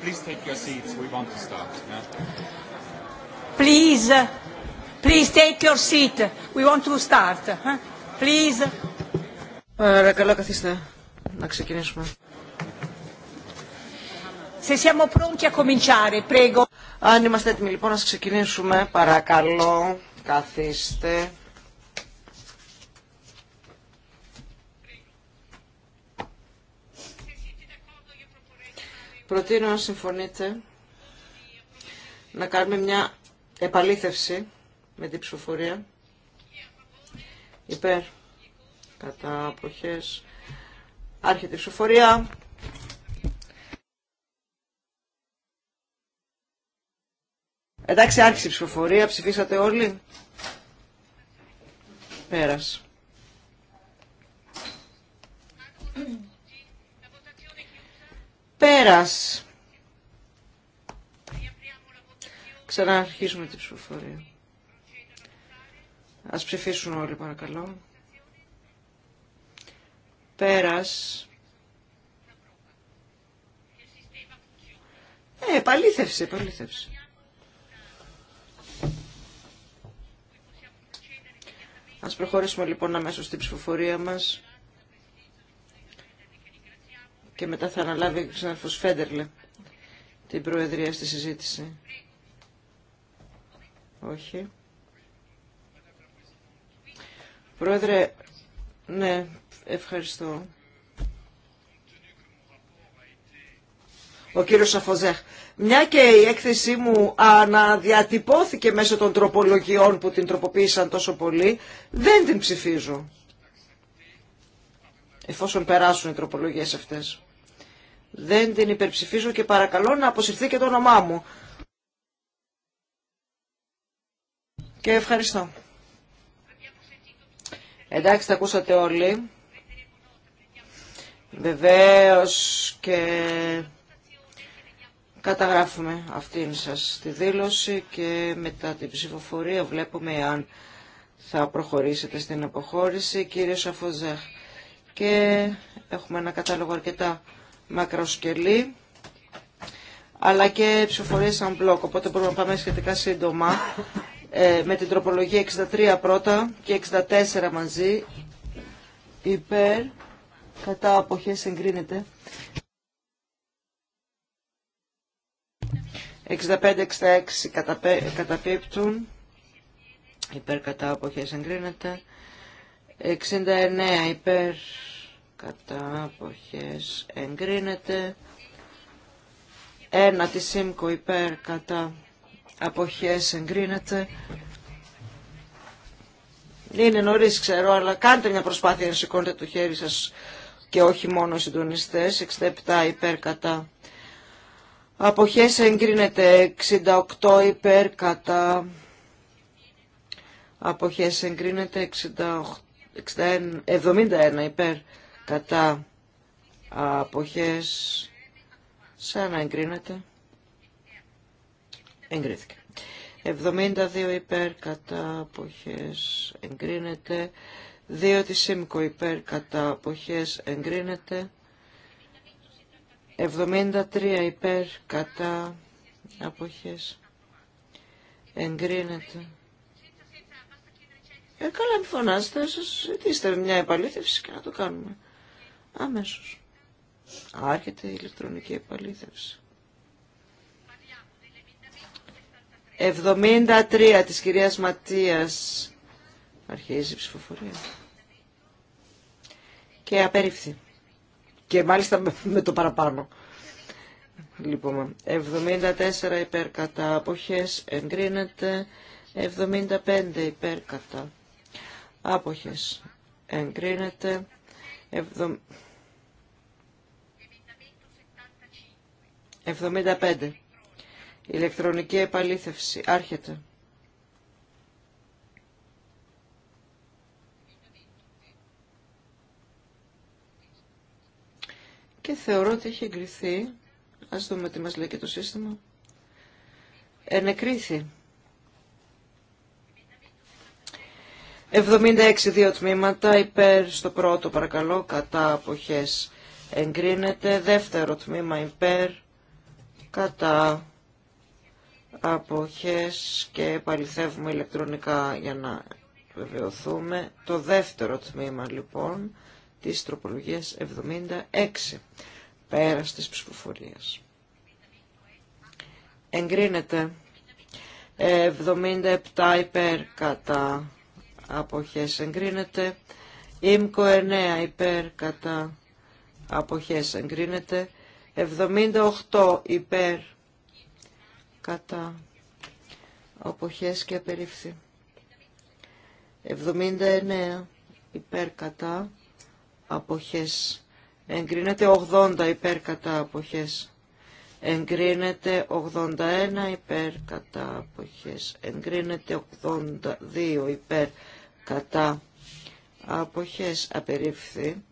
Please take your seats. We want to start. Please, please take your seat. We want to start. Please. Παρακαλώ καθίστε να ξεκινήσουμε. Se siamo pronti a cominciare, prego. Αν είμαστε έτοιμοι λοιπόν να ξεκινήσουμε, παρακαλώ καθίστε. Προτείνω, αν συμφωνείτε, να κάνουμε μια επαλήθευση με την ψηφοφορία. Υπέρ. Κατά αποχές. Άρχεται η ψηφοφορία. Εντάξει, άρχισε η ψηφοφορία. Ψηφίσατε όλοι. Πέρας. Πέρας. Ξαναρχίζουμε την ψηφοφορία. Ας ψηφίσουν όλοι παρακαλώ. Πέρας. Ε, επαλήθευση, επαλήθευση. Ας προχωρήσουμε λοιπόν αμέσως στην ψηφοφορία μας και μετά θα αναλάβει ο συνάδελφος Φέντερλε την προεδρία στη συζήτηση. Όχι. Πρόεδρε, ναι, ευχαριστώ. Ο κύριος Σαφοζέχ. Μια και η έκθεσή μου αναδιατυπώθηκε μέσω των τροπολογιών που την τροποποίησαν τόσο πολύ, δεν την ψηφίζω. Εφόσον περάσουν οι τροπολογίες αυτές. Δεν την υπερψηφίζω και παρακαλώ να αποσυρθεί και το όνομά μου. Και ευχαριστώ. Εντάξει, τα ακούσατε όλοι. Βεβαίως και καταγράφουμε αυτήν σας τη δήλωση και μετά την ψηφοφορία βλέπουμε αν θα προχωρήσετε στην αποχώρηση. Κύριε Σαφοζέχ, και έχουμε ένα κατάλογο αρκετά μακροσκελή αλλά και ψηφοφορίες σαν μπλοκ. Οπότε μπορούμε να πάμε σχετικά σύντομα ε, με την τροπολογία 63 πρώτα και 64 μαζί υπέρ κατά αποχές εγκρίνεται. 65-66 καταπίπτουν. Υπέρ κατά αποχές εγκρίνεται. 69 υπέρ κατά αποχές εγκρίνεται. Ένα της ΣΥΜΚΟ υπέρ κατά αποχές εγκρίνεται. Είναι νωρίς ξέρω, αλλά κάντε μια προσπάθεια να σηκώνετε το χέρι σας και όχι μόνο συντονιστές. 67 υπέρ κατά αποχές εγκρίνεται. 68 υπέρ κατά αποχές εγκρίνεται. 68 71 υπέρ κατά αποχές σαν να εγκρίνεται εγκρίθηκε 72 υπέρ κατά αποχές εγκρίνεται 2 της ΣΥΜΚΟ υπέρ κατά αποχές εγκρίνεται 73 υπέρ κατά αποχές εγκρίνεται ε, καλά, μη φωνάστε, σας ζητήστε μια επαλήθευση και να το κάνουμε. Αμέσω. Άρχεται η ηλεκτρονική επαλήθευση. 73 της κυρίας Ματίας. Αρχίζει η ψηφοφορία. Και απερίφθη. Και μάλιστα με το παραπάνω. Λοιπόν, 74 υπέρ κατά αποχές εγκρίνεται, 75 υπέρ κατά αποχές εγκρίνεται, 75. Ηλεκτρονική επαλήθευση. Άρχεται. Και θεωρώ ότι έχει εγκριθεί. Ας δούμε τι μας λέει και το σύστημα. Ενεκρίθη. 76 δύο τμήματα υπέρ στο πρώτο παρακαλώ κατά αποχές εγκρίνεται δεύτερο τμήμα υπέρ κατά αποχές και παληθεύουμε ηλεκτρονικά για να βεβαιωθούμε. Το δεύτερο τμήμα λοιπόν της τροπολογίας 76 πέρα της ψηφοφορίας. Εγκρίνεται 77 υπέρ κατά αποχές εγκρίνεται. ΙΜΚΟ 9 υπέρ κατά αποχές εγκρίνεται. 78 υπέρ κατά αποχές και απερίφθη. 79 υπέρ κατά αποχές. Εγκρίνεται 80 υπέρ κατά αποχές. Εγκρίνεται 81 υπέρ κατά αποχές. Εγκρίνεται 82 υπέρ κατά αποχές απερίφθη.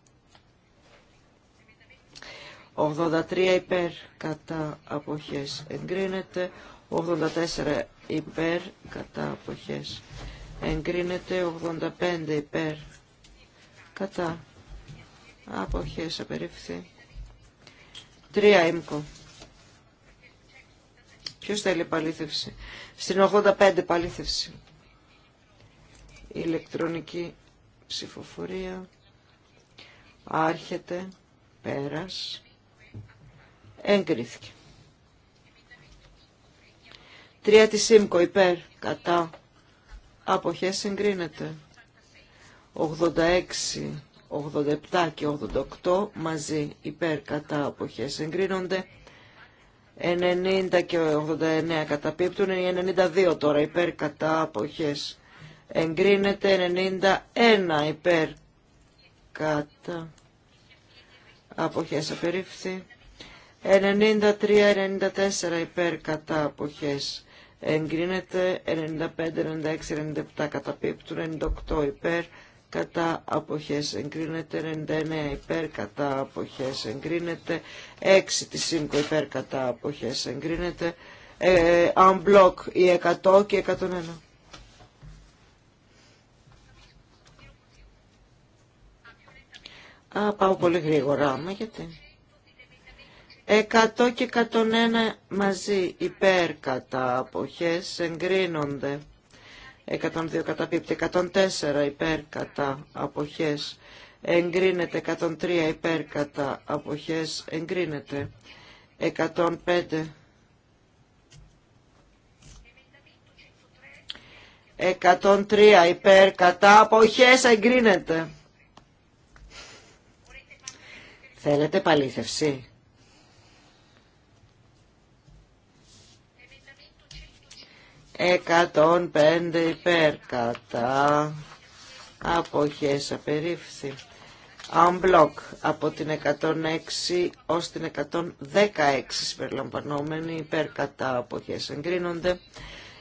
83 υπέρ κατά αποχές εγκρίνεται. 84 υπέρ κατά αποχές εγκρίνεται. 85 υπέρ κατά αποχές απερίφθη. 3 ύμκο. Ποιος θέλει παλήθευση. Στην 85 η Ηλεκτρονική ψηφοφορία. Άρχεται. Πέρας. Εγκρίθηκε. Τρία της ΣΥΜΚΟ υπέρ κατά αποχές εγκρίνεται. 86, 87 και 88 μαζί υπέρ κατά αποχές εγκρίνονται. 90 και 89 καταπίπτουν, 92 τώρα υπέρ κατά αποχές. Εγκρίνεται 91 υπέρ κατά αποχές απερίφθη. 93-94 υπέρ κατά αποχές εγκρίνεται 95-96-97 κατά πίπτου 98 υπέρ κατά αποχές εγκρίνεται 99 υπέρ κατά αποχές εγκρίνεται 6 της ΣΥΜΚΟ υπέρ κατά αποχές εγκρίνεται ε, unblock η 100 και 101 Α, πάω πολύ γρήγορα, μα γιατί. 100 και 101 μαζί υπέρ κατά αποχές εγκρίνονται. 102 καταπίπτει, 104 υπέρ κατά αποχές εγκρίνεται, 103 υπέρ κατά αποχές εγκρίνεται, 105 103 υπέρ αποχές εγκρίνεται. Θέλετε παλήθευση. 105 υπέρ κατά αποχές απερίφθη. Unblock από την 106 ως την 116 συμπεριλαμβανόμενοι υπέρ κατά αποχές εγκρίνονται.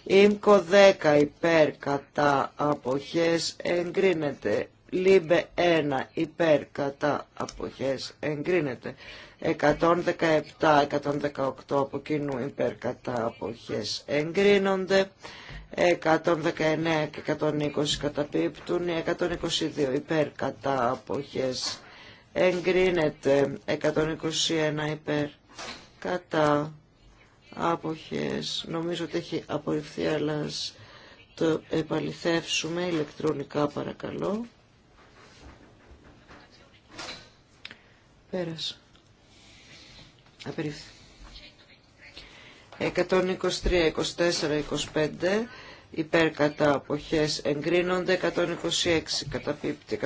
Ήμκο 10 υπέρ κατά αποχές εγκρίνεται. Λίμπε 1 υπέρ κατά αποχές εγκρίνεται 117-118 από κοινού υπέρ κατά αποχές εγκρίνονται 119 και 120 καταπίπτουν 122 υπέρ κατά αποχές εγκρίνεται 121 υπέρ κατά αποχές νομίζω ότι έχει απορριφθεί αλλά το επαληθεύσουμε ηλεκτρονικά παρακαλώ Πέρασε. Απερίφθη. 123, 24, 25 υπέρ κατά αποχές εγκρίνονται 126 καταπίπτει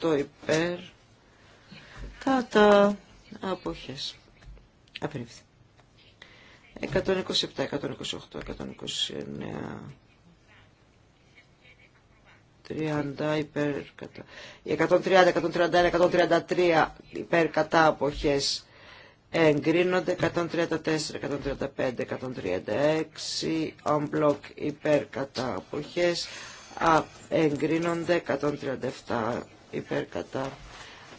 128 υπέρ κατά αποχές απερίφθη 127, 128, 129 130 υπέρ κατά. 130, 131, 133 υπέρ κατά αποχές εγκρίνονται. 134, 135, 136 block υπέρ κατά αποχές εγκρίνονται. 137 υπέρ κατά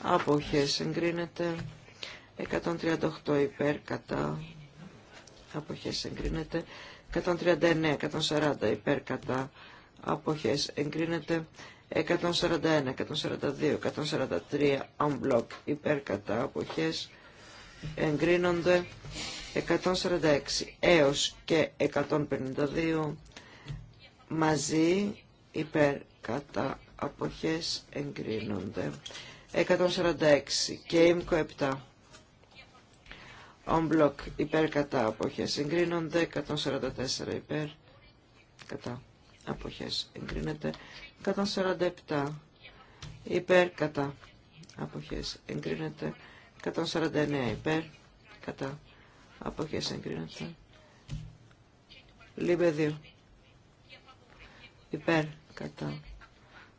αποχές εγκρίνεται. 138 υπέρ κατά αποχές εγκρίνεται. 139, 140 υπέρ κατά αποχές εγκρίνεται 141, 142, 143 unblock υπέρ κατά αποχές εγκρίνονται 146 έως και 152 μαζί υπέρ κατά αποχές εγκρίνονται 146 και ΙΜΚΟ 7 on block υπέρ κατά αποχές εγκρίνονται 144 υπέρ κατά αποχές εγκρίνεται 147 υπέρ κατά αποχές εγκρίνεται 149 υπέρ κατά αποχές εγκρίνεται λίμπε 2 υπέρ κατά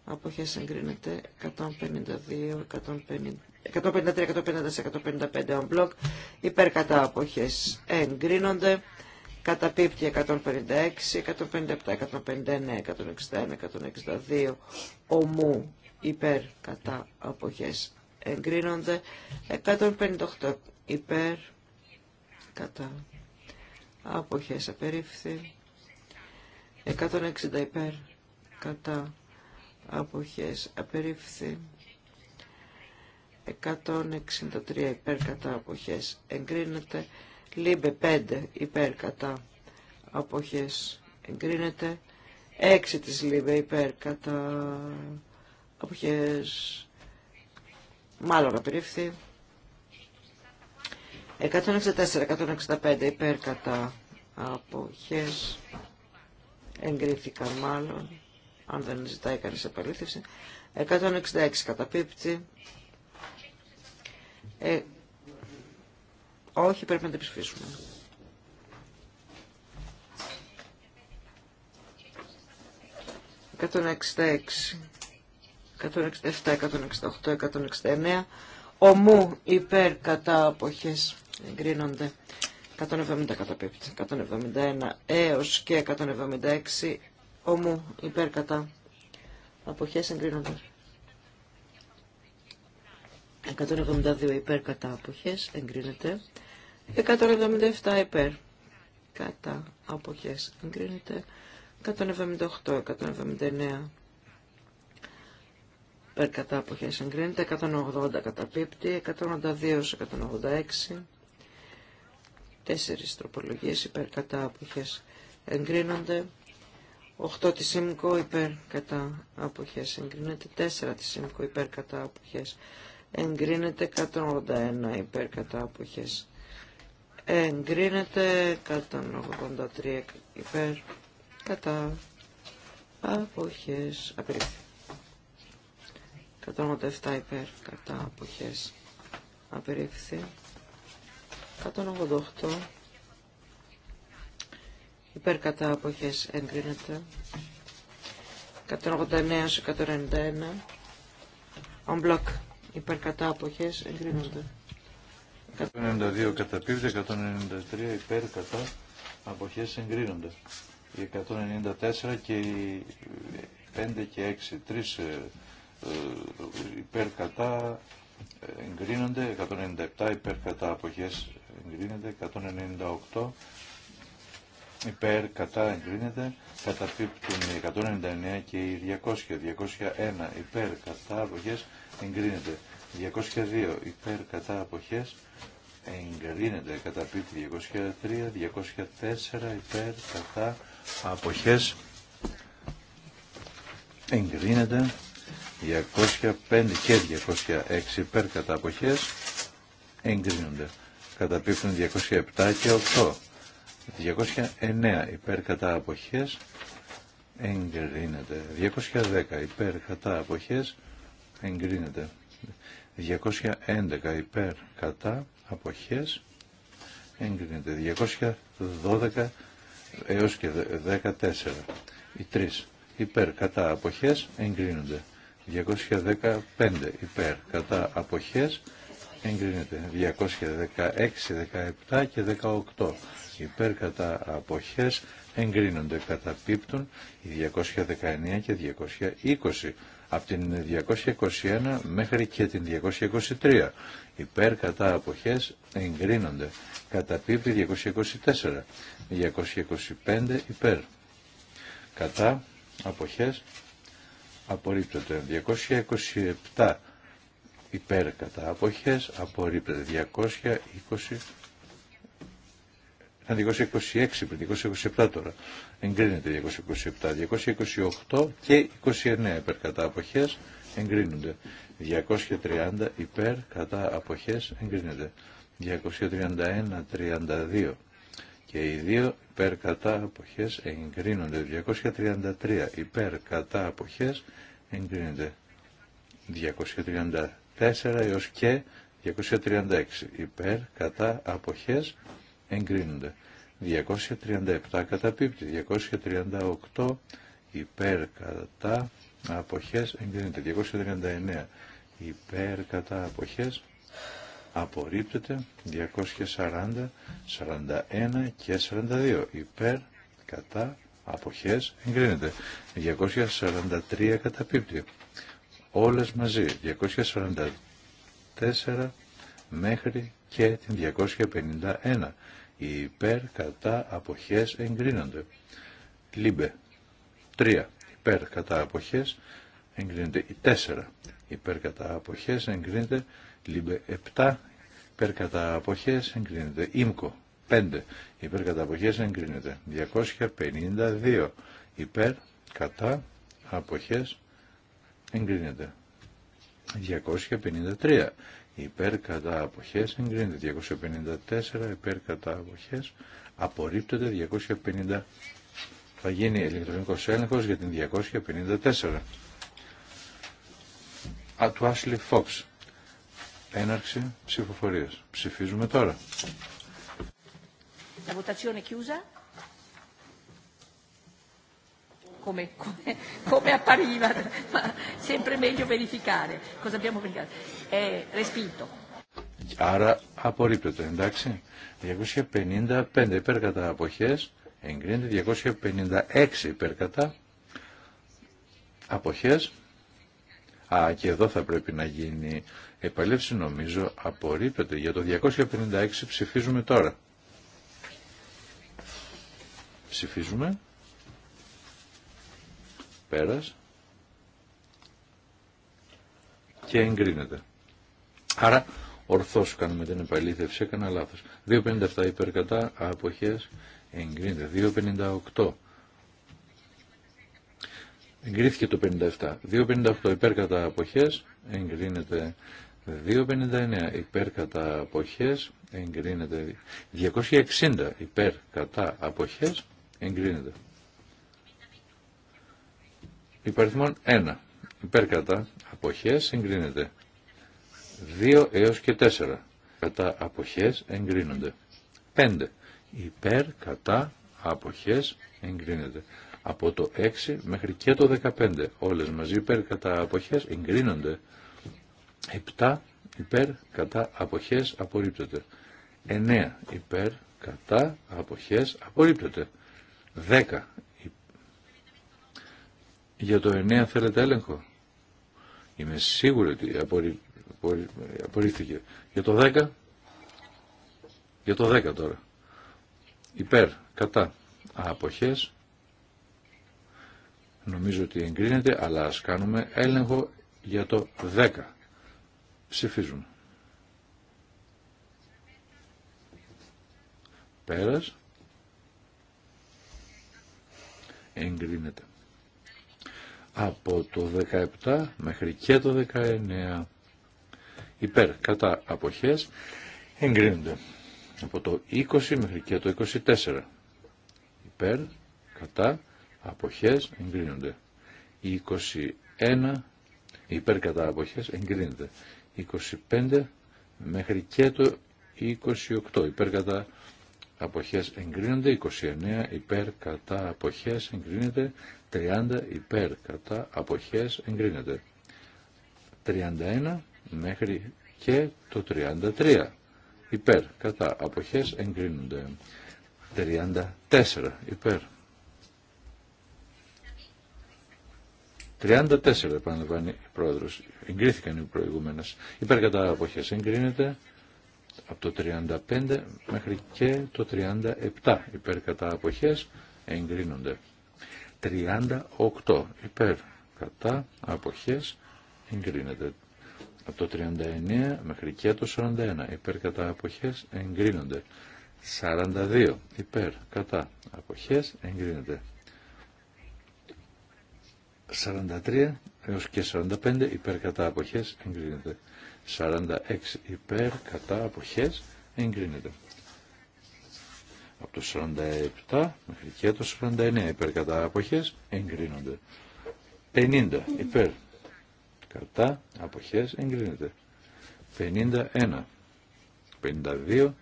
αποχές εγκρίνεται 152 153, 154, 155 on block, υπέρ κατά αποχές εγκρίνονται, καταπίπτει 156, 157, 159, 161, 162 ομού υπέρ κατά αποχές εγκρίνονται 158 υπέρ κατά αποχές απερίφθη 160 υπέρ κατά αποχές απερίφθη 163 υπέρ κατά αποχές εγκρίνεται Λίμπε 5 υπέρ κατά αποχές εγκρίνεται. 6 της Λίμπε υπέρ κατά αποχές μάλλον απερίφθη. 164-165 υπέρ κατά αποχές εγκρίθηκαν μάλλον αν δεν ζητάει κανείς επαλήθευση 166 καταπίπτει ε, όχι, πρέπει να την ψηφίσουμε. «166, 167, 168, 169, ομού υπέρ κατά αποχές εγκρίνονται 170 κατά πίπτη, 171 έως και 176 ομού υπέρ κατά αποχές εγκρίνονται. 172 υπέρ κατά αποχές εγκρίνεται. 177 υπέρ κατά αποχές εγκρίνεται. 178, 179 υπέρ κατά αποχές εγκρίνεται. 180 κατά πίπτη, 182 186. Τέσσερις τροπολογίες υπέρ κατά αποχές εγκρίνονται. 8 τη ΣΥΜΚΟ υπέρ κατά αποχές εγκρίνεται. 4 τη ΣΥΜΚΟ υπέρ κατά αποχές εγκρίνεται εγκρίνεται 181 υπέρ κατά εγκρίνεται 183 υπέρ κατά αποχές απερίφθη 187 υπέρ κατά αποχές απερίφθη 188 υπέρ κατά αποχές εγκρίνεται 189 σε 191 on block υπερκατάποχες αποχές εγκρίνονται. 192 καταπίπτει, 193 υπέρ κατά αποχές εγκρίνονται. Οι 194 και οι 5 και 6, 3 ε, ε, υπέρ κατά ε, εγκρίνονται, 197 υπέρ κατά αποχές εγκρίνονται, 198 υπέρ κατά εγκρίνεται, καταπίπτουν οι 199 και οι 200, 201 υπέρ κατά εγκρίνεται. 202 υπέρ κατά αποχές εγκρίνεται. Καταπίπτει 203, 204 υπέρ κατά αποχές εγκρίνεται. 205 και 206 υπέρ κατά αποχές εγκρίνονται. Καταπίπτουν 207 και 8. 209 υπέρ κατά αποχές εγκρίνεται. 210 υπέρ κατά αποχές εγκρίνεται. 211 υπέρ κατά αποχές εγκρίνεται. 212 έως και 14. Οι 3 υπέρ κατά αποχές εγκρίνονται. 215 υπέρ κατά αποχές εγκρίνεται. 216, 17 και 18 υπέρ κατά αποχές εγκρίνονται. Καταπίπτουν οι 219 και 220 από την 221 μέχρι και την 223. Υπέρ κατά αποχές εγκρίνονται. Κατά πίπη 224. 225 υπέρ. Κατά αποχές απορρίπτονται. 227 υπέρ κατά αποχές απορρίπτεται. 220 ήταν 226 πριν, 227 τώρα. Εγκρίνεται 227, 228 και 29 υπέρ κατά αποχές εγκρίνονται. 230 υπέρ κατά αποχές εγκρίνεται. 231, 32 και οι δύο υπέρ κατά αποχές εγκρίνονται. 233 υπέρ κατά αποχές εγκρίνεται. 234 έως και 236 υπέρ κατά αποχές εγκρίνονται. 237 καταπίπτει, 238 υπέρ κατά αποχές εγκρίνεται, 239 υπέρ κατά αποχές απορρίπτεται, 240, 41 και 42 υπέρ κατά αποχές εγκρίνεται, 243 καταπίπτει, όλες μαζί, 244 μέχρι και την 251 υπέρ, κατά, αποχές, εγκρίνονται. Λίμπε, 3, υπέρ, κατά, αποχές, εγκρίνεται. 4, υπέρ, κατά, αποχές, εγκρίνεται. Λίμπε, 7, υπέρ, κατά, αποχές, εγκρίνεται. Ήμκο, 5, υπέρ, κατά, αποχές, εγκρίνεται. 252, υπέρ, κατά, αποχές, εγκρίνεται. 253 υπέρ κατά αποχές εγκρίνεται 254 υπέρ κατά αποχές απορρίπτεται 250 θα γίνει ηλεκτρονικός έλεγχος για την 254 Α, του Ashley Fox έναρξη ψηφοφορίας ψηφίζουμε τώρα come, come, Άρα απορρίπτεται, εντάξει. 255 υπέρ κατά αποχές, εγκρίνεται 256 υπέρ κατά αποχές. Α, και εδώ θα πρέπει να γίνει επαλέψη νομίζω απορρίπτεται. Για το 256 ψηφίζουμε τώρα. Ψηφίζουμε πέρας και εγκρίνεται. Άρα ορθώς κάνουμε την επαλήθευση, έκανα λάθος. 2.57 υπερκατά αποχές εγκρίνεται. 2.58 εγκρίθηκε το 57. 2.58 υπερκατά αποχές εγκρίνεται. 2.59 υπέρ κατά αποχές εγκρίνεται. 260 υπέρ κατά αποχές εγκρίνεται. Υπαριθμόν 1. Υπέρ κατά αποχές εγκρίνεται. 2 έως και 4. Κατά αποχές εγκρίνονται. 5. Υπέρ κατά αποχές εγκρίνεται. Από το 6 μέχρι και το 15. Όλες μαζί υπέρ κατά αποχές εγκρίνονται. 7. Υπέρ κατά αποχές απορρίπτεται. 9. Υπέρ κατά αποχές απορρίπτεται. 10. Για το 9 θέλετε έλεγχο. Είμαι σίγουρη ότι απορρι... απορρίφθηκε. Για το 10. Για το 10 τώρα. Υπέρ, κατά, αποχές. Νομίζω ότι εγκρίνεται, αλλά ας κάνουμε έλεγχο για το 10. Ψηφίζουμε. Πέρας. Εγκρίνεται από το 17 μέχρι και το 19 υπέρ κατά αποχές εγκρίνονται από το 20 μέχρι και το 24 υπέρ κατά αποχές εγκρίνονται 21 υπέρ κατά αποχές εγκρίνεται 25 μέχρι και το 28 υπέρ κατά αποχές εγκρίνονται 29 υπέρ κατά αποχές εγκρίνεται 30 υπέρ κατά αποχές εγκρίνεται. 31 μέχρι και το 33 υπέρ κατά αποχές εγκρίνονται. 34 υπέρ. 34 επαναλαμβάνει η πρόεδρος. Εγκρίθηκαν οι προηγούμενες. Υπέρ κατά αποχές εγκρίνεται από το 35 μέχρι και το 37 υπέρ κατά αποχές εγκρίνονται. 38 υπέρ κατά αποχές εγκρίνεται. Από το 39 μέχρι και το 41 υπέρ κατά αποχές εγκρίνονται. 42 υπέρ κατά αποχές εγκρίνεται. 43 έως και 45 υπέρ κατά αποχές εγκρίνεται. 46 υπέρ κατά αποχές εγκρίνεται από το 47 μέχρι και το 49 υπέρ κατά αποχές εγκρίνονται. 50 υπέρ κατά αποχές εγκρίνεται. 51, 52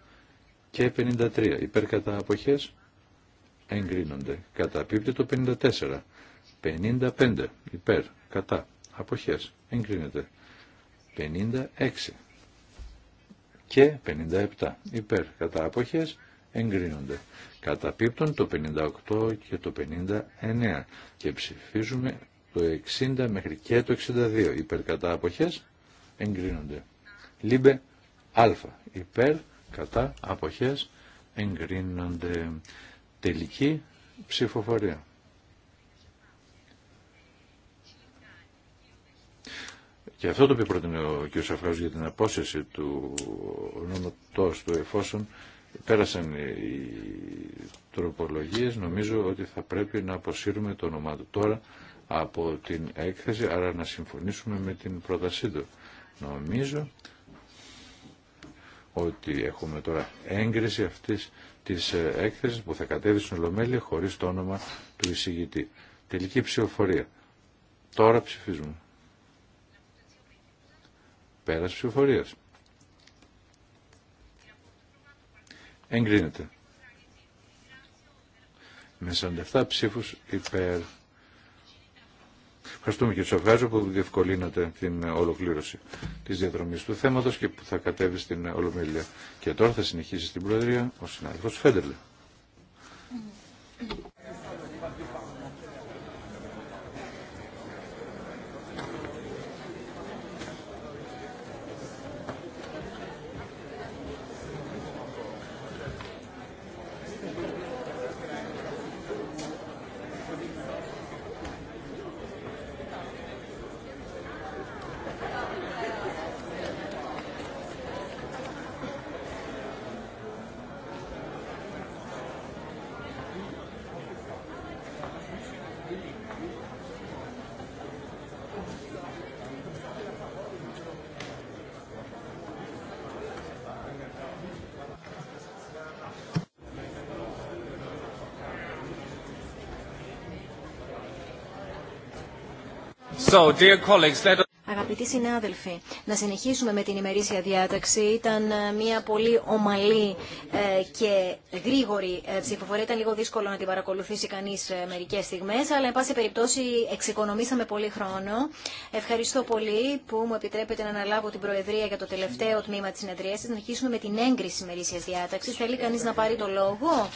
και 53 υπέρ κατά αποχές εγκρίνονται. Καταπίπτει το 54, 55 υπέρ κατά αποχές εγκρίνεται. 56 και 57 υπέρ κατά αποχές εγκρίνονται. Καταπίπτουν το 58 και το 59 και ψηφίζουμε το 60 μέχρι και το 62. Υπέρ κατά αποχές εγκρίνονται. Λίμπε α. Υπέρ κατά αποχές εγκρίνονται. Τελική ψηφοφορία. Και αυτό το οποίο πρότεινε ο κ. για την απόσταση του νόμου του εφόσον πέρασαν οι τροπολογίες, νομίζω ότι θα πρέπει να αποσύρουμε το όνομά του τώρα από την έκθεση, άρα να συμφωνήσουμε με την πρότασή του. Νομίζω ότι έχουμε τώρα έγκριση αυτής της ε, έκθεσης που θα κατέβει στην Ολομέλεια χωρίς το όνομα του εισηγητή. Τελική ψηφοφορία. Τώρα ψηφίζουμε. Πέρας ψηφοφορίας. Εγκρίνεται. Με 47 ψήφους υπέρ. Ευχαριστούμε και Σοφάζο που διευκολύνατε την ολοκλήρωση της διαδρομής του θέματος και που θα κατέβει στην Ολομέλεια. Και τώρα θα συνεχίσει στην Προεδρία ο συνάδελφος Φέντερλε. Αγαπητοί συνάδελφοι, να συνεχίσουμε με την ημερήσια διάταξη. Ήταν ε, μια πολύ ομαλή ε, και γρήγορη ε, ψηφοφορία. Ήταν λίγο δύσκολο να την παρακολουθήσει κανεί μερικέ στιγμέ, αλλά εν πάση περιπτώσει εξοικονομήσαμε πολύ χρόνο. Ευχαριστώ πολύ που μου επιτρέπετε να αναλάβω την Προεδρία για το τελευταίο τμήμα τη συνεδρία. Να αρχίσουμε με την έγκριση ημερήσια διάταξη. Θέλει κανεί να πάρει το λόγο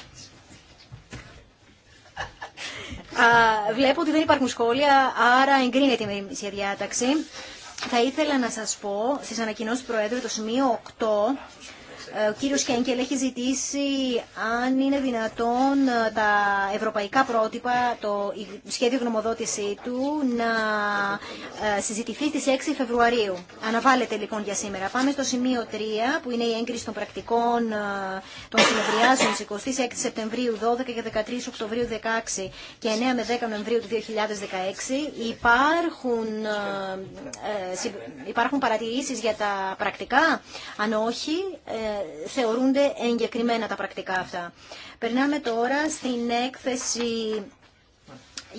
βλέπω ότι δεν υπάρχουν σχόλια, άρα εγκρίνεται η μισή διάταξη. Θα ήθελα να σας πω στις ανακοινώσεις του Προέδρου το σημείο 8 ε, ο κύριος Κένκελ έχει ζητήσει αν είναι δυνατόν ε, τα ευρωπαϊκά πρότυπα, το σχέδιο γνωμοδότησή του, να ε, συζητηθεί στις 6 Φεβρουαρίου. Αναβάλλεται λοιπόν για σήμερα. Πάμε στο σημείο 3, που είναι η έγκριση των πρακτικών των συνεδριάσεων 26 Σεπτεμβρίου 12 και 13 Οκτωβρίου 16 και 9 με 10 Νοεμβρίου του 2016. Υπάρχουν, υπάρχουν παρατηρήσεις για τα πρακτικά. Αν όχι, θεωρούνται εγκεκριμένα τα πρακτικά αυτά. Περνάμε τώρα στην έκθεση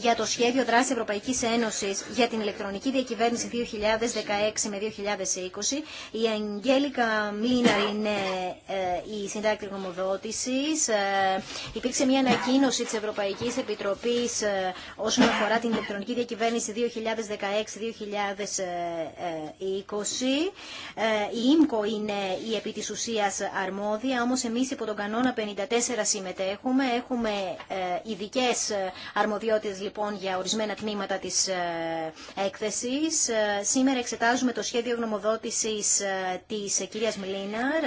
για το σχέδιο δράση Ευρωπαϊκής Ένωσης για την ηλεκτρονική διακυβέρνηση 2016 με 2020. Η Αγγέλικα Μίναρ είναι ε, η συντάκτη γνωμοδότησης. Ε, υπήρξε μια ανακοίνωση της Ευρωπαϊκής Επιτροπής ε, όσον αφορά την ηλεκτρονική διακυβέρνηση 2016-2020. Η ΙΜΚΟ είναι η επί τη ουσία αρμόδια, Όμω εμεί υπό τον κανόνα 54 συμμετέχουμε. Έχουμε ειδικέ αρμοδιότητε λοιπόν για ορισμένα τμήματα της ε, έκθεσης. Ε, σήμερα εξετάζουμε το σχέδιο γνωμοδότησης ε, της κυρίας Μιλίναρ.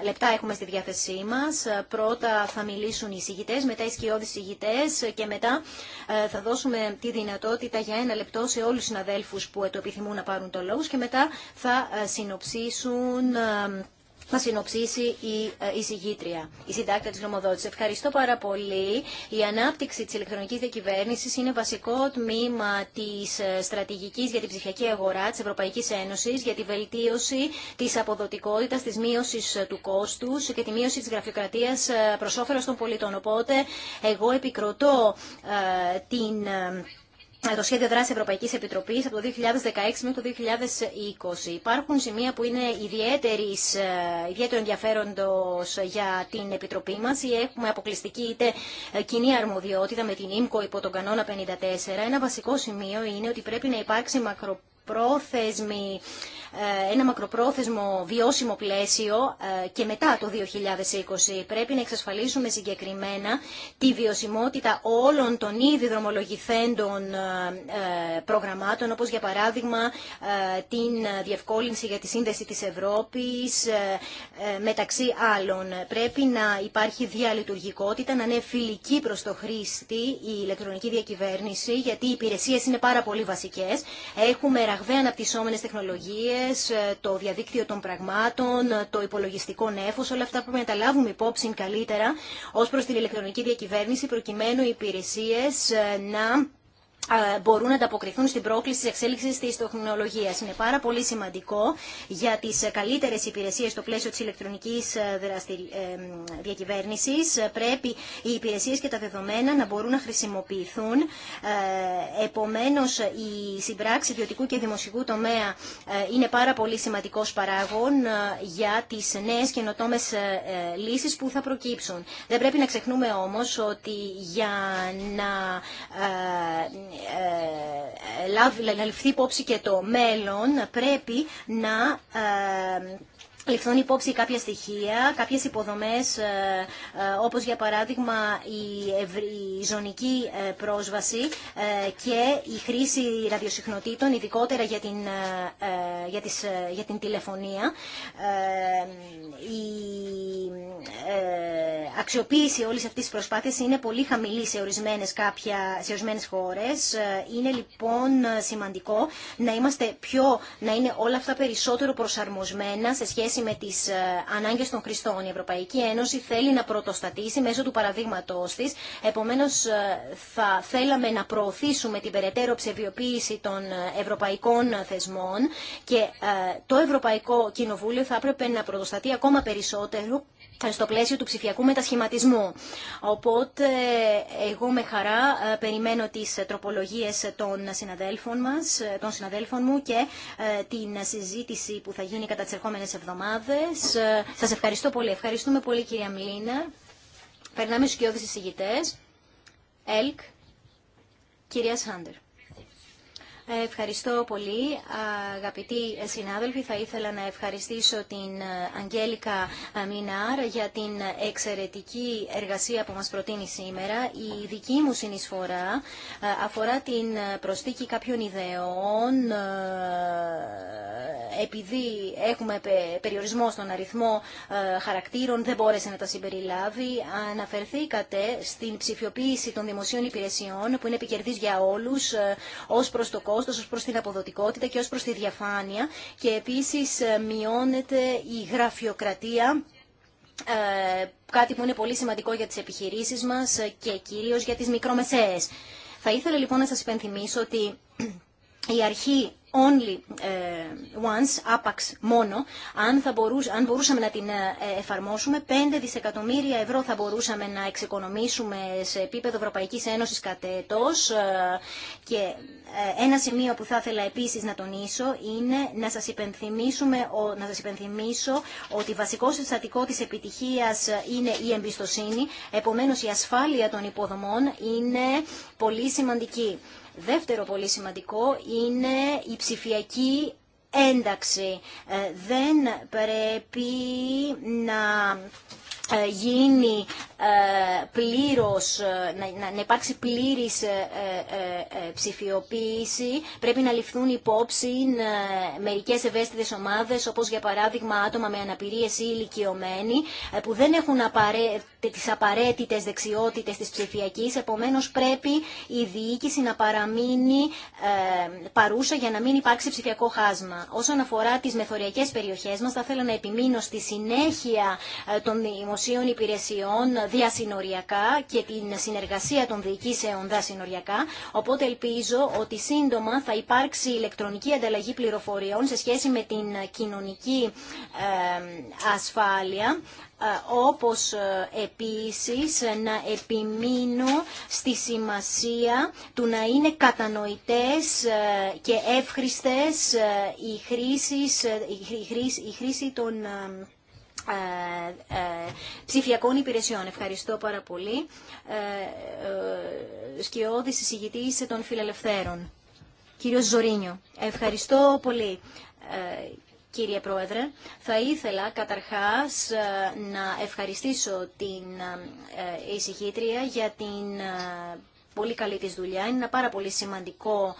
40 λεπτά έχουμε στη διάθεσή μας. Πρώτα θα μιλήσουν οι συγητές, μετά οι σκιώδεις συγητές και μετά θα δώσουμε τη δυνατότητα για ένα λεπτό σε όλους τους συναδέλφους που το επιθυμούν να πάρουν το λόγο και μετά θα συνοψίσουν μα συνοψίσει η εισηγήτρια, η συντάκτα τη νομοδότηση. Ευχαριστώ πάρα πολύ. Η ανάπτυξη τη ηλεκτρονική διακυβέρνηση είναι βασικό τμήμα τη ε, στρατηγική για την ψηφιακή αγορά τη Ευρωπαϊκή Ένωση για τη βελτίωση τη αποδοτικότητα, τη μείωση ε, του κόστου και τη μείωση τη γραφειοκρατία ε, προ όφελο των πολιτών. Οπότε, εγώ επικροτώ την το σχέδιο δράση Ευρωπαϊκή Επιτροπή από το 2016 μέχρι το 2020. Υπάρχουν σημεία που είναι ε, ιδιαίτερο ενδιαφέροντο για την Επιτροπή μα. Έχουμε αποκλειστική είτε ε, κοινή αρμοδιότητα με την ΙΜΚΟ υπό τον κανόνα 54. Ένα βασικό σημείο είναι ότι πρέπει να υπάρξει μακροπρόθεσμη ε, ένα μακροπρόθεσμο βιώσιμο πλαίσιο ε, και μετά το 2020. Πρέπει να εξασφαλίσουμε συγκεκριμένα τη βιωσιμότητα όλων των ήδη δρομολογηθέντων ε, προγραμμάτων, όπως για παράδειγμα την διευκόλυνση για τη σύνδεση της Ευρώπης, μεταξύ άλλων. Πρέπει να υπάρχει διαλειτουργικότητα, να είναι φιλική προς το χρήστη η ηλεκτρονική διακυβέρνηση, γιατί οι υπηρεσίες είναι πάρα πολύ βασικές. Έχουμε ραγδαία αναπτυσσόμενες τεχνολογίες, ε, το διαδίκτυο των πραγμάτων, το υπολογιστικό νέφος, όλα αυτά που μεταλάβουμε να υπόψη καλύτερα ως προς την ηλεκτρονική διακυβέρνηση προκειμένου οι υπηρεσίες ε, να μπορούν να ανταποκριθούν στην πρόκληση τη εξέλιξη τη τεχνολογία. Είναι πάρα πολύ σημαντικό για τι καλύτερε υπηρεσίε στο πλαίσιο τη ηλεκτρονική ε, ε, διακυβέρνηση. Πρέπει οι υπηρεσίε και τα δεδομένα να μπορούν να χρησιμοποιηθούν. Ε, Επομένω, η συμπράξη ιδιωτικού και δημοσίου τομέα είναι πάρα πολύ σημαντικό παράγων για τι νέε καινοτόμε λύσει που θα προκύψουν. Δεν πρέπει να ξεχνούμε όμω ότι για να ε, ε, λάβει, να ληφθεί υπόψη και το μέλλον, πρέπει να ε, ληφθούν υπόψη κάποια στοιχεία, κάποιες υποδομές ε, ε, όπως για παράδειγμα η ζωνική ε, πρόσβαση και η χρήση ραδιοσυχνοτήτων ειδικότερα για την, για τις, για την τηλεφωνία, η αξιοποίηση όλης αυτής της προσπάθειας είναι πολύ χαμηλή σε ορισμένες, κάποια, σε ορισμένες χώρες. Είναι λοιπόν σημαντικό να, είμαστε πιο, να είναι όλα αυτά περισσότερο προσαρμοσμένα σε σχέση με τις ε, ανάγκες των χρηστών. Η Ευρωπαϊκή Ένωση θέλει να πρωτοστατήσει μέσω του παραδείγματός της. Επομένως, ε, θα θέλαμε να προωθήσουμε την περαιτέρω ψευιοποίηση των ε, ευρωπαϊκών θεσμών και το Ευρωπαϊκό Κοινοβούλιο θα έπρεπε να πρωτοστατεί ακόμα περισσότερο στο πλαίσιο του ψηφιακού μετασχηματισμού. Οπότε εγώ με χαρά ε, περιμένω τις ε, τροπολογίες των συναδέλφων, μας, ε, των συναδέλφων μου και την συζήτηση που θα γίνει κατά τις ερχόμενες εβδομάδες. Σας ευχαριστώ πολύ. Ευχαριστούμε πολύ κυρία Μλίνα. Περνάμε στους κοιόδης εισηγητές. ΕΛΚ. Κυρία Σάντερ. Ευχαριστώ πολύ. Αγαπητοί συνάδελφοι, θα ήθελα να ευχαριστήσω την Αγγέλικα Μινάρ για την εξαιρετική εργασία που μας προτείνει σήμερα. Η δική μου συνεισφορά ε, αφορά την προστίκη κάποιων ιδεών ε, επειδή έχουμε περιορισμό στον αριθμό ε, χαρακτήρων, δεν μπόρεσε να τα συμπεριλάβει. Αναφερθήκατε στην ψηφιοποίηση των δημοσίων υπηρεσιών που είναι επικερδής για όλους ως προς το κόστος ως προς την αποδοτικότητα και ως προς τη διαφάνεια και επίσης ε, μειώνεται η γραφειοκρατία ε, κάτι που είναι πολύ σημαντικό για τις επιχειρήσεις μας ε, και κυρίως για τις μικρομεσαίες. Θα ήθελα λοιπόν να σας υπενθυμίσω ότι η αρχή only ε, once, άπαξ μόνο, αν, θα μπορούσαμε, να την ε, εφαρμόσουμε, 5 δισεκατομμύρια ευρώ θα μπορούσαμε να εξοικονομήσουμε σε επίπεδο Ευρωπαϊκής Ένωσης κατ' ε, Και ένα σημείο που θα ήθελα επίσης να τονίσω είναι να σας, να σας υπενθυμίσω ότι βασικό συστατικό της επιτυχίας είναι η εμπιστοσύνη, επομένως η ασφάλεια των υποδομών είναι πολύ σημαντική. Δεύτερο πολύ σημαντικό είναι η ψηφιακή ένταξη. Ε, δεν πρέπει να ε, γίνει ε, πλήρως, ε, να υπάρξει πλήρης ψηφιοποίηση. Πρέπει να ληφθούν υπόψη μερικές ευαίσθητες ομάδες, όπως για παράδειγμα άτομα με αναπηρίες ή ηλικιωμένοι, που δεν έχουν τις απαραίτητες δεξιότητες της ψηφιακής, επομένως πρέπει η διοίκηση να παραμείνει παρούσα για να μην υπάρξει ψηφιακό χάσμα. Όσον αφορά τις μεθοριακές περιοχές μας, θα θέλω να επιμείνω στη συνέχεια των δημοσίων υπηρεσιών διασυνοριακά και την συνεργασία των διοικήσεων διασυνοριακά, Οπότε ελπίζω ότι σύντομα θα υπάρξει ηλεκτρονική ανταλλαγή πληροφοριών σε σχέση με την κοινωνική ασφάλεια ε, όπως ε, επίσης να επιμείνω στη σημασία του να είναι κατανοητές ε, και εύχριστες η χρήση, η χρήση, η χρήση των ε, ε, ψηφιακών υπηρεσιών. Ευχαριστώ πάρα πολύ. Ε, σκιώδης εισηγητής των φιλελευθέρων. Κύριος Ζωρίνιο. Ευχαριστώ πολύ. Κύριε Πρόεδρε, θα ήθελα καταρχάς να ευχαριστήσω την εισηγήτρια για την πολύ καλή της δουλειά. Είναι ένα πάρα πολύ σημαντικό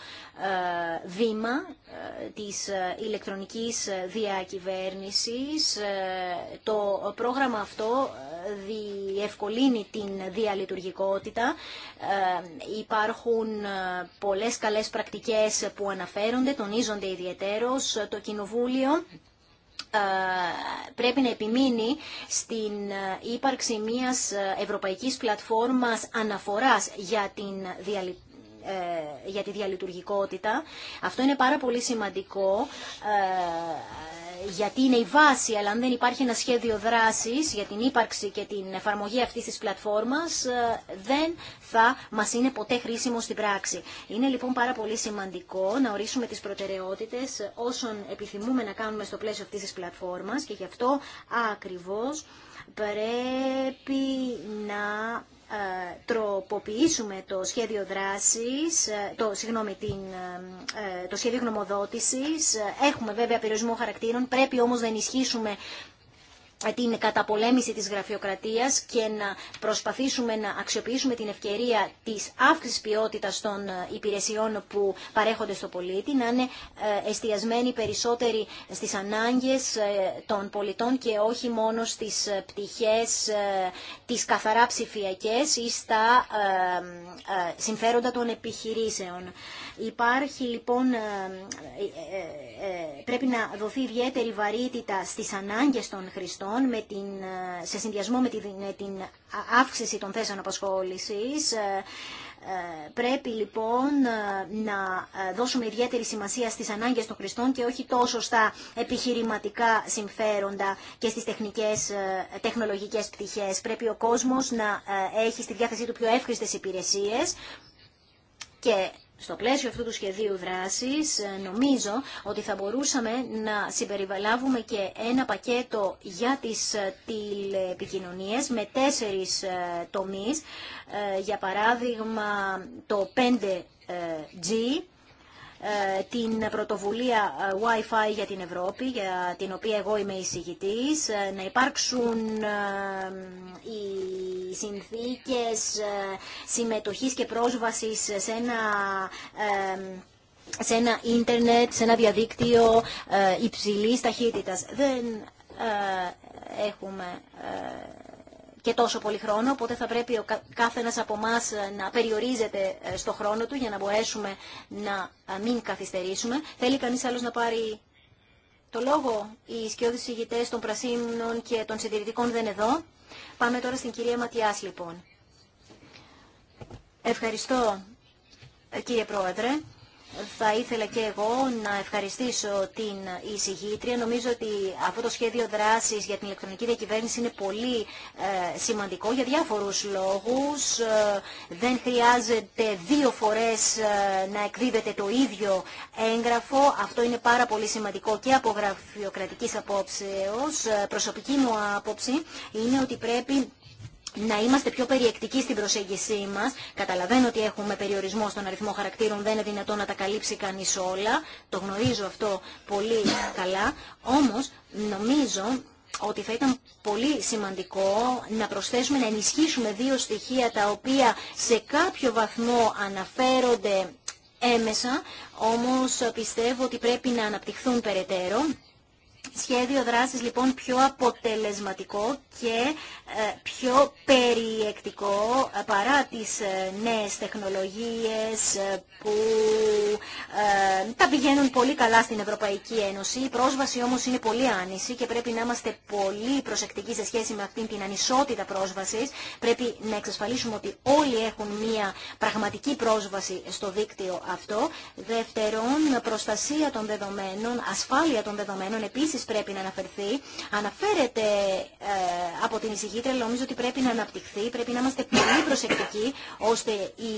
ε, βήμα ε, της ε, ηλεκτρονικής διακυβέρνησης. Το πρόγραμμα αυτό διευκολύνει την διαλειτουργικότητα. Υπάρχουν πολλές καλές πρακτικές που αναφέρονται, τονίζονται ιδιαίτερως το Κοινοβούλιο ε, πρέπει να επιμείνει στην ε, ύπαρξη μιας ε, ευρωπαϊκής πλατφόρμας αναφοράς για την για τη διαλειτουργικότητα. Αυτό είναι πάρα πολύ σημαντικό γιατί είναι η βάση, αλλά αν δεν υπάρχει ένα σχέδιο δράσης για την ύπαρξη και την εφαρμογή αυτής της πλατφόρμας, ε, δεν θα μας είναι ποτέ χρήσιμο στην πράξη. Είναι λοιπόν πάρα πολύ σημαντικό να ορίσουμε τις προτεραιότητες όσων επιθυμούμε να κάνουμε στο πλαίσιο αυτής της πλατφόρμας και γι' αυτό ακριβώς πρέπει να ε, τροποποιήσουμε το σχέδιο δράσης, ε, το, συγγνώμη, την, ε, το σχέδιο γνωμοδότησης. Έχουμε βέβαια περιορισμό χαρακτήρων, πρέπει όμως να ενισχύσουμε την καταπολέμηση της γραφειοκρατίας και να προσπαθήσουμε να αξιοποιήσουμε την ευκαιρία της αύξησης ποιότητας των ε, υπηρεσιών που παρέχονται στο πολίτη, να είναι ε, εστιασμένοι περισσότεροι στις ανάγκες ε, των πολιτών και όχι μόνο στις πτυχές τις καθαρά ψηφιακές ή στα συμφέροντα των επιχειρήσεων. Υπάρχει λοιπόν, πρέπει να δοθεί ιδιαίτερη βαρύτητα στις ανάγκες των χρηστών Λοιπόν, με την, σε συνδυασμό με την, την αύξηση των θέσεων απασχόλησης ε, ε, πρέπει λοιπόν ε, να δώσουμε ιδιαίτερη σημασία στις ανάγκες των χρηστών και όχι τόσο στα επιχειρηματικά συμφέροντα και στις τεχνικές, τεχνολογικές πτυχές. Πρέπει ο κόσμος να έχει στη διάθεσή του πιο εύχριστες υπηρεσίες και στο πλαίσιο αυτού του σχεδίου δράσης ε, νομίζω ότι θα μπορούσαμε να συμπεριβαλάβουμε και ένα πακέτο για τις ε, τηλεπικοινωνίες με τέσσερις ε, τομείς, για παράδειγμα το 5G, ε, την πρωτοβουλία ε, Wi-Fi για την Ευρώπη, για την οποία εγώ είμαι εισηγητής, ε, να υπάρξουν οι συνθήκες συμμετοχής και πρόσβασης σε ένα σε ένα ίντερνετ, σε ένα διαδίκτυο υψηλής ταχύτητας. Δεν έχουμε και τόσο πολύ χρόνο, οπότε θα πρέπει ο κάθε ένας από εμά ε, να περιορίζεται ε, στο χρόνο του για να μπορέσουμε να ε, μην καθυστερήσουμε. Θέλει κανείς άλλος να πάρει το λόγο. Οι σκιώδεις ηγητές των Πρασίνων και των Συντηρητικών δεν εδώ. Πάμε τώρα στην κυρία Ματιάς λοιπόν. Ευχαριστώ κύριε Πρόεδρε θα ήθελα και εγώ να ευχαριστήσω την εισηγήτρια. Νομίζω ότι αυτό το σχέδιο δράσης για την ηλεκτρονική διακυβέρνηση είναι πολύ ε, σημαντικό για διάφορους λόγους. Ε, δεν χρειάζεται δύο φορές ε, να εκδίδεται το ίδιο έγγραφο. Αυτό είναι πάρα πολύ σημαντικό και από γραφειοκρατικής απόψεως. Προσωπική μου άποψη είναι ότι πρέπει να είμαστε πιο περιεκτικοί στην προσέγγισή μας. Καταλαβαίνω ότι έχουμε περιορισμό στον αριθμό χαρακτήρων, δεν είναι δυνατόν να τα καλύψει κανείς όλα. Το γνωρίζω αυτό πολύ καλά. Όμως νομίζω ότι θα ήταν πολύ σημαντικό να προσθέσουμε, να ενισχύσουμε δύο στοιχεία τα οποία σε κάποιο βαθμό αναφέρονται έμεσα, όμως πιστεύω ότι πρέπει να αναπτυχθούν περαιτέρω σχέδιο δράσης λοιπόν πιο αποτελεσματικό και ε, πιο περιεκτικό ε, παρά τις ε, νέες τεχνολογίες που τα πηγαίνουν πολύ καλά στην Ευρωπαϊκή Ένωση. Η πρόσβαση όμως είναι πολύ άνηση και πρέπει να είμαστε πολύ προσεκτικοί σε σχέση με αυτήν την ανισότητα πρόσβασης. Πρέπει να εξασφαλίσουμε ότι όλοι έχουν μία πραγματική πρόσβαση στο δίκτυο αυτό. Δεύτερον, προστασία των δεδομένων, ασφάλεια των δεδομένων, επίσης πρέπει να αναφερθεί. Αναφέρεται ε, από την εισηγήτρια, αλλά νομίζω ότι πρέπει να αναπτυχθεί. Πρέπει να είμαστε πολύ προσεκτικοί, ώστε η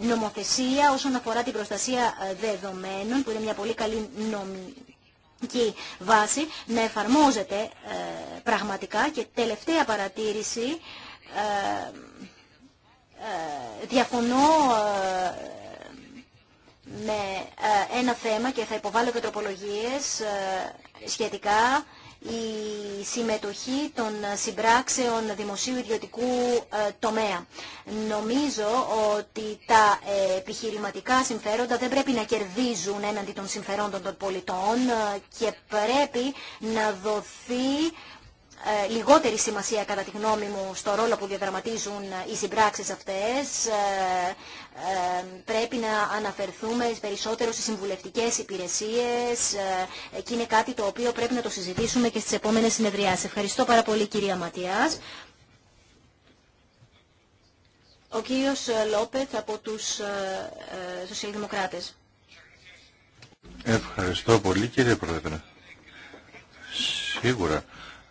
ε, νομοθεσία όσον αφορά την προστασία ε, δεδομένων, που είναι μια πολύ καλή νομική βάση, να εφαρμόζεται πραγματικά. Και τελευταία παρατήρηση, διαφωνώ με ε, ένα θέμα και θα υποβάλω και τροπολογίες ε, σχετικά η συμμετοχή των συμπράξεων δημοσίου ιδιωτικού ε, τομέα. Νομίζω ότι τα επιχειρηματικά συμφέροντα δεν πρέπει να κερδίζουν έναντι των συμφερόντων των πολιτών και πρέπει να δοθεί λιγότερη σημασία κατά τη γνώμη μου στο ρόλο που διαδραματίζουν οι συμπράξεις αυτές πρέπει να αναφερθούμε περισσότερο στις συμβουλευτικές υπηρεσίες ε, και είναι κάτι το οποίο πρέπει να το συζητήσουμε και στις επόμενες συνεδριάσεις. Ευχαριστώ πάρα πολύ κυρία Ματιάς. Ο κύριος ε, Λόπετ από τους ε, Σοσιαλδημοκράτες. Ευχαριστώ πολύ κύριε Πρόεδρε. Σίγουρα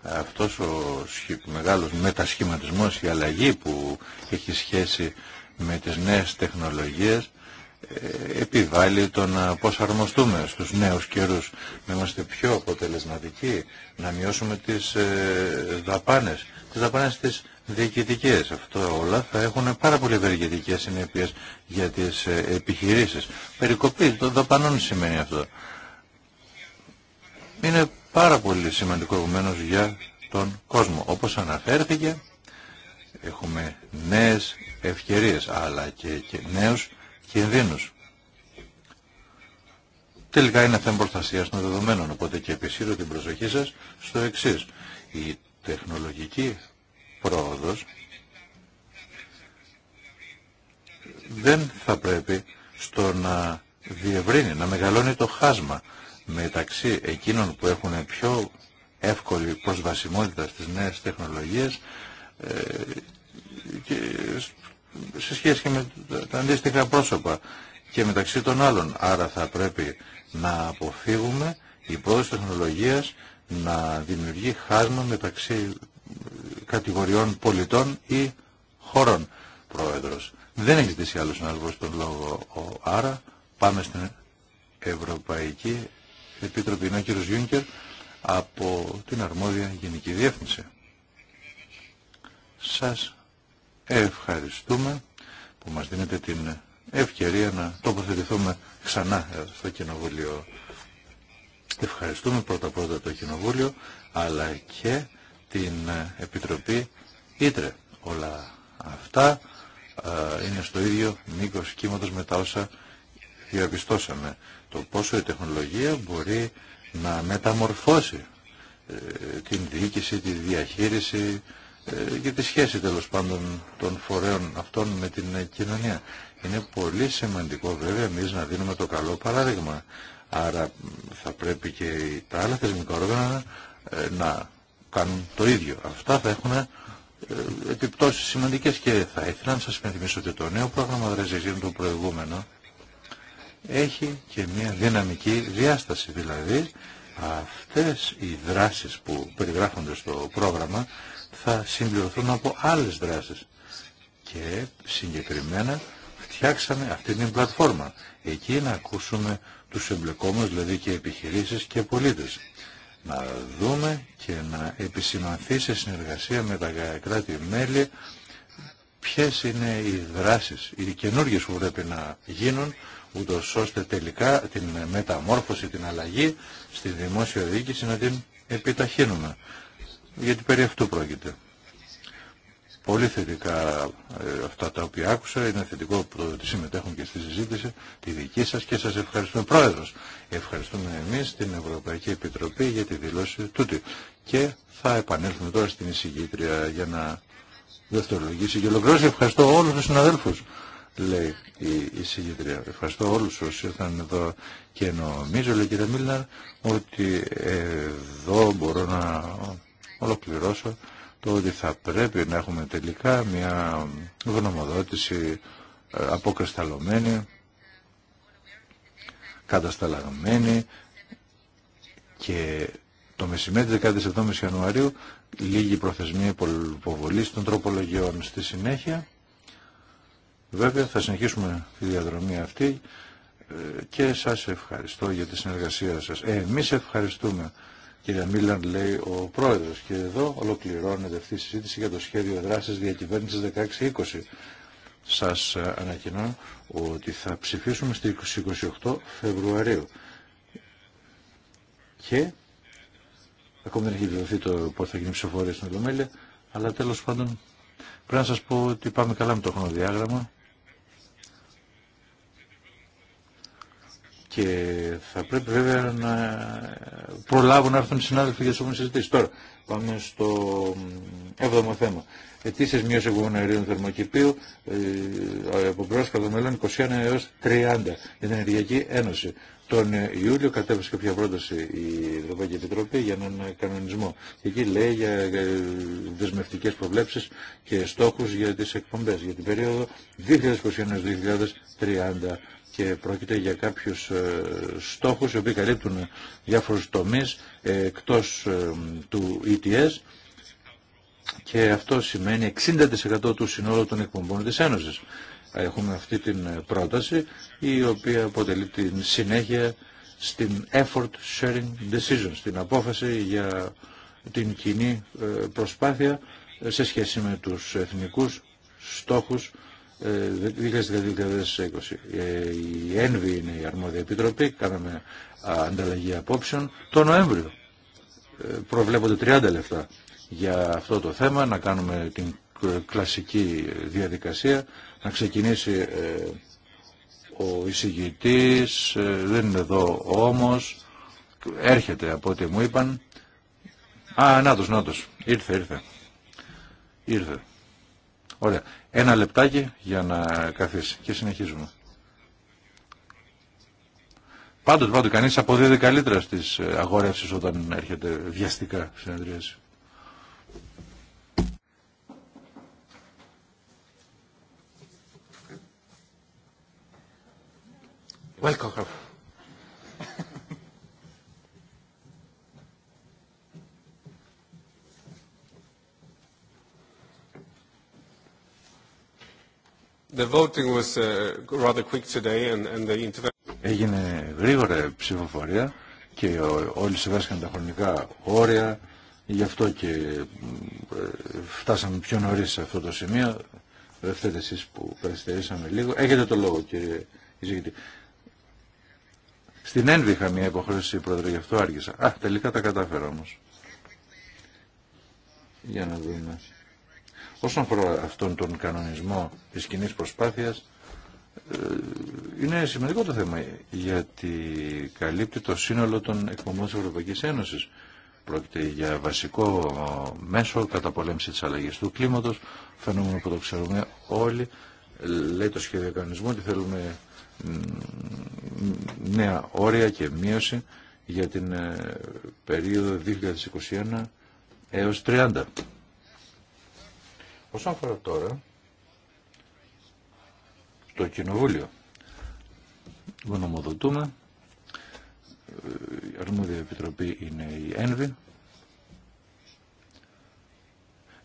αυτός ο μεγάλος μετασχηματισμός, η αλλαγή που έχει σχέση με τις νέες τεχνολογίες ε, επιβάλλει το να πώς αρμοστούμε στους νέους καιρούς, να είμαστε πιο αποτελεσματικοί, να μειώσουμε τις ε, δαπάνες, τις δαπάνες τις διοικητικές. Αυτό όλα θα έχουν πάρα πολύ ευεργετικές συνέπειες για τις ε, επιχειρήσεις. Περικοπή το δαπανών σημαίνει αυτό. Είναι πάρα πολύ σημαντικό για τον κόσμο. Όπως αναφέρθηκε, έχουμε νέες ευκαιρίες αλλά και, και νέους κινδύνους. Τελικά είναι θέμα προστασία των δεδομένων, οπότε και επισύρω την προσοχή σας στο εξής. Η τεχνολογική πρόοδος δεν θα πρέπει στο να διευρύνει, να μεγαλώνει το χάσμα μεταξύ εκείνων που έχουν πιο εύκολη προσβασιμότητα στις νέες τεχνολογίες ε, σε σχέση και με τα αντίστοιχα πρόσωπα και μεταξύ των άλλων. Άρα θα πρέπει να αποφύγουμε η πρόοδος τεχνολογίας να δημιουργεί χάσμα μεταξύ κατηγοριών πολιτών ή χωρών. Πρόεδρος. Δεν έχει ζητήσει άλλο συνάδελφο τον λόγο. Άρα πάμε στην Ευρωπαϊκή Επίτροπη. Είναι Γιούνκερ από την αρμόδια Γενική Διεύθυνση. Σας Ευχαριστούμε που μας δίνετε την ευκαιρία να τοποθετηθούμε ξανά στο Κοινοβούλιο. Ευχαριστούμε πρώτα πρώτα το Κοινοβούλιο αλλά και την ε, Επιτροπή Ήτρε. Όλα αυτά ε, είναι στο ίδιο μήκος κύματος με τα όσα διαπιστώσαμε. Το πόσο η τεχνολογία μπορεί να μεταμορφώσει ε, την διοίκηση, τη διαχείριση, ε, για τη σχέση τέλος πάντων των φορέων αυτών με την ε, κοινωνία. Είναι πολύ σημαντικό βέβαια εμείς να δίνουμε το καλό παράδειγμα. Άρα θα πρέπει και τα άλλα θεσμικά όργανα ε, να κάνουν το ίδιο. Αυτά θα έχουν επιπτώσεις σημαντικές και θα ήθελα να σας πενθυμίσω ότι το νέο πρόγραμμα δρασίας το προηγούμενο έχει και μια δυναμική διάσταση δηλαδή αυτές οι δράσεις που περιγράφονται στο πρόγραμμα θα συμπληρωθούν από άλλες δράσεις. Και συγκεκριμένα φτιάξαμε αυτή την πλατφόρμα. Εκεί να ακούσουμε τους εμπλεκόμενους, δηλαδή και επιχειρήσεις και πολίτες. Να δούμε και να επισημανθεί σε συνεργασία με τα κράτη-μέλη ποιες είναι οι δράσεις, οι καινούργιε που πρέπει να γίνουν, ούτω ώστε τελικά την μεταμόρφωση, την αλλαγή στη δημόσια διοίκηση να την επιταχύνουμε γιατί περί αυτού πρόκειται. Πολύ θετικά ε, αυτά τα οποία άκουσα. Είναι θετικό που το συμμετέχουν και στη συζήτηση τη δική σας και σας ευχαριστούμε Πρόεδρος. Ευχαριστούμε εμείς την Ευρωπαϊκή Επιτροπή για τη δηλώση τούτη. Και θα επανέλθουμε τώρα στην εισηγήτρια για να δευτερολογήσει και ολοκληρώσει. Ευχαριστώ όλους τους συναδέλφους λέει η, εισηγήτρια. Ευχαριστώ όλους όσοι ήρθαν εδώ και νομίζω, λέει κυρία Μίλναρ, ότι εδώ μπορώ να ολοκληρώσω το ότι θα πρέπει να έχουμε τελικά μια γνωμοδότηση ε, αποκρισταλωμένη, κατασταλαγμένη και το μεσημέρι 17 Ιανουαρίου λίγη προθεσμία υποβολής των τροπολογιών στη συνέχεια. Βέβαια θα συνεχίσουμε τη διαδρομή αυτή ε, και σας ευχαριστώ για τη συνεργασία σας. Ε, εμείς ευχαριστούμε Κύριε Μίλαν λέει ο πρόεδρος και εδώ ολοκληρώνεται αυτή η συζήτηση για το σχέδιο δράσης διακυβέρνησης 16-20. Σας ε, ανακοινώ ότι θα ψηφίσουμε στις 28 Φεβρουαρίου και ακόμη δεν έχει δηλωθεί το πώς θα γίνει ψηφοφορία στην Ελλομέλεια, αλλά τέλος πάντων πρέπει να σας πω ότι πάμε καλά με το χρονοδιάγραμμα Και θα πρέπει βέβαια να προλάβουν να έρθουν οι συνάδελφοι για τι επόμενε συζητήσει. Τώρα πάμε στο 7ο θέμα. Ετήσει μείωση εγωγών αερίων θερμοκηπίου ε, ε από το μέλλον 21 έω 30 για την Ενεργειακή Ένωση. Τον ε, Ιούλιο κατέβασε κάποια πρόταση η Ευρωπαϊκή Επιτροπή για έναν ε, κανονισμό. Και εκεί λέει για δεσμευτικέ προβλέψει και στόχου για τι εκπομπέ για την περίοδο 2021-2030 και πρόκειται για κάποιους ε, στόχους οι οποίοι καλύπτουν διάφορους τομείς ε, εκτός ε, του ETS και αυτό σημαίνει 60% του συνόλου των εκπομπών της Ένωσης. Έχουμε αυτή την πρόταση η οποία αποτελεί την συνέχεια στην effort sharing decision, στην απόφαση για την κοινή προσπάθεια σε σχέση με τους εθνικούς στόχους 2020. Ε, ε, η ΕΝΒΗ είναι η αρμόδια επιτροπή, κάναμε ανταλλαγή απόψεων το Νοέμβριο. Ε, προβλέπονται 30 λεπτά για αυτό το θέμα, να κάνουμε την κλασική διαδικασία, να ξεκινήσει ο εισηγητής, δεν είναι εδώ όμως, έρχεται από ό,τι μου είπαν. Α, νάτος, νάτος, ήρθε, ήρθε, ήρθε. Ωραία. Ένα λεπτάκι για να καθίσει και συνεχίζουμε. Πάντως, πάντως, κανείς αποδίδει καλύτερα στις ε, αγορεύσεις όταν έρχεται βιαστικά συνεδρίαση. Welcome. Έγινε γρήγορα ψηφοφορία και όλοι συμβάσκαν τα χρονικά όρια, γι' αυτό και ε, φτάσαμε πιο νωρίς σε αυτό το σημείο. Δεν φταίτε εσείς που περιστερήσαμε λίγο. Έχετε το λόγο κύριε Ιζήγητη. Στην ένβη είχα μια υποχρέωση πρόεδρε, γι' αυτό άργησα. Α, τελικά τα κατάφερα όμως. Για να δούμε. Όσον αφορά αυτόν τον κανονισμό της κοινή προσπάθειας, ε, είναι σημαντικό το θέμα γιατί καλύπτει το σύνολο των εκπομπών της Ευρωπαϊκής Ένωσης. Πρόκειται για βασικό μέσο καταπολέμηση της αλλαγής του κλίματος, φαινόμενο που το ξέρουμε όλοι. Λέει το σχέδιο κανονισμού ότι θέλουμε νέα όρια και μείωση για την ε, περίοδο 2021 έως 30. Όσον αφορά τώρα το Κοινοβούλιο, γνωμοδοτούμε, η αρμόδια επιτροπή είναι η ΕΝΒΗ,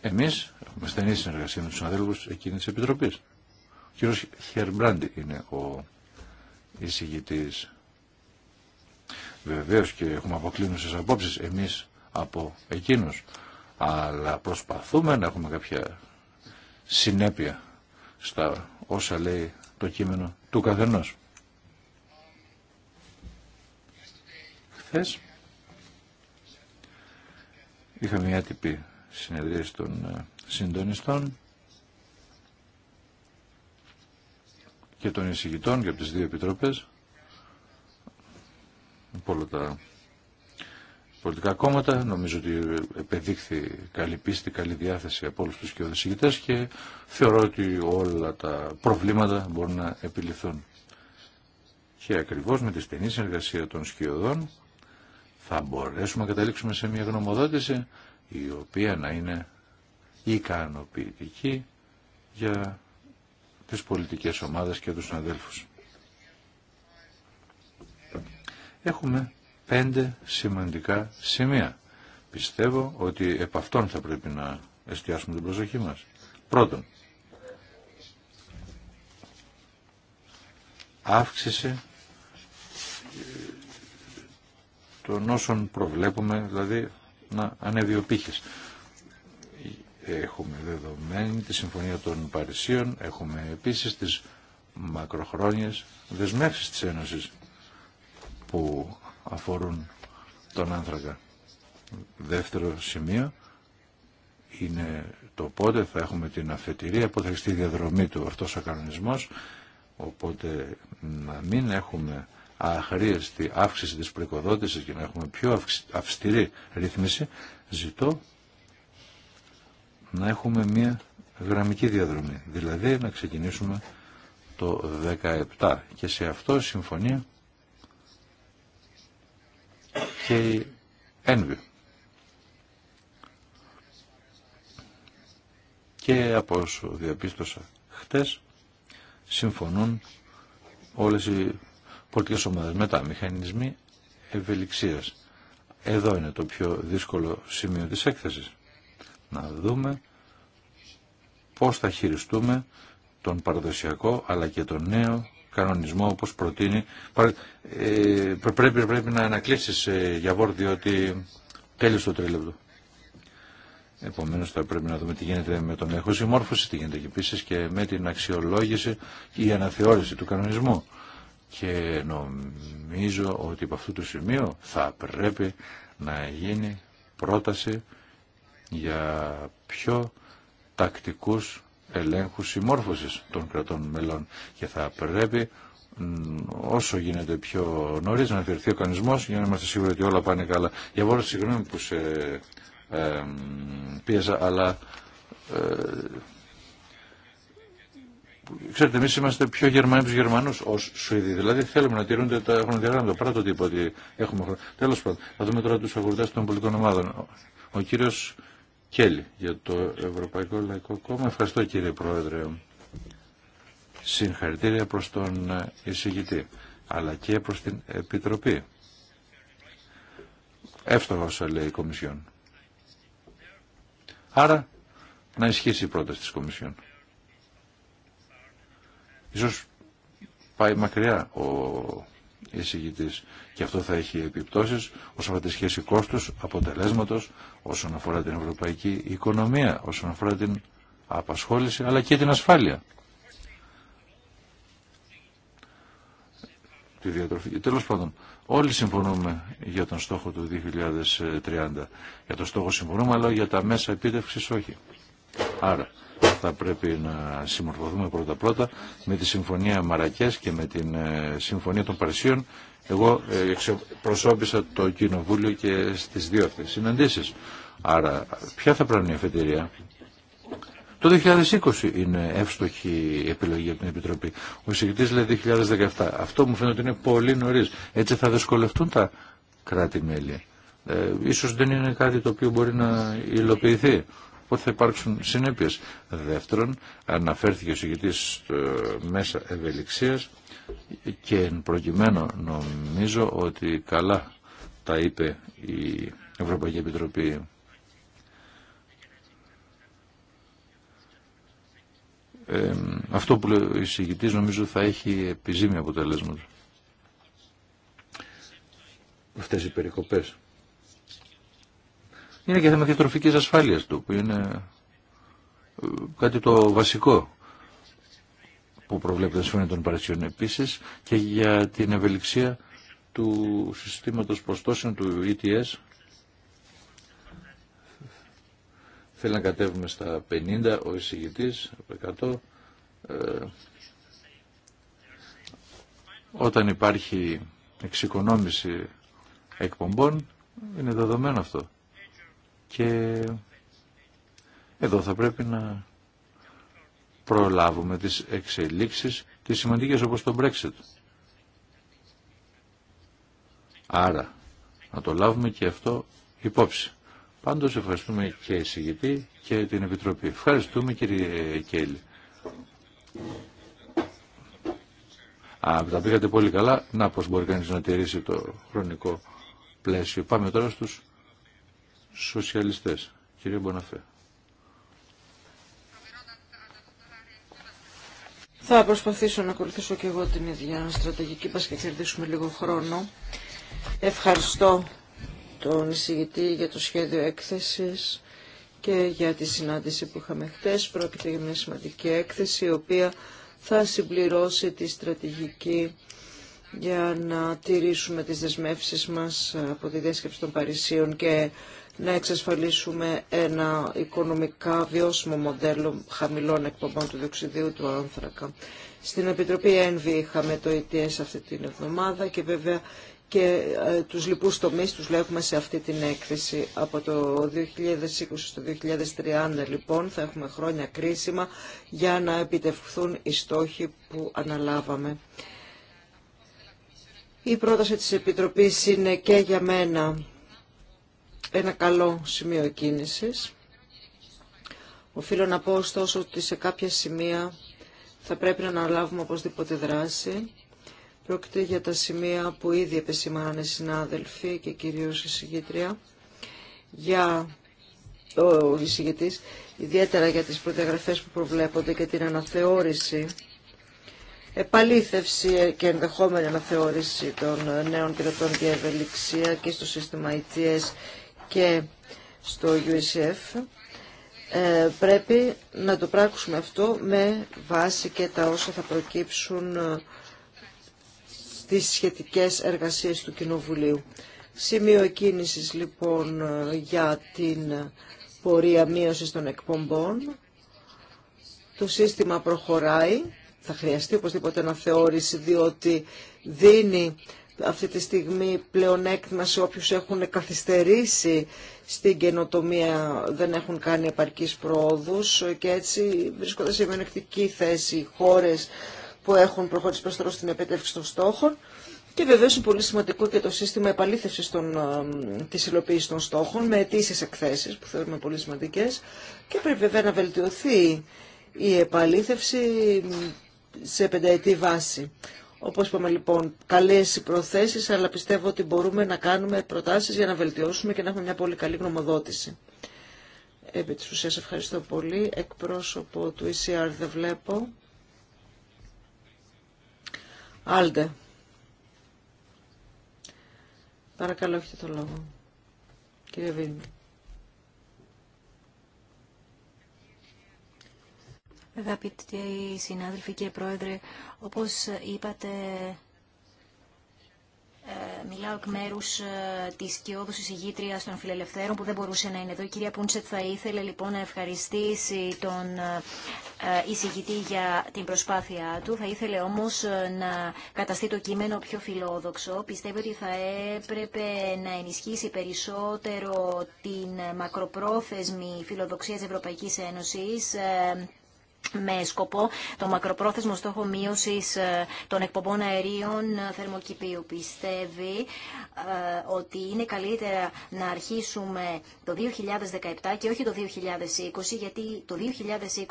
εμείς έχουμε στενή συνεργασία με τους συναδέλφους εκείνης της επιτροπής. Ο κύριος Χερμπράντι είναι ο εισηγητής. Βεβαίως και έχουμε αποκλίνουσες απόψεις εμείς από εκείνους αλλά προσπαθούμε να έχουμε κάποια συνέπεια στα όσα λέει το κείμενο του καθενός. Χθε είχαμε μια τυπή συνεδρία των ε, συντονιστών και των εισηγητών και από τις δύο επιτροπές από πολιτικά κόμματα. Νομίζω ότι επεδείχθη καλή πίστη, καλή διάθεση από όλους τους κοιοδεσηγητές και θεωρώ ότι όλα τα προβλήματα μπορούν να επιληθούν. Και ακριβώς με τη στενή συνεργασία των σκιωδών θα μπορέσουμε να καταλήξουμε σε μια γνωμοδότηση η οποία να είναι ικανοποιητική για τις πολιτικές ομάδες και τους συναδέλφους. Έχουμε πέντε σημαντικά σημεία. Πιστεύω ότι επ' αυτών θα πρέπει να εστιάσουμε την προσοχή μας. Πρώτον, αύξηση ε, των όσων προβλέπουμε, δηλαδή να ανέβει ο πύχης. Έχουμε δεδομένη τη Συμφωνία των Παρισίων, έχουμε επίσης τις μακροχρόνιες δεσμεύσεις της Ένωσης που αφορούν τον άνθρακα. Δεύτερο σημείο είναι το πότε θα έχουμε την αφετηρία, πού θα έχει διαδρομή του αυτός ο κανονισμός, οπότε να μην έχουμε αχρίαστη αύξηση της προοικοδότησης και να έχουμε πιο αυστηρή ρύθμιση, ζητώ να έχουμε μια γραμμική διαδρομή, δηλαδή να ξεκινήσουμε το 17 και σε αυτό συμφωνία και η ένβη. Και από όσο διαπίστωσα χτες, συμφωνούν όλες οι πολιτικές ομάδες. Μετά, μηχανισμοί ευελιξίας. Εδώ είναι το πιο δύσκολο σημείο της έκθεσης. Να δούμε πώς θα χειριστούμε τον παραδοσιακό αλλά και τον νέο κανονισμό όπως προτείνει. Ε, πρέπει, πρέπει να ανακλείσεις ε, για βόρ, διότι τέλειωσε το τρίλεπτο. Επομένω, θα πρέπει να δούμε τι γίνεται με τον η συμμόρφωση, τι γίνεται και επίση και με την αξιολόγηση η αναθεώρηση του κανονισμού. Και νομίζω ότι από αυτού του σημείου θα πρέπει να γίνει πρόταση για πιο τακτικούς ελέγχου συμμόρφωσης των κρατών μελών και θα πρέπει όσο γίνεται πιο νωρίς να αφιερθεί ο κανονισμό για να είμαστε σίγουροι ότι όλα πάνε καλά. Για βόρεια συγγνώμη που σε ε, πίεζα, αλλά ε, ξέρετε, εμεί είμαστε πιο Γερμανοί από Γερμανούς Γερμανού ω Σουηδοί. Δηλαδή θέλουμε να τηρούνται τα χρονοδιαγράμματα. Πράγμα το τύπο ότι έχουμε χρόνο. Τέλο πάντων, θα δούμε τώρα του αγορητέ των πολιτικών ομάδων. Ο κύριος Κέλλη για το Ευρωπαϊκό Λαϊκό Κόμμα. Ευχαριστώ κύριε Πρόεδρε. Συγχαρητήρια προς τον εισηγητή, αλλά και προς την Επιτροπή. Εύστοχα όσα λέει η Κομισιόν. Άρα, να ισχύσει η πρόταση της Κομισιόν. Ίσως πάει μακριά ο εισηγητής. Και αυτό θα έχει επιπτώσεις όσον αφορά τη σχέση κόστους, αποτελέσματος, όσον αφορά την ευρωπαϊκή οικονομία, όσον αφορά την απασχόληση, αλλά και την ασφάλεια. Τη διατροφή. Τέλος πάντων, όλοι συμφωνούμε για τον στόχο του 2030. Για τον στόχο συμφωνούμε, αλλά για τα μέσα επίτευξης όχι. Άρα, θα πρέπει να συμμορφωθούμε πρώτα-πρώτα με τη Συμφωνία Μαρακές και με την ε, Συμφωνία των Παρισίων. Εγώ ε, προσώπησα το Κοινοβούλιο και στις δύο αυτές συναντήσεις. Άρα, ποια θα πρέπει να είναι η αφετηρία. Το 2020 είναι εύστοχη επιλογή από την Επιτροπή. Ο συγκεκριτής λέει 2017. Αυτό μου φαίνεται ότι είναι πολύ νωρί. Έτσι θα δυσκολευτούν τα κράτη-μέλη. Ε, ίσως δεν είναι κάτι το οποίο μπορεί να υλοποιηθεί. Οπότε θα υπάρξουν συνέπειες. Δεύτερον, αναφέρθηκε ο συγκεκριτής ε, μέσα ευελιξίας και εν προκειμένου νομίζω ότι καλά τα είπε η Ευρωπαϊκή Επιτροπή αυτό που λέει ο νομίζω θα έχει επιζήμια αποτελέσματα. Αυτές οι περικοπές είναι και θέμα διατροφικής ασφάλειας του, που είναι ε, κάτι το βασικό που προβλέπεται σύμφωνα των Παρασιών επίσης και για την ευελιξία του συστήματος προστόσεων του ETS θέλει να κατέβουμε στα 50 ο εισηγητής 100 ε, όταν υπάρχει εξοικονόμηση εκπομπών είναι δεδομένο αυτό και εδώ θα πρέπει να προλάβουμε τις εξελίξεις, τις σημαντικές όπως το Brexit. Άρα, να το λάβουμε και αυτό υπόψη. Πάντως ευχαριστούμε και εισηγητή και την Επιτροπή. Ευχαριστούμε κύριε Κέλλη. Α, τα πήγατε πολύ καλά. Να πώς μπορεί κανείς να τηρήσει το χρονικό πλαίσιο. Πάμε τώρα στους σοσιαλιστές. Κύριε Μποναφέ. Θα προσπαθήσω να ακολουθήσω και εγώ την ίδια στρατηγική, πας και κερδίσουμε λίγο χρόνο. Ευχαριστώ τον εισηγητή για το σχέδιο έκθεσης και για τη συνάντηση που είχαμε χτες. Πρόκειται για μια σημαντική έκθεση, η οποία θα συμπληρώσει τη στρατηγική για να τηρήσουμε τις δεσμεύσεις μας από τη διάσκεψη των Παρισίων και να εξασφαλίσουμε ένα οικονομικά βιώσιμο μοντέλο χαμηλών εκπομπών του διοξιδίου του άνθρακα. Στην Επιτροπή ΕΝΒΙ είχαμε το ETS αυτή την εβδομάδα και βέβαια και ε, τους λοιπούς τομείς τους λέγουμε σε αυτή την έκθεση. Από το 2020 στο 2030 λοιπόν θα έχουμε χρόνια κρίσιμα για να επιτευχθούν οι στόχοι που αναλάβαμε. Η πρόταση της Επιτροπής είναι και για μένα ένα καλό σημείο κίνησης. Οφείλω να πω ωστόσο ότι σε κάποια σημεία θα πρέπει να αναλάβουμε οπωσδήποτε δράση. Πρόκειται για τα σημεία που ήδη επεσήμαναν οι συνάδελφοι και κυρίως η συγγήτρια, για ο εισηγητής, ιδιαίτερα για τις προδιαγραφές που προβλέπονται και την αναθεώρηση, επαλήθευση και ενδεχόμενη αναθεώρηση των νέων πιλωτών για ευελιξία και στο σύστημα ITS και στο USF ε, πρέπει να το πράξουμε αυτό με βάση και τα όσα θα προκύψουν ε, στις σχετικές εργασίες του Κοινοβουλίου. Σημείο κίνηση λοιπόν ε, για την πορεία μείωσης των εκπομπών. Το σύστημα προχωράει, θα χρειαστεί οπωσδήποτε αναθεώρηση διότι δίνει αυτή τη στιγμή πλεονέκτημα σε όποιους έχουν καθυστερήσει στην καινοτομία, δεν έχουν κάνει επαρκείς πρόοδους και έτσι βρίσκονται σε μειονεκτική θέση οι χώρες που έχουν προχωρήσει προς στην επέτευξη των στόχων. Και βεβαίως είναι πολύ σημαντικό και το σύστημα επαλήθευσης των, της των στόχων με αιτήσει εκθέσεις που θεωρούμε πολύ σημαντικές και πρέπει βέβαια να βελτιωθεί η επαλήθευση σε πενταετή βάση. Όπω είπαμε λοιπόν, καλές οι προθέσεις, αλλά πιστεύω ότι μπορούμε να κάνουμε προτάσεις για να βελτιώσουμε και να έχουμε μια πολύ καλή γνωμοδότηση. Επί τη ουσία, ευχαριστώ πολύ. Εκπρόσωπο του ECR δεν βλέπω. Άλτε. Παρακαλώ έχετε το λόγο. Κύριε Βίνη. Αγαπητοί συνάδελφοι, κύριε Πρόεδρε, όπως είπατε, ε, μιλάω εκ μέρου ε, τη κοιόδουση ηγήτρια των Φιλελευθέρων που δεν μπορούσε να είναι εδώ. Η κυρία Πούντσετ θα ήθελε λοιπόν να ευχαριστήσει τον ε, εισηγητή για την προσπάθειά του. Θα ήθελε όμω να καταστεί το κείμενο πιο φιλόδοξο. Πιστεύω ότι θα έπρεπε να ενισχύσει περισσότερο την μακροπρόθεσμη φιλοδοξία τη Ευρωπαϊκή Ένωση με σκοπό το μακροπρόθεσμο στόχο μείωσης ε, των εκπομπών αερίων ε, θερμοκηπίου. Πιστεύει ε, ότι είναι καλύτερα να αρχίσουμε το 2017 και όχι το 2020, γιατί το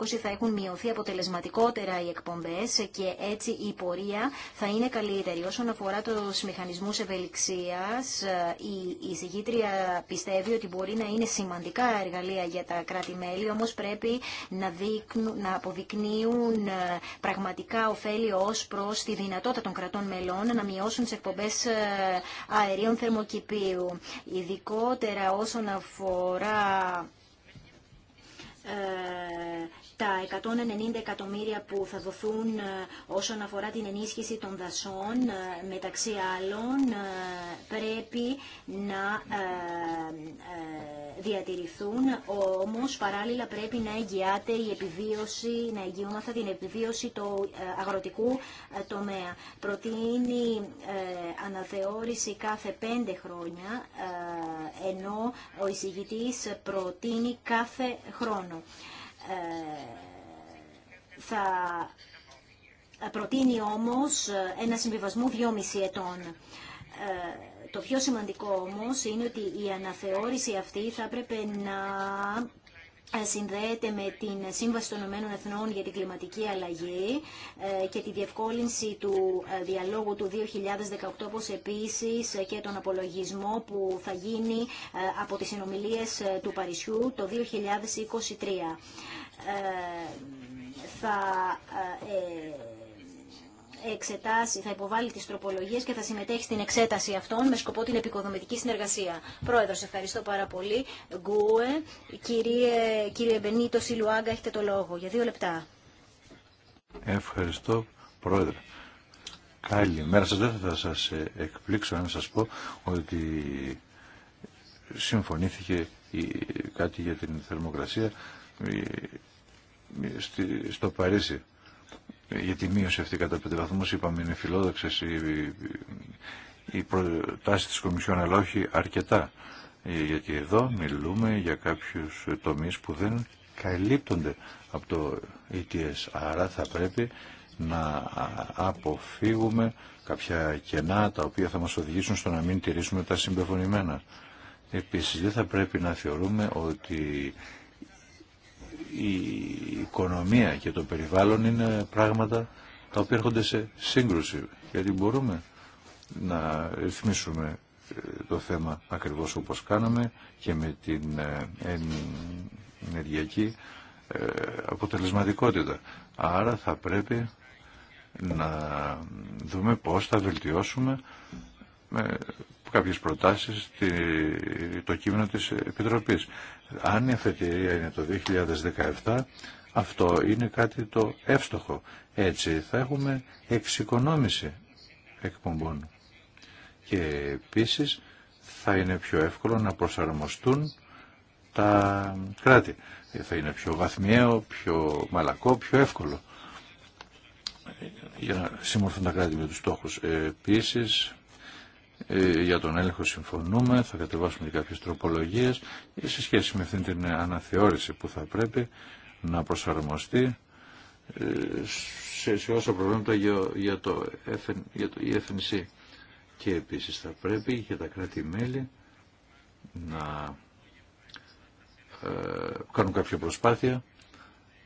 2020 θα έχουν μειωθεί αποτελεσματικότερα οι εκπομπές και έτσι η πορεία θα είναι καλύτερη. Όσον αφορά τους μηχανισμούς ευελιξίας, η, η συγκήτρια πιστεύει ότι μπορεί να είναι σημαντικά εργαλεία για τα κράτη-μέλη, όμως πρέπει να, δείχνουν αποδεικνύουν ε, πραγματικά ωφέλη ως προς τη δυνατότητα των κρατών μελών να μειώσουν τις εκπομπές ε, αερίων θερμοκηπίου. Ειδικότερα όσον αφορά ε, τα 190 εκατομμύρια που θα δοθούν ε, όσον αφορά την ενίσχυση των δασών, ε, μεταξύ άλλων, ε, πρέπει να διατηρηθούν, όμως παράλληλα πρέπει να εγγυάται η επιβίωση, να εγγυόμαστε την επιβίωση του αγροτικού τομέα. Προτείνει αναθεώρηση κάθε πέντε χρόνια, ενώ ο εισηγητής προτείνει κάθε χρόνο. Ε, θα προτείνει όμως ένα συμβιβασμό 2,5 ετών. Ε, το πιο σημαντικό όμως είναι ότι η αναθεώρηση αυτή θα έπρεπε να ε, συνδέεται με την Σύμβαση των Ηνωμένων Εθνών για την κλιματική αλλαγή ε, και τη διευκόλυνση του ε, διαλόγου του 2018, όπως επίσης και τον απολογισμό που θα γίνει από τις συνομιλίες του Παρισιού το 2023. Θα εξετάσει, θα υποβάλει τις τροπολογίες και θα συμμετέχει στην εξέταση αυτών με σκοπό την επικοδομητική συνεργασία. Πρόεδρος, ευχαριστώ πάρα πολύ. Γκούε, κύριε, κύριε Μπενίτο Σιλουάγκα, έχετε το λόγο για δύο λεπτά. Ευχαριστώ, Πρόεδρε. Καλημέρα σα Δεν θα σας ε, εκπλήξω αν σα πω ότι συμφωνήθηκε κάτι για την θερμοκρασία ε, ε, στο Παρίσι γιατί τη αυτή κατά πέντε βαθμούς είπαμε είναι φιλόδοξες οι, οι προτάσεις της Κομισιόν αλλά όχι αρκετά ε, γιατί εδώ μιλούμε για κάποιους τομείς που δεν καλύπτονται από το ETS ε άρα θα πρέπει να αποφύγουμε κάποια κενά τα οποία θα μας οδηγήσουν στο να μην τηρήσουμε τα συμπεφωνημένα. Επίσης δεν θα πρέπει να θεωρούμε ότι η οικονομία και το περιβάλλον είναι πράγματα τα οποία έρχονται σε σύγκρουση. Γιατί μπορούμε να ρυθμίσουμε ε, το θέμα ακριβώς όπως κάναμε και με την ε, ενεργειακή ε, αποτελεσματικότητα. Άρα θα πρέπει να δούμε πώς θα βελτιώσουμε με κάποιες προτάσεις το κείμενο της Επιτροπής. Αν η αφετηρία είναι το 2017, αυτό είναι κάτι το εύστοχο. Έτσι θα έχουμε εξοικονόμηση εκπομπών. Και επίσης θα είναι πιο εύκολο να προσαρμοστούν τα κράτη. Θα είναι πιο βαθμιαίο, πιο μαλακό, πιο εύκολο για να συμμορφούν τα κράτη με τους στόχους. Επίσης, ε, για τον έλεγχο συμφωνούμε, θα κατεβάσουμε και κάποιες τροπολογίες ε, σε σχέση με αυτή την αναθεώρηση που θα πρέπει να προσαρμοστεί ε, σε, σε όσα προβλήματα για, για το, Και επίσης θα πρέπει για τα κράτη-μέλη να ε, κάνουν κάποια προσπάθεια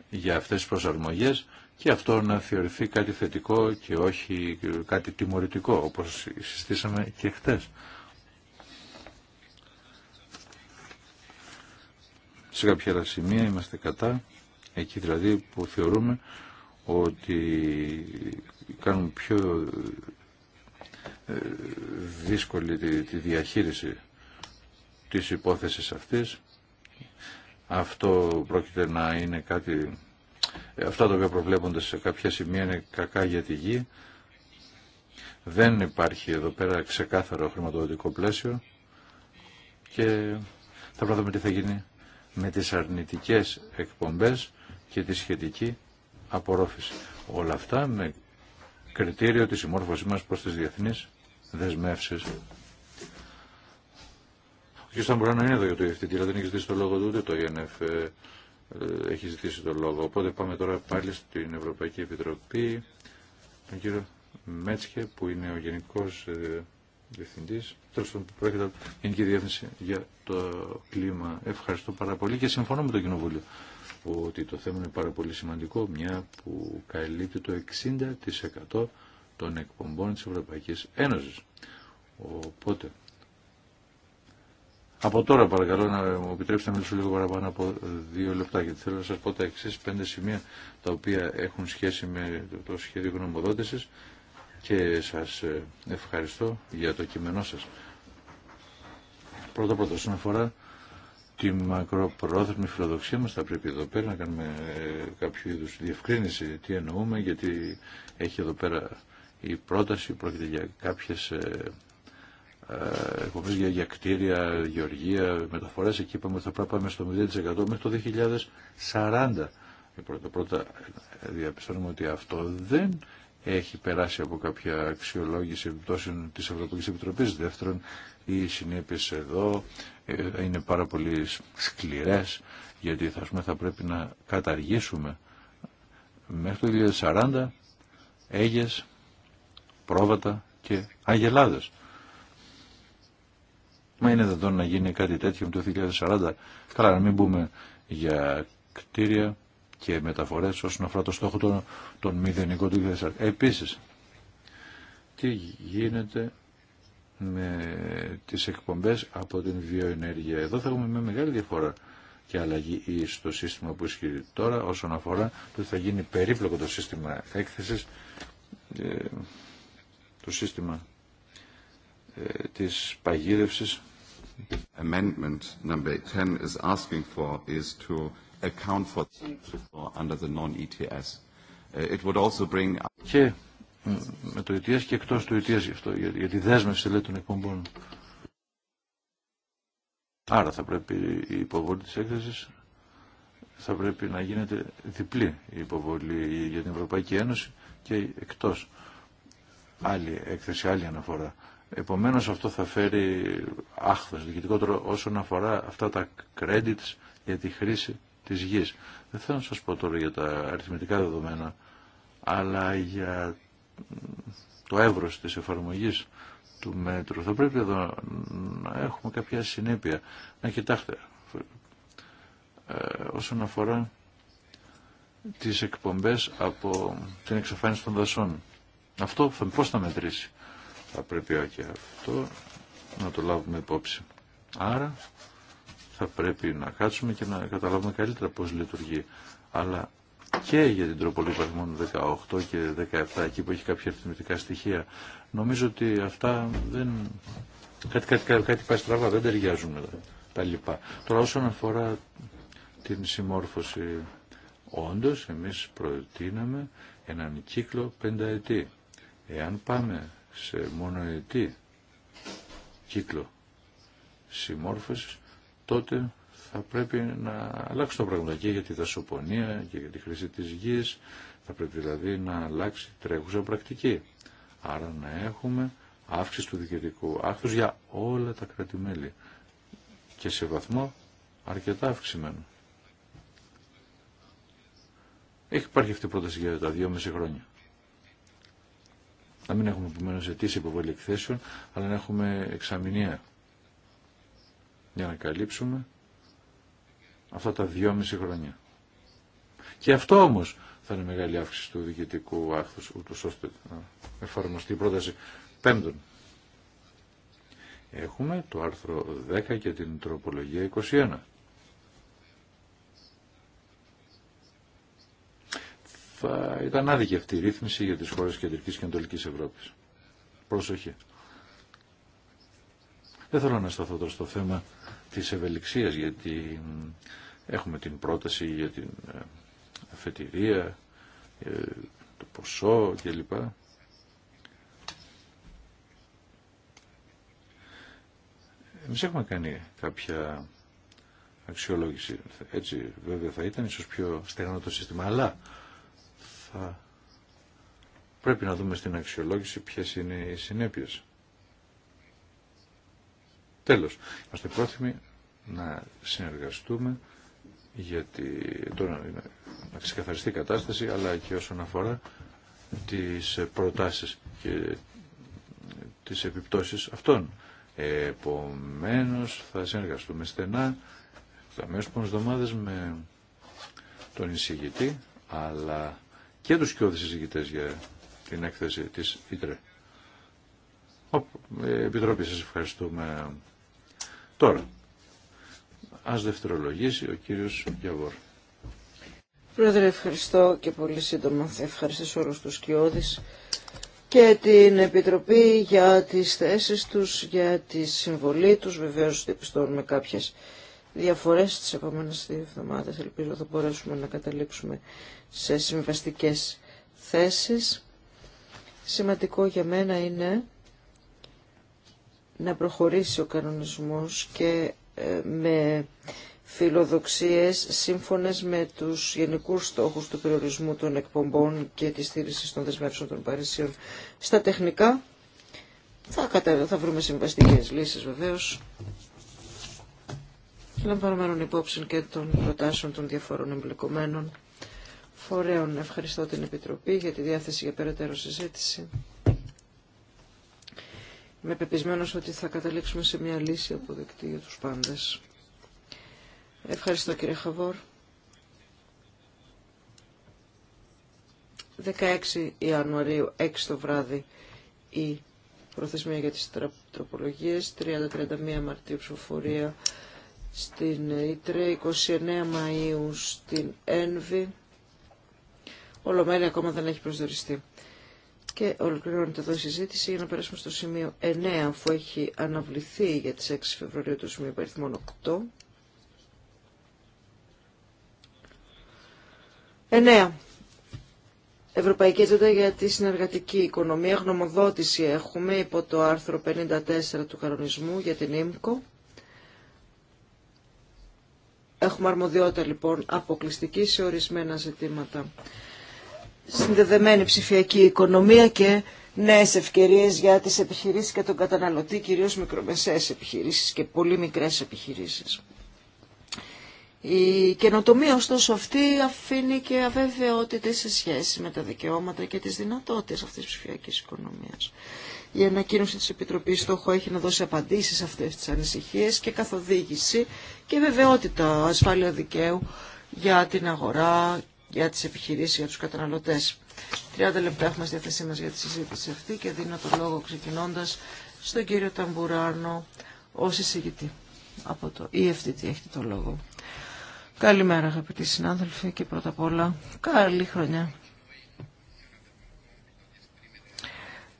για αυτές τις προσαρμογές και αυτό να θεωρηθεί κάτι θετικό και όχι κάτι τιμωρητικό όπως συστήσαμε και χτες. Σε κάποια άλλα σημεία είμαστε κατά, εκεί δηλαδή που θεωρούμε ότι κάνουν πιο ε, δύσκολη τη διαχείριση της υπόθεσης αυτής. Αυτό πρόκειται να είναι κάτι ε, αυτά τα οποία προβλέπονται σε κάποια σημεία είναι κακά για τη γη. Δεν υπάρχει εδώ πέρα ξεκάθαρο χρηματοδοτικό πλαίσιο και θα πρέπει τι θα γίνει με τις αρνητικές εκπομπές και τη σχετική απορρόφηση. Όλα αυτά με κριτήριο τη συμμόρφωσή μας προς τις διεθνείς δεσμεύσεις. Ο κ. Σταμπουράνο είναι εδώ για το δηλαδή δεν έχει λόγο του το ε, ε, έχει ζητήσει το λόγο. Οπότε πάμε τώρα πάλι στην Ευρωπαϊκή Επιτροπή, τον κύριο Μέτσκε που είναι ο Γενικός ε, Διευθυντής, τέλος που πρόκειται Γενική Διεύθυνση για το κλίμα. Ευχαριστώ πάρα πολύ και συμφωνώ με το Κοινοβούλιο ότι το θέμα είναι πάρα πολύ σημαντικό, μια που καλύπτει το 60% των εκπομπών της Ευρωπαϊκής Ένωσης. Οπότε από τώρα παρακαλώ να μου επιτρέψετε να μιλήσω λίγο παραπάνω από δύο λεπτά γιατί θέλω να σας πω τα εξής πέντε σημεία τα οποία έχουν σχέση με το σχέδιο γνωμοδότησης και σας ε, ευχαριστώ για το κείμενό σας. Πρώτα πρώτα όσον αφορά τη μακροπρόθεσμη φιλοδοξία μας θα πρέπει εδώ πέρα να κάνουμε ε, κάποιο είδους διευκρίνηση τι εννοούμε γιατί έχει εδώ πέρα η πρόταση πρόκειται για κάποιες ε, ε, εκπομπέ για, για κτίρια, γεωργία, μεταφορέ Εκεί είπαμε ότι θα πρέπει να πάμε στο 0% μέχρι το 2040. Ε, πρώτα, πρώτα ε, διαπιστώνουμε ότι αυτό δεν έχει περάσει από κάποια αξιολόγηση επιπτώσεων της Ευρωπαϊκής Επιτροπής. Δεύτερον, οι συνέπειες εδώ είναι πάρα πολύ σκληρές, γιατί θα, πούμε, θα πρέπει να καταργήσουμε μέχρι το 2040 έγες, πρόβατα και αγελάδες. Μα είναι δυνατόν να γίνει κάτι τέτοιο με το 2040. Καλά, να μην μπούμε για κτίρια και μεταφορές όσον αφορά το στόχο των, των μηδενικών του 2040. Επίσης, τι γίνεται με τις εκπομπές από την βιοενέργεια. Εδώ θα έχουμε με μεγάλη διαφορά και αλλαγή στο σύστημα που ισχύει τώρα όσον αφορά το ότι θα γίνει περίπλοκο το σύστημα έκθεση, ε, το σύστημα ε, της παγίδευσης Amendment number 10 is asking for is to account for under the non-ETS. Uh, it would also bring... Και με το ETS και εκτός του ETS γι' αυτό, για, για τη δέσμευση λέει, των εκπομπών. Άρα θα πρέπει η υποβολή της έκθεσης θα πρέπει να γίνεται διπλή η υποβολή για την Ευρωπαϊκή Ένωση και εκτός άλλη έκθεση, άλλη αναφορά. Επομένως αυτό θα φέρει άχθος διοικητικότερο όσον αφορά αυτά τα credits για τη χρήση της γης. Δεν θέλω να σας πω τώρα για τα αριθμητικά δεδομένα, αλλά για το εύρος της εφαρμογής του μέτρου. Θα πρέπει εδώ να έχουμε κάποια συνέπεια. Να κοιτάξτε, ε, όσον αφορά τις εκπομπές από την εξαφάνιση των δασών. Αυτό πώς θα μετρήσει. Θα πρέπει και αυτό να το λάβουμε υπόψη. Άρα θα πρέπει να κάτσουμε και να καταλάβουμε καλύτερα πώς λειτουργεί. Αλλά και για την τροπολή 18 και 17, εκεί που έχει κάποια αριθμητικά στοιχεία, νομίζω ότι αυτά δεν... Κάτι, κάτι, κάτι, κάτι πάει στραβά, δεν ταιριάζουν τα, τα λοιπά. Τώρα όσον αφορά την συμμόρφωση, όντως εμείς προτείναμε έναν κύκλο πενταετή. Εάν πάμε σε μονοετή κύκλο συμμόρφωσης, τότε θα πρέπει να αλλάξει το πράγμα και για τη δασοπονία και για τη χρήση της γης, θα πρέπει δηλαδή να αλλάξει τρέχουσα πρακτική. Άρα να έχουμε αύξηση του δικαιωτικού άκθους για όλα τα κρατημέλη και σε βαθμό αρκετά αυξημένο. Έχει υπάρχει αυτή η πρόταση για τα 2,5 χρόνια να μην έχουμε επομένω αιτήσει υποβολή εκθέσεων, αλλά να έχουμε εξαμηνία για να καλύψουμε αυτά τα δυόμιση χρόνια. Και αυτό όμως θα είναι μεγάλη αύξηση του διοικητικού άρθρου, ούτως ώστε να εφαρμοστεί η πρόταση. Πέμπτον, έχουμε το άρθρο 10 και την τροπολογία 21. θα ήταν άδικη αυτή η ρύθμιση για τις χώρες κεντρικής και ανατολικής Ευρώπης. Πρόσοχη. Δεν θέλω να σταθώ τώρα στο θέμα της ευελιξίας, γιατί έχουμε την πρόταση για την ε, αφετηρία, ε, το ποσό κλπ. Εμείς έχουμε κάνει κάποια αξιολόγηση. Έτσι βέβαια θα ήταν ίσως πιο στεγνό το σύστημα, αλλά πρέπει να δούμε στην αξιολόγηση ποιες είναι οι συνέπειες. Τέλος, είμαστε πρόθυμοι να συνεργαστούμε γιατί τώρα να ξεκαθαριστεί η κατάσταση αλλά και όσον αφορά τις προτάσεις και τις επιπτώσεις αυτών. Επομένως θα συνεργαστούμε στενά τα μέσα εβδομάδες με τον εισηγητή αλλά και τους κοιόδης εισηγητές για την έκθεση της ΙΤΡΕ. Ε, Επιτροπή σας ευχαριστούμε. Τώρα, ας δευτερολογήσει ο κύριος Γιαβόρ. Πρόεδρε, ευχαριστώ και πολύ σύντομα θα ευχαριστήσω όλους τους κοιόδης και την Επιτροπή για τις θέσεις τους, για τη συμβολή τους. Βεβαίως, διαπιστώνουμε κάποιες διαφορές τις επόμενες δύο εβδομάδες. Ελπίζω θα μπορέσουμε να καταλήξουμε σε συμβαστικές θέσεις. Σημαντικό για μένα είναι να προχωρήσει ο κανονισμός και ε, με φιλοδοξίες σύμφωνες με τους γενικούς στόχους του περιορισμού των εκπομπών και της στήριξη των δεσμεύσεων των Παρισίων. Στα τεχνικά θα, θα βρούμε συμβαστικές λύσεις βεβαίως Λαμβάνω υπόψη και των προτάσεων των διαφορών εμπλεκομένων φορέων. Ευχαριστώ την Επιτροπή για τη διάθεση για περαιτέρω συζήτηση. Είμαι πεπισμένο ότι θα καταλήξουμε σε μια λύση αποδεκτή για του πάντε. Ευχαριστώ κύριε Χαβόρ. 16 Ιανουαρίου, 6 το βράδυ, η προθεσμία για τις τροπολογίες, 30-31 Μαρτίου ψηφοφορία στην ΙΤΡΕ, 29 Μαΐου στην ΕΝΒΗ. Ολομέλεια ακόμα δεν έχει προσδοριστεί. Και ολοκληρώνεται εδώ η συζήτηση για να περάσουμε στο σημείο 9, αφού έχει αναβληθεί για τις 6 Φεβρουαρίου το σημείο περίθμων 8. 9. Ευρωπαϊκή Ατζέντα για τη Συνεργατική Οικονομία. Γνωμοδότηση έχουμε υπό το άρθρο 54 του κανονισμού για την ΕΜΚΟ. Έχουμε αρμοδιότητα λοιπόν αποκλειστική σε ορισμένα ζητήματα. Συνδεδεμένη ψηφιακή οικονομία και νέε ευκαιρίε για τι επιχειρήσει και τον καταναλωτή, κυρίω μικρομεσαίες επιχειρήσει και πολύ μικρέ επιχειρήσει. Η καινοτομία ωστόσο αυτή αφήνει και αβεβαιότητε σε σχέση με τα δικαιώματα και τι δυνατότητε αυτή τη ψηφιακή οικονομία. Η ανακοίνωση της Επιτροπής στόχο έχει να δώσει απαντήσεις σε αυτές τις ανησυχίες και καθοδήγηση και βεβαιότητα ασφάλεια δικαίου για την αγορά, για τις επιχειρήσεις, για τους καταναλωτές. 30 λεπτά έχουμε στη διάθεσή μας για τη συζήτηση αυτή και δίνω το λόγο ξεκινώντας στον κύριο Ταμπουράνο ως εισηγητή από το EFTT έχετε το λόγο. Καλημέρα αγαπητοί συνάδελφοι και πρώτα απ' όλα καλή χρονιά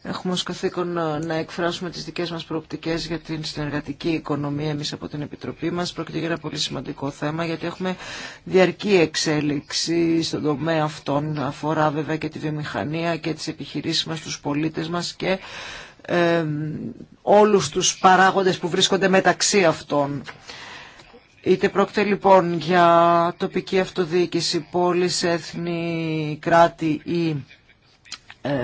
Έχουμε ως καθήκον ε, να εκφράσουμε τις δικές μας προοπτικές για την συνεργατική οικονομία εμείς από την Επιτροπή μας. Πρόκειται για ένα πολύ σημαντικό θέμα γιατί έχουμε διαρκή εξέλιξη στον τομέα αυτών. Αφορά βέβαια και τη βιομηχανία και τις επιχειρήσεις μας, τους πολίτες μας και ε, όλους τους παράγοντες που βρίσκονται μεταξύ αυτών. Είτε πρόκειται λοιπόν για τοπική αυτοδιοίκηση, πόλεις, έθνη, κράτη ή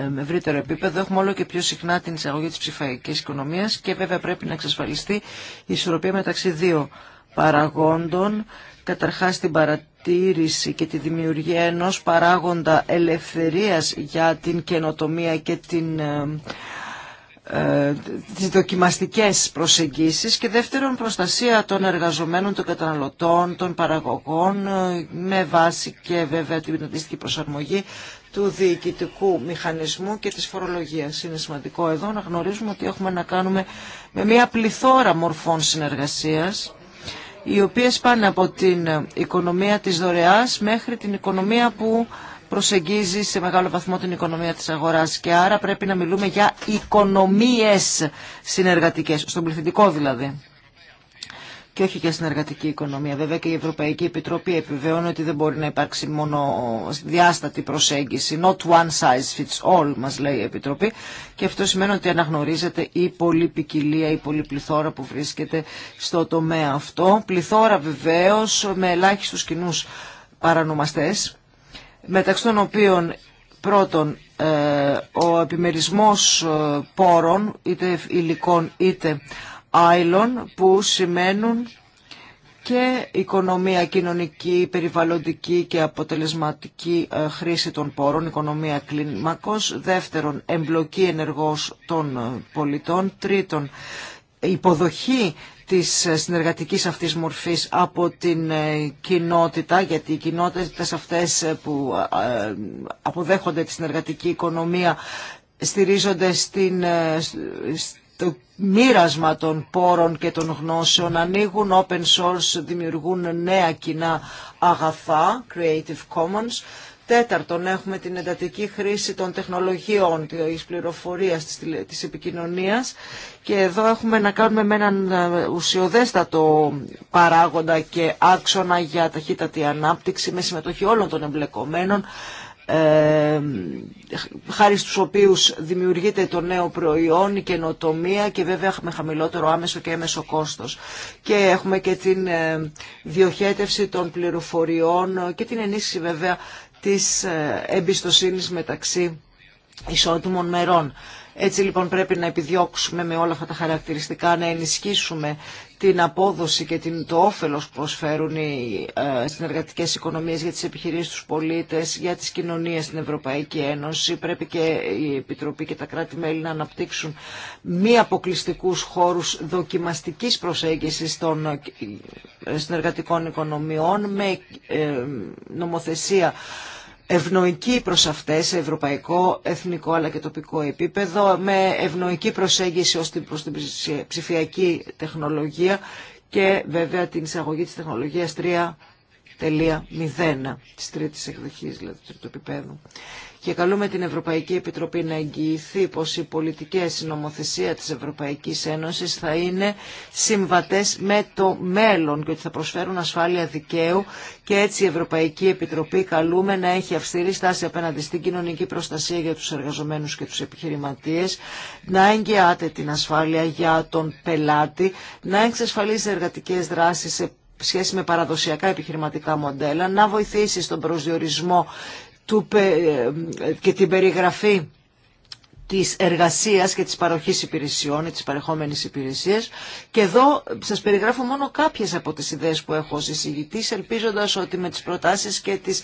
με ευρύτερο επίπεδο έχουμε όλο και πιο συχνά την εισαγωγή της ψηφιακής οικονομίας και βέβαια πρέπει να εξασφαλιστεί η ισορροπία μεταξύ δύο παραγόντων. Καταρχάς την παρατήρηση και τη δημιουργία ενός παράγοντα ελευθερίας για την καινοτομία και την ε, τις δοκιμαστικές προσεγγίσεις και δεύτερον προστασία των εργαζομένων, των καταναλωτών, των παραγωγών ε, με βάση και βέβαια την αντίστοιχη προσαρμογή του διοικητικού μηχανισμού και της φορολογίας. Είναι σημαντικό εδώ να γνωρίζουμε ότι έχουμε να κάνουμε με μια πληθώρα μορφών συνεργασίας οι οποίες πάνε από την οικονομία της δωρεάς μέχρι την οικονομία που προσεγγίζει σε μεγάλο βαθμό την οικονομία της αγοράς και άρα πρέπει να μιλούμε για οικονομίες συνεργατικές, στον πληθυντικό δηλαδή και όχι για συνεργατική οικονομία. Βέβαια και η Ευρωπαϊκή Επιτροπή επιβεβαιώνει ότι δεν μπορεί να υπάρξει μόνο διάστατη προσέγγιση. Not one size fits all, μας λέει η Επιτροπή. Και αυτό σημαίνει ότι αναγνωρίζεται η ποικιλία η πληθώρα που βρίσκεται στο τομέα αυτό. Πληθώρα βεβαίω με ελάχιστου κοινού παρανομαστές, μεταξύ των οποίων πρώτον ε, ο επιμερισμός ε, πόρων, είτε υλικών είτε Άιλον που σημαίνουν και οικονομία κοινωνική, περιβαλλοντική και αποτελεσματική ε, χρήση των πόρων, οικονομία κλίμακος, δεύτερον εμπλοκή ενεργός των ε, πολιτών, τρίτον υποδοχή της ε, συνεργατικής αυτής μορφής από την κοινότητα, γιατί οι κοινότητες αυτές που αποδέχονται τη συνεργατική οικονομία στηρίζονται στην, το μοίρασμα των πόρων και των γνώσεων, ανοίγουν open source, δημιουργούν νέα κοινά αγαθά, Creative Commons. Τέταρτον, έχουμε την εντατική χρήση των τεχνολογιών, της πληροφορίας, της επικοινωνίας και εδώ έχουμε να κάνουμε με έναν ε, ουσιοδέστατο παράγοντα και άξονα για ταχύτατη ανάπτυξη με συμμετοχή όλων των εμπλεκομένων ε, χάρη στους οποίους δημιουργείται το νέο προϊόν, η καινοτομία και βέβαια έχουμε χαμηλότερο άμεσο και έμεσο κόστος. Και έχουμε και την ε, διοχέτευση των πληροφοριών και την ενίσχυση βέβαια της ε, εμπιστοσύνης μεταξύ ισότιμων μερών. Έτσι λοιπόν πρέπει να επιδιώξουμε με όλα αυτά τα χαρακτηριστικά να ενισχύσουμε την απόδοση και την, το όφελος που προσφέρουν οι ε, συνεργατικές οικονομίες για τις επιχειρήσεις τους πολίτες, για τις κοινωνίες στην Ευρωπαϊκή Ένωση. Πρέπει και η Επιτροπή και τα κράτη-μέλη να αναπτύξουν μη αποκλειστικού χώρους δοκιμαστικής προσέγγισης των ε, συνεργατικών οικονομιών με ε, νομοθεσία ευνοϊκή προς αυτές σε ευρωπαϊκό, εθνικό αλλά και τοπικό επίπεδο, με ευνοϊκή προσέγγιση ως την, προς την ψηφιακή τεχνολογία και βέβαια την εισαγωγή της τεχνολογίας 3.0, της τρίτης εκδοχής δηλαδή του επίπεδου και καλούμε την Ευρωπαϊκή Επιτροπή να εγγυηθεί πως οι πολιτικές η νομοθεσία της Ευρωπαϊκής Ένωσης θα είναι συμβατές με το μέλλον και ότι θα προσφέρουν ασφάλεια δικαίου και έτσι η Ευρωπαϊκή Επιτροπή καλούμε να έχει αυστηρή στάση απέναντι στην κοινωνική προστασία για τους εργαζομένους και τους επιχειρηματίες, να εγγυάται την ασφάλεια για τον πελάτη, να εξασφαλίσει εργατικές δράσεις σε σχέση με παραδοσιακά επιχειρηματικά μοντέλα, να βοηθήσει στον προσδιορισμό του, ε, και την περιγραφή της εργασίας και της παροχής υπηρεσιών ή της παρεχόμενης υπηρεσίας και εδώ σας περιγράφω μόνο κάποιες από τις ιδέες που έχω συζητήσει, ελπίζοντας ότι με τις προτάσεις και τις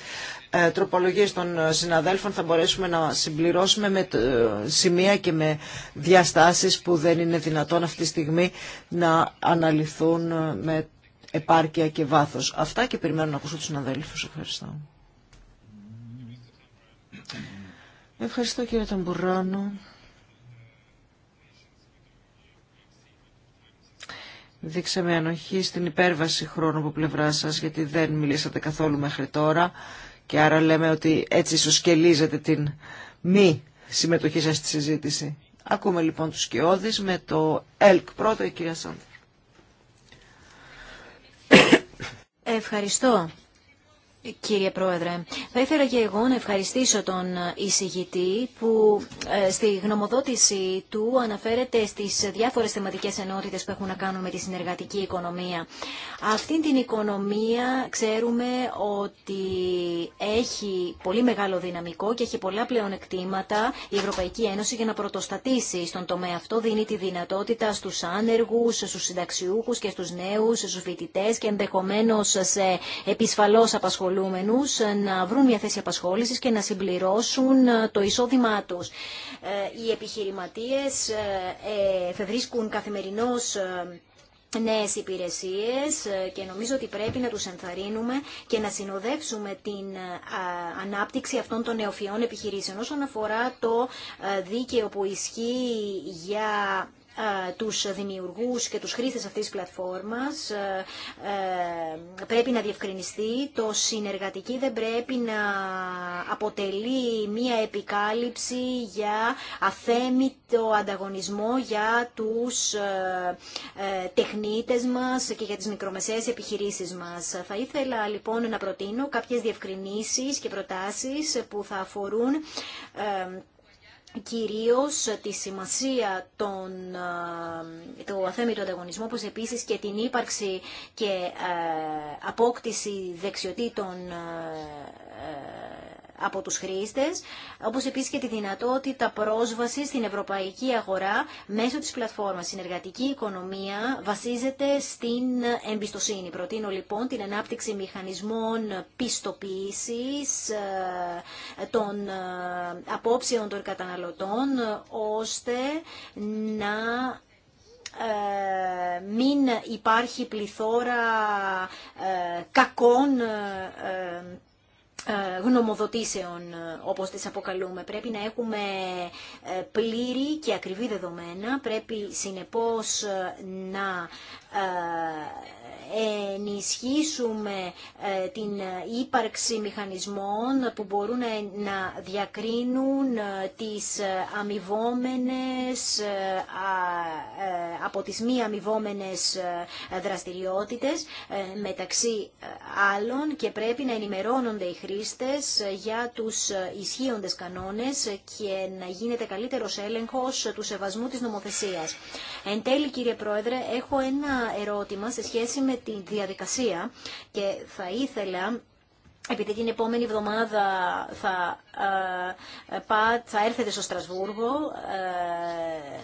ε, τροπολογίες των συναδέλφων θα μπορέσουμε να συμπληρώσουμε με ε, σημεία και με διαστάσεις που δεν είναι δυνατόν αυτή τη στιγμή να αναλυθούν με επάρκεια και βάθος. Αυτά και περιμένω να ακούσω τους συναδέλφους. Ευχαριστώ. Ευχαριστώ κύριε Ταμπουράνο. Δείξαμε ανοχή στην υπέρβαση χρόνου από πλευρά σας, γιατί δεν μιλήσατε καθόλου μέχρι τώρα και άρα λέμε ότι έτσι ισοσκελίζετε την μη συμμετοχή σας στη συζήτηση. Ακούμε λοιπόν τους Σκιώδης με το ΕΛΚ πρώτο, η κυρία Σάντερ. Ευχαριστώ. Κύριε Πρόεδρε, θα ήθελα και εγώ να ευχαριστήσω τον εισηγητή που ε, στη γνωμοδότηση του αναφέρεται στις διάφορες θεματικές ενότητες που έχουν να κάνουν με τη συνεργατική οικονομία. Αυτή την οικονομία ξέρουμε ότι έχει πολύ μεγάλο δυναμικό και έχει πολλά πλεονεκτήματα η Ευρωπαϊκή Ένωση για να πρωτοστατήσει στον τομέα αυτό. Δίνει τη δυνατότητα στους άνεργους, στους συνταξιούχους και στους νέους, στους φοιτητές και ενδεχομένως σε επισφαλώς απασχολούν να βρουν μια θέση απασχόλησης και να συμπληρώσουν ε, το εισόδημά τους. Ε, οι επιχειρηματίες θα ε, βρίσκουν καθημερινώς νέες υπηρεσίες και νομίζω ότι πρέπει να τους ενθαρρύνουμε και να συνοδεύσουμε την ανάπτυξη αυτών των νεοφιών επιχειρήσεων. Όσον αφορά το δίκαιο που ισχύει για ε, τους δημιουργούς και τους χρήστες αυτής της πλατφόρμας ε, ε, πρέπει να διευκρινιστεί. Το συνεργατική δεν πρέπει να αποτελεί μία επικάλυψη για αθέμητο ανταγωνισμό για τους τεχνίτες μας και για τις μικρομεσαίες επιχειρήσεις μας. Θα ήθελα λοιπόν να προτείνω κάποιες διευκρινήσεις και προτάσεις που θα αφορούν κυρίως τη σημασία των, του αθέμητου ανταγωνισμού, όπως επίσης και την ύπαρξη και ε, απόκτηση δεξιοτήτων ε, ε, από τους χρήστες, όπως επίσης και τη δυνατότητα πρόσβασης στην ευρωπαϊκή αγορά μέσω της πλατφόρμας. Η συνεργατική οικονομία βασίζεται στην εμπιστοσύνη. Προτείνω λοιπόν την ανάπτυξη μηχανισμών πιστοποίησης ε, των ε, απόψεων των καταναλωτών, ώστε να ε, μην υπάρχει πληθώρα κακών ε, γνωμοδοτήσεων, ε, όπως τις αποκαλούμε. Πρέπει να έχουμε ε, πλήρη και ακριβή δεδομένα. Πρέπει συνεπώς να ενισχύσουμε ε, την ύπαρξη μηχανισμών που μπορούν να διακρίνουν ε, τις ε, αμοιβόμενες από τις μη αμοιβόμενες δραστηριότητες μεταξύ άλλων και πρέπει να ενημερώνονται οι χρήστες για τους ισχύοντες κανόνες και να γίνεται καλύτερος έλεγχος του σεβασμού της νομοθεσίας. Εν τέλει κύριε Πρόεδρε έχω ένα ερώτημα σε σχέση τη διαδικασία και θα ήθελα επειδή την επόμενη εβδομάδα θα, ε, ε, θα έρθετε στο Στρασβούργο, ε,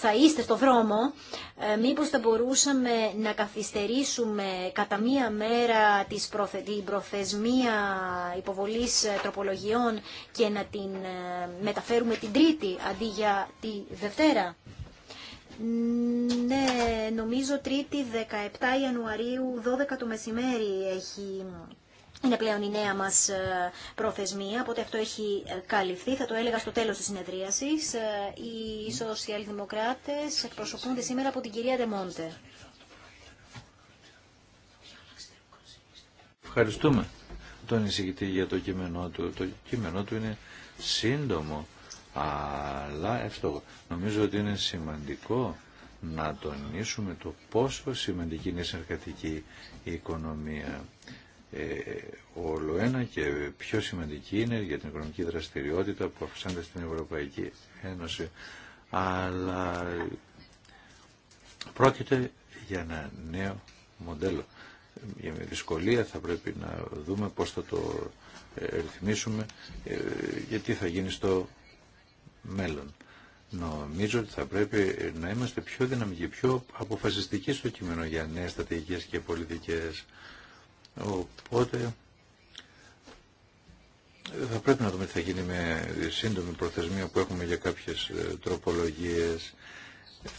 θα είστε στο δρόμο, μήπως θα μπορούσαμε να καθυστερήσουμε κατά μία μέρα της την προθεσμία υποβολής τροπολογιών και να την μεταφέρουμε την Τρίτη αντί για τη Δευτέρα. Ναι, νομίζω 3η 17 Ιανουαρίου, 12 το μεσημέρι έχει είναι πλέον η νέα μας ε, προθεσμία, οπότε αυτό έχει ε, καλυφθεί. Θα το έλεγα στο τέλος της συνεδρίασης. Ε, οι σοσιαλδημοκράτες εκπροσωπούνται σήμερα από την κυρία Ντεμόντε. Ευχαριστούμε τον εισηγητή για το κείμενό του. Το κείμενό του είναι σύντομο αλλά αυτό Νομίζω ότι είναι σημαντικό να τονίσουμε το πόσο σημαντική είναι η συνεργατική οικονομία. Ε, όλο ένα και πιο σημαντική είναι για την οικονομική δραστηριότητα που αυξάνεται στην Ευρωπαϊκή Ένωση. Αλλά πρόκειται για ένα νέο μοντέλο. Για δυσκολία θα πρέπει να δούμε πώς θα το ε, ρυθμίσουμε, ε, γιατί θα γίνει στο μέλλον. Νομίζω ότι θα πρέπει να είμαστε πιο δυναμικοί, πιο αποφασιστικοί στο κείμενο για νέες στρατηγικές και πολιτικές. Οπότε θα πρέπει να δούμε τι θα γίνει με σύντομη προθεσμία που έχουμε για κάποιες ε, τροπολογίες.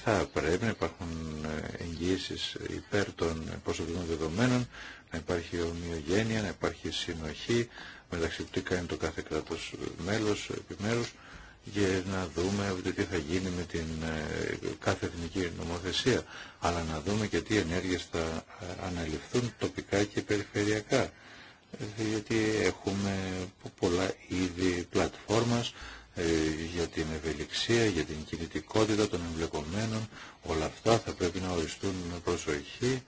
Θα πρέπει να υπάρχουν ε, εγγύησεις υπέρ των προσωπικών δεδομένων, να υπάρχει ομοιογένεια, να υπάρχει συνοχή μεταξύ του τι κάνει το κάθε κράτος ε, μέλος επιμέρους για να δούμε τι θα γίνει με την ε, κάθε εθνική νομοθεσία, αλλά να δούμε και τι ενέργειες θα ε, αναλυφθούν τοπικά και περιφερειακά. Γιατί έχουμε πολλά είδη πλατφόρμας ε, για την ευελιξία, για την κινητικότητα των εμπλεκομένων. Όλα αυτά θα πρέπει να οριστούν με προσοχή.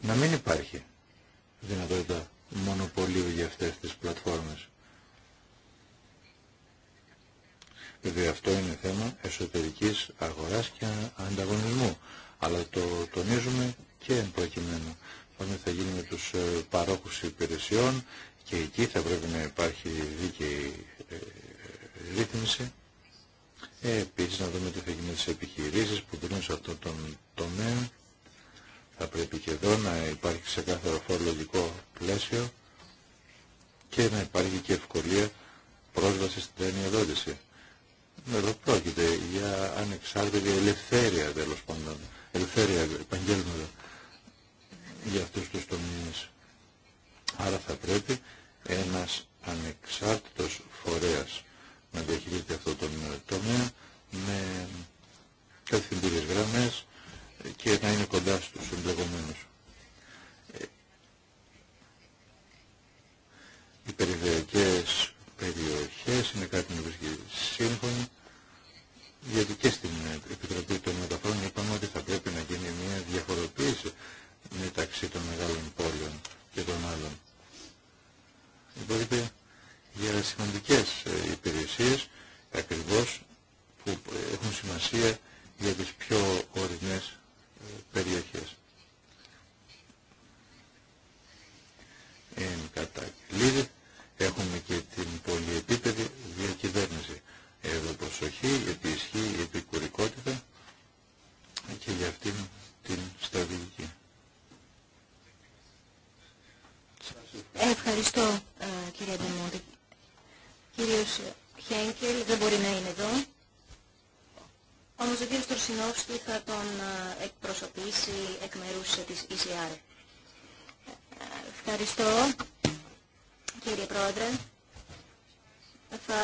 Να μην υπάρχει δυνατότητα μονοπωλίου για αυτές τις πλατφόρμες. Βέβαια αυτό είναι θέμα εσωτερικής αγοράς και ανταγωνισμού, αλλά το τονίζουμε και εν προκειμένου. Όταν θα γίνει με τους ε, παρόχους υπηρεσιών και εκεί θα πρέπει να υπάρχει δίκαιη ε, ρύθμιση. Ε, επίσης να δούμε τι θα γίνει με τις επιχειρήσεις που δίνουν σε αυτό το τομέα. Θα πρέπει και εδώ να υπάρχει ξεκάθαρο φορολογικό πλαίσιο και να υπάρχει και ευκολία πρόσβαση στην ταινιοδότηση. Εδώ πρόκειται για ανεξάρτητη ελευθέρεια τέλο πάντων, ελευθέρεια επαγγέλματα για αυτούς τους τομείς. Άρα θα πρέπει ένας ανεξάρτητος φορέας να διαχειρίζεται αυτό το τομέα με καθημερινές γραμμές, και να είναι κοντά στους εμπλεγωμένους. Οι περιφερειακές περιοχές είναι κάτι που βρίσκει σύμφωνο, γιατί και στην Επιτροπή των μεταφρών. είπαμε ότι θα πρέπει να γίνει μια διαφοροποίηση μεταξύ των μεγάλων πόλεων και των άλλων. Υπότιτλοι για σημαντικές ε, υπηρεσίες ακριβώς που έχουν σημασία για τις πιο ορεινές περιοχές. Εν κατακλείδη έχουμε και την πολυεπίπεδη διακυβέρνηση. Εδώ προσοχή επισχή, επικουρικότητα και για αυτήν την στρατηγική. Ευχαριστώ ε, κύριε Αντεμόντη. Κύριος Χένκελ δεν μπορεί να είναι εδώ. Όμως ο κ. Τουρσινόφσκι θα τον ε, εκπροσωπήσει εκ μέρους της ECR. Ευχαριστώ, κύριε Πρόεδρε. Θα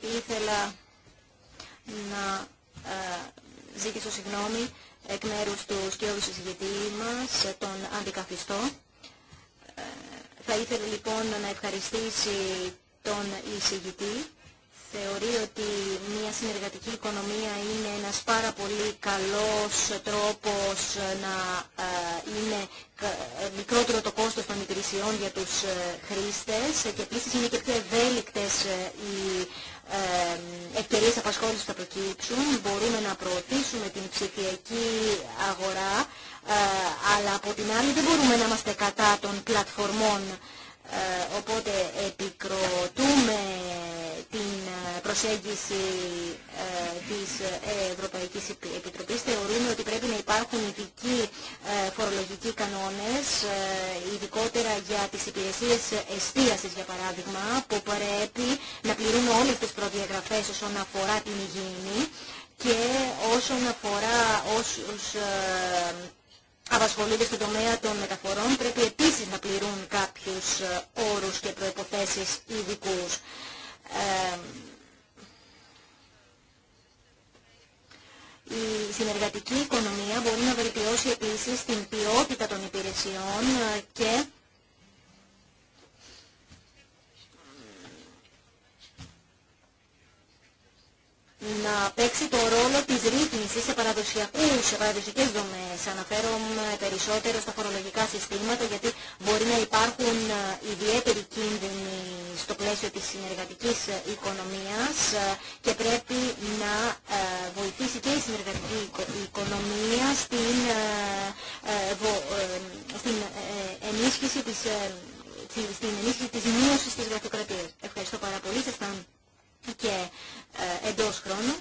ήθελα να ε, ζήτησω συγγνώμη εκ μέρους του σκιώδου συζητητή μας, ε, τον αντικαθιστό. Θα ήθελα λοιπόν να ευχαριστήσει τον εισηγητή θεωρεί ότι μια συνεργατική οικονομία είναι ένας πάρα πολύ καλός τρόπος να ε, είναι ε, μικρότερο το κόστος των υπηρεσιών για τους ε, χρήστες και επίση είναι και πιο ευέλικτες οι ευκαιρίες απασχόλησης που θα προκύψουν. Μπορούμε να προωθήσουμε την ψηφιακή αγορά, αλλά από την άλλη δεν μπορούμε να είμαστε κατά των πλατφορμών ε, οπότε επικροτούμε την ε, προσέγγιση ε, της Ευρωπαϊκής Επιτροπής. Θεωρούμε ότι πρέπει να υπάρχουν ειδικοί φορολογικοί κανόνες, ειδικότερα για τις υπηρεσίες εστίασης, για παράδειγμα, που πρέπει να πληρούν όλες τις προδιαγραφές όσον αφορά την υγιεινή και όσον αφορά όσους απασχολούνται στον τομέα των μεταφορών πρέπει επίσης να πληρούν κάποιους ε, όρους και προϋποθέσεις ειδικού. Ε, η συνεργατική οικονομία μπορεί να βελτιώσει επίσης την ποιότητα των υπηρεσιών ε, και να παίξει το ρόλο της ρύθμισης σε, παραδοσιακέ σε παραδοσιακές δομές. Αναφέρομαι περισσότερο στα φορολογικά συστήματα γιατί μπορεί να υπάρχουν ε, ιδιαίτεροι κίνδυνοι στο πλαίσιο της συνεργατικής ε, οικονομίας ε, και πρέπει να βοηθήσει και η συνεργατική οικονομία στην, ενίσχυση της, μείωση τη της της Ευχαριστώ πάρα πολύ. Σας και ε, εντός χρόνου.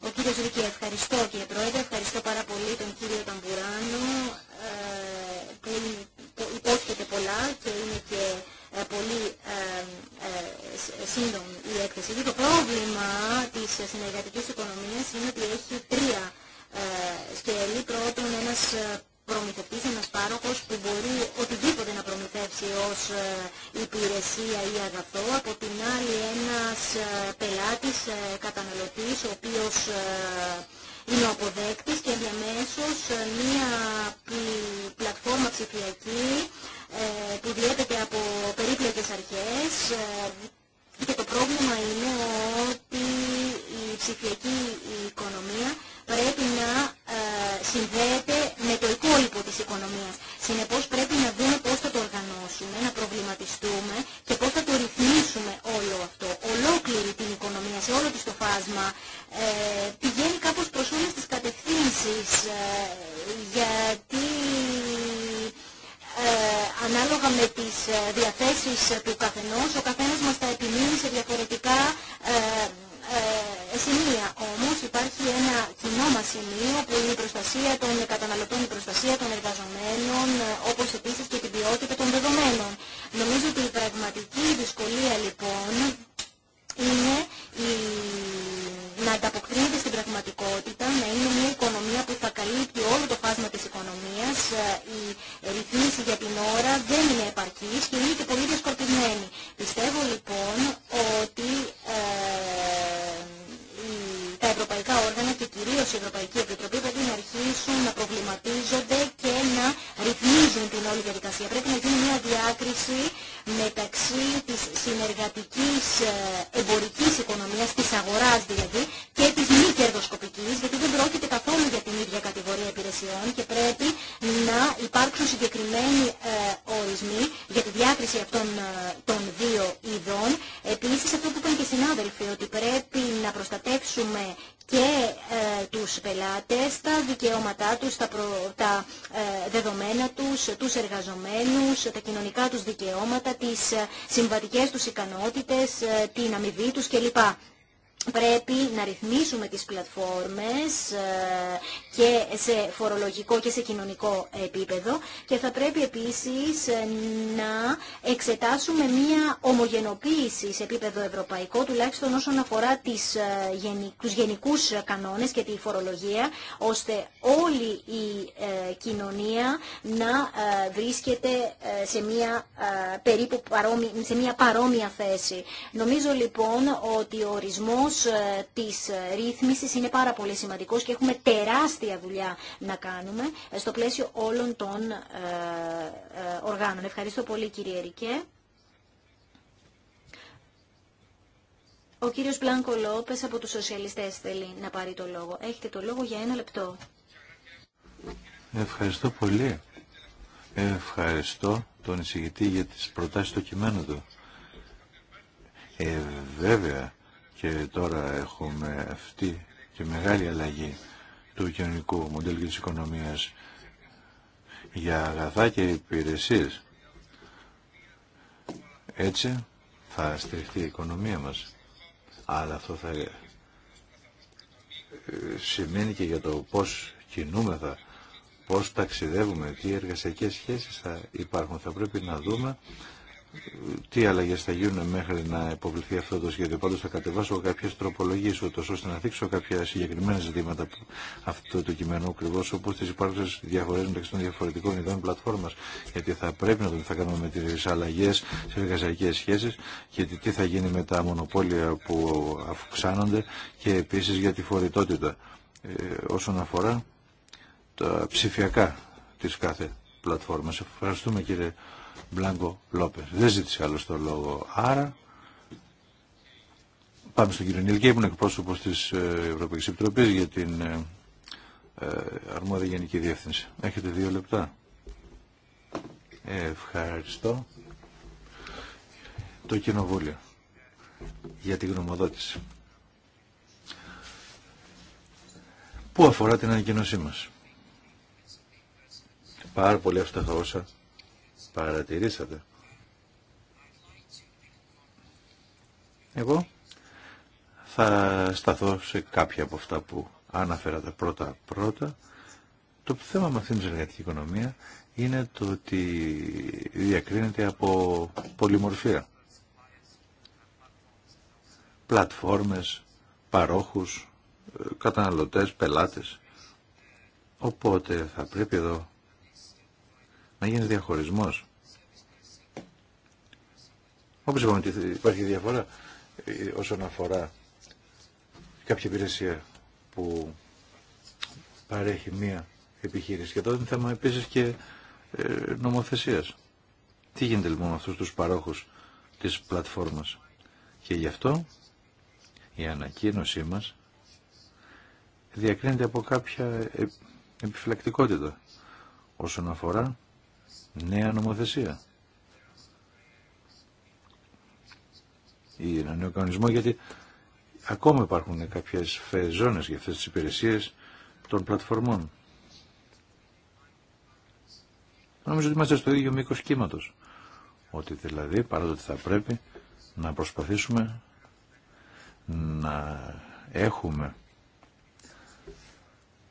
Ο κύριος Ρίκη, ευχαριστώ κύριε Πρόεδρε, ευχαριστώ πάρα πολύ τον κύριο Ταμπουράνο που ε, υπόσχεται πολλά και είναι και ε, πολύ σύντομη η έκθεση. το πρόβλημα της συνεργατικής οικονομίας είναι ότι έχει τρία σκέλη. Πρώτον, ένας προμηθευτής, ένας πάροχος που μπορεί οτιδήποτε να προμηθεύσει ως ε, υπηρεσία ή αγαθό, από την άλλη ένας ε, πελάτης, ε, καταναλωτής, ο οποίος είναι ο αποδέκτης και διαμέσως μία πλατφόρμα ψηφιακή που διέπεται από περίπλοκες αρχές και το πρόβλημα είναι ότι η ψηφιακή οικονομία πρέπει να συνδέεται με το υπόλοιπο της οικονομίας. Συνεπώς πρέπει να δούμε πώς θα το οργανώσουμε, να προβληματιστούμε και πώς θα το ρυθμίσουμε όλο αυτό. Ολόκληρη την οικονομία σε όλο της το φάσμα ε, πηγαίνει κάπως προς όλες τις κατευθύνσεις ε, γιατί ε, ανάλογα με τις διαθέσεις του καθενός ο καθένας μας τα επιμείνει σε διαφορετικά σημεία. όμω υπάρχει ένα κοινό μα σημείο που είναι η προστασία των καταναλωτών, η προστασία των εργαζομένων, όπω επίση και την ποιότητα των δεδομένων. Νομίζω ότι η πραγματική δυσκολία λοιπόν είναι η... να ανταποκρίνεται στην πραγματικότητα, να είναι μια οικονομία που θα καλύπτει όλο το φάσμα τη οικονομία. Ε, η ρυθμίση για την ώρα δεν είναι επαρκή και είναι και πολύ διασκορπισμένη. Πιστεύω λοιπόν ότι ε, κυρίως η Ευρωπαϊκή Επιτροπή, πρέπει να αρχίσουν να προβληματίζονται και να ρυθμίζουν την όλη διαδικασία. Πρέπει να γίνει μια διάκριση μεταξύ της συνεργατικής ε, εμπορικής οικονομίας, της αγοράς δηλαδή, και της μη κερδοσκοπικής, γιατί δεν πρόκειται καθόλου για την ίδια κατηγορία υπηρεσιών και πρέπει να υπάρξουν συγκεκριμένοι ε, ορισμοί για τη διάκριση αυτών ε, των δύο ειδών. Επίσης, αυτό που είπαν και οι συνάδελφοι, ότι πρέπει να προστατεύσουμε και ε, τους πελάτες, τα δικαιώματά τους, τα, ε, δεδομένα τους, τους εργαζομένους, τα κοινωνικά τους δικαιώματα, τις ε, συμβατικές τους ικανότητες, ε, την αμοιβή τους κλπ πρέπει να ρυθμίσουμε τις πλατφόρμες ε, και σε φορολογικό και σε κοινωνικό επίπεδο και θα πρέπει επίσης ε, να εξετάσουμε μία ομογενοποίηση σε επίπεδο ευρωπαϊκό τουλάχιστον όσον αφορά τις, ε, τους γενικούς κανόνες και τη φορολογία ώστε όλη η κοινωνία να βρίσκεται σε μία, περίπου παρόμοια, σε μία παρόμοια θέση. Νομίζω λοιπόν ότι ο ορισμός Τη ε, της ε, ρύθμισης είναι πάρα πολύ σημαντικός και έχουμε τεράστια δουλειά να κάνουμε ε, στο πλαίσιο όλων των οργάνων. Ευχαριστώ πολύ κύριε Ρικέ. Ο κύριος Μπλάνκο Λόπες από τους Σοσιαλιστές θέλει να πάρει το λόγο. Έχετε το λόγο για ένα λεπτό. Ευχαριστώ πολύ. Ευχαριστώ τον εισηγητή για τις προτάσεις του κειμένου του. Ε, βέβαια, και τώρα έχουμε αυτή και μεγάλη αλλαγή του κοινωνικού μοντέλου και της οικονομίας για αγαθά και υπηρεσίες. Έτσι θα στηριχτεί η οικονομία μας. Αλλά αυτό θα ε, σημαίνει και για το πώς κινούμεθα, πώς ταξιδεύουμε, τι εργασιακές σχέσεις θα υπάρχουν. Θα πρέπει να δούμε τι αλλαγές θα γίνουν μέχρι να υποβληθεί αυτό το σχέδιο. Πάντως θα κατεβάσω κάποιες τροπολογίες ούτως ώστε να δείξω κάποια συγκεκριμένα ζητήματα αυτού αυτό το κείμενο ακριβώ όπως τις υπάρχουν διαφορές μεταξύ των διαφορετικών ειδών πλατφόρμας. Γιατί θα πρέπει να το θα κάνουμε με τις αλλαγές σε εργασιακές σχέσεις, γιατί τι θα γίνει με τα μονοπόλια που αυξάνονται και επίσης για τη φορητότητα ε, όσον αφορά τα ψηφιακά της κάθε πλατφόρμας. Ευχαριστούμε κύριε Μπλάνκο Λόπες. Δεν ζήτησε άλλο το λόγο. Άρα πάμε στον κύριο Νίλκε, ήμουν εκπρόσωπο τη ε, Ευρωπαϊκής Επιτροπής για την ε, ε, αρμόδια γενική διεύθυνση. Έχετε δύο λεπτά. Ευχαριστώ. Το κοινοβούλιο για την γνωμοδότηση. Πού αφορά την ανακοίνωσή μα. Πάρα πολύ αυτά όσα παρατηρήσατε. Εγώ θα σταθώ σε κάποια από αυτά που αναφέρατε πρώτα πρώτα. Το θέμα με αυτήν την εργατική οικονομία είναι το ότι διακρίνεται από πολυμορφία. Πλατφόρμες, παρόχους, ε, καταναλωτές, πελάτες. Οπότε θα πρέπει εδώ να γίνει διαχωρισμός. Όπως είπαμε ότι υπάρχει διαφορά ε, όσον αφορά κάποια υπηρεσία που παρέχει μία επιχείρηση. Και εδώ είναι θέμα επίσης και ε, νομοθεσίας. Τι γίνεται λοιπόν με αυτούς τους παρόχους της πλατφόρμας. Και γι' αυτό η ανακοίνωσή μας διακρίνεται από κάποια ε, επιφυλακτικότητα όσον αφορά νέα νομοθεσία. Ή ένα νέο κανονισμό γιατί ακόμα υπάρχουν κάποιες φεζόνες για αυτές τις υπηρεσίες των πλατφορμών. Νομίζω ότι είμαστε στο ίδιο μήκος κύματος. Ότι δηλαδή παρά το ότι θα πρέπει να προσπαθήσουμε να έχουμε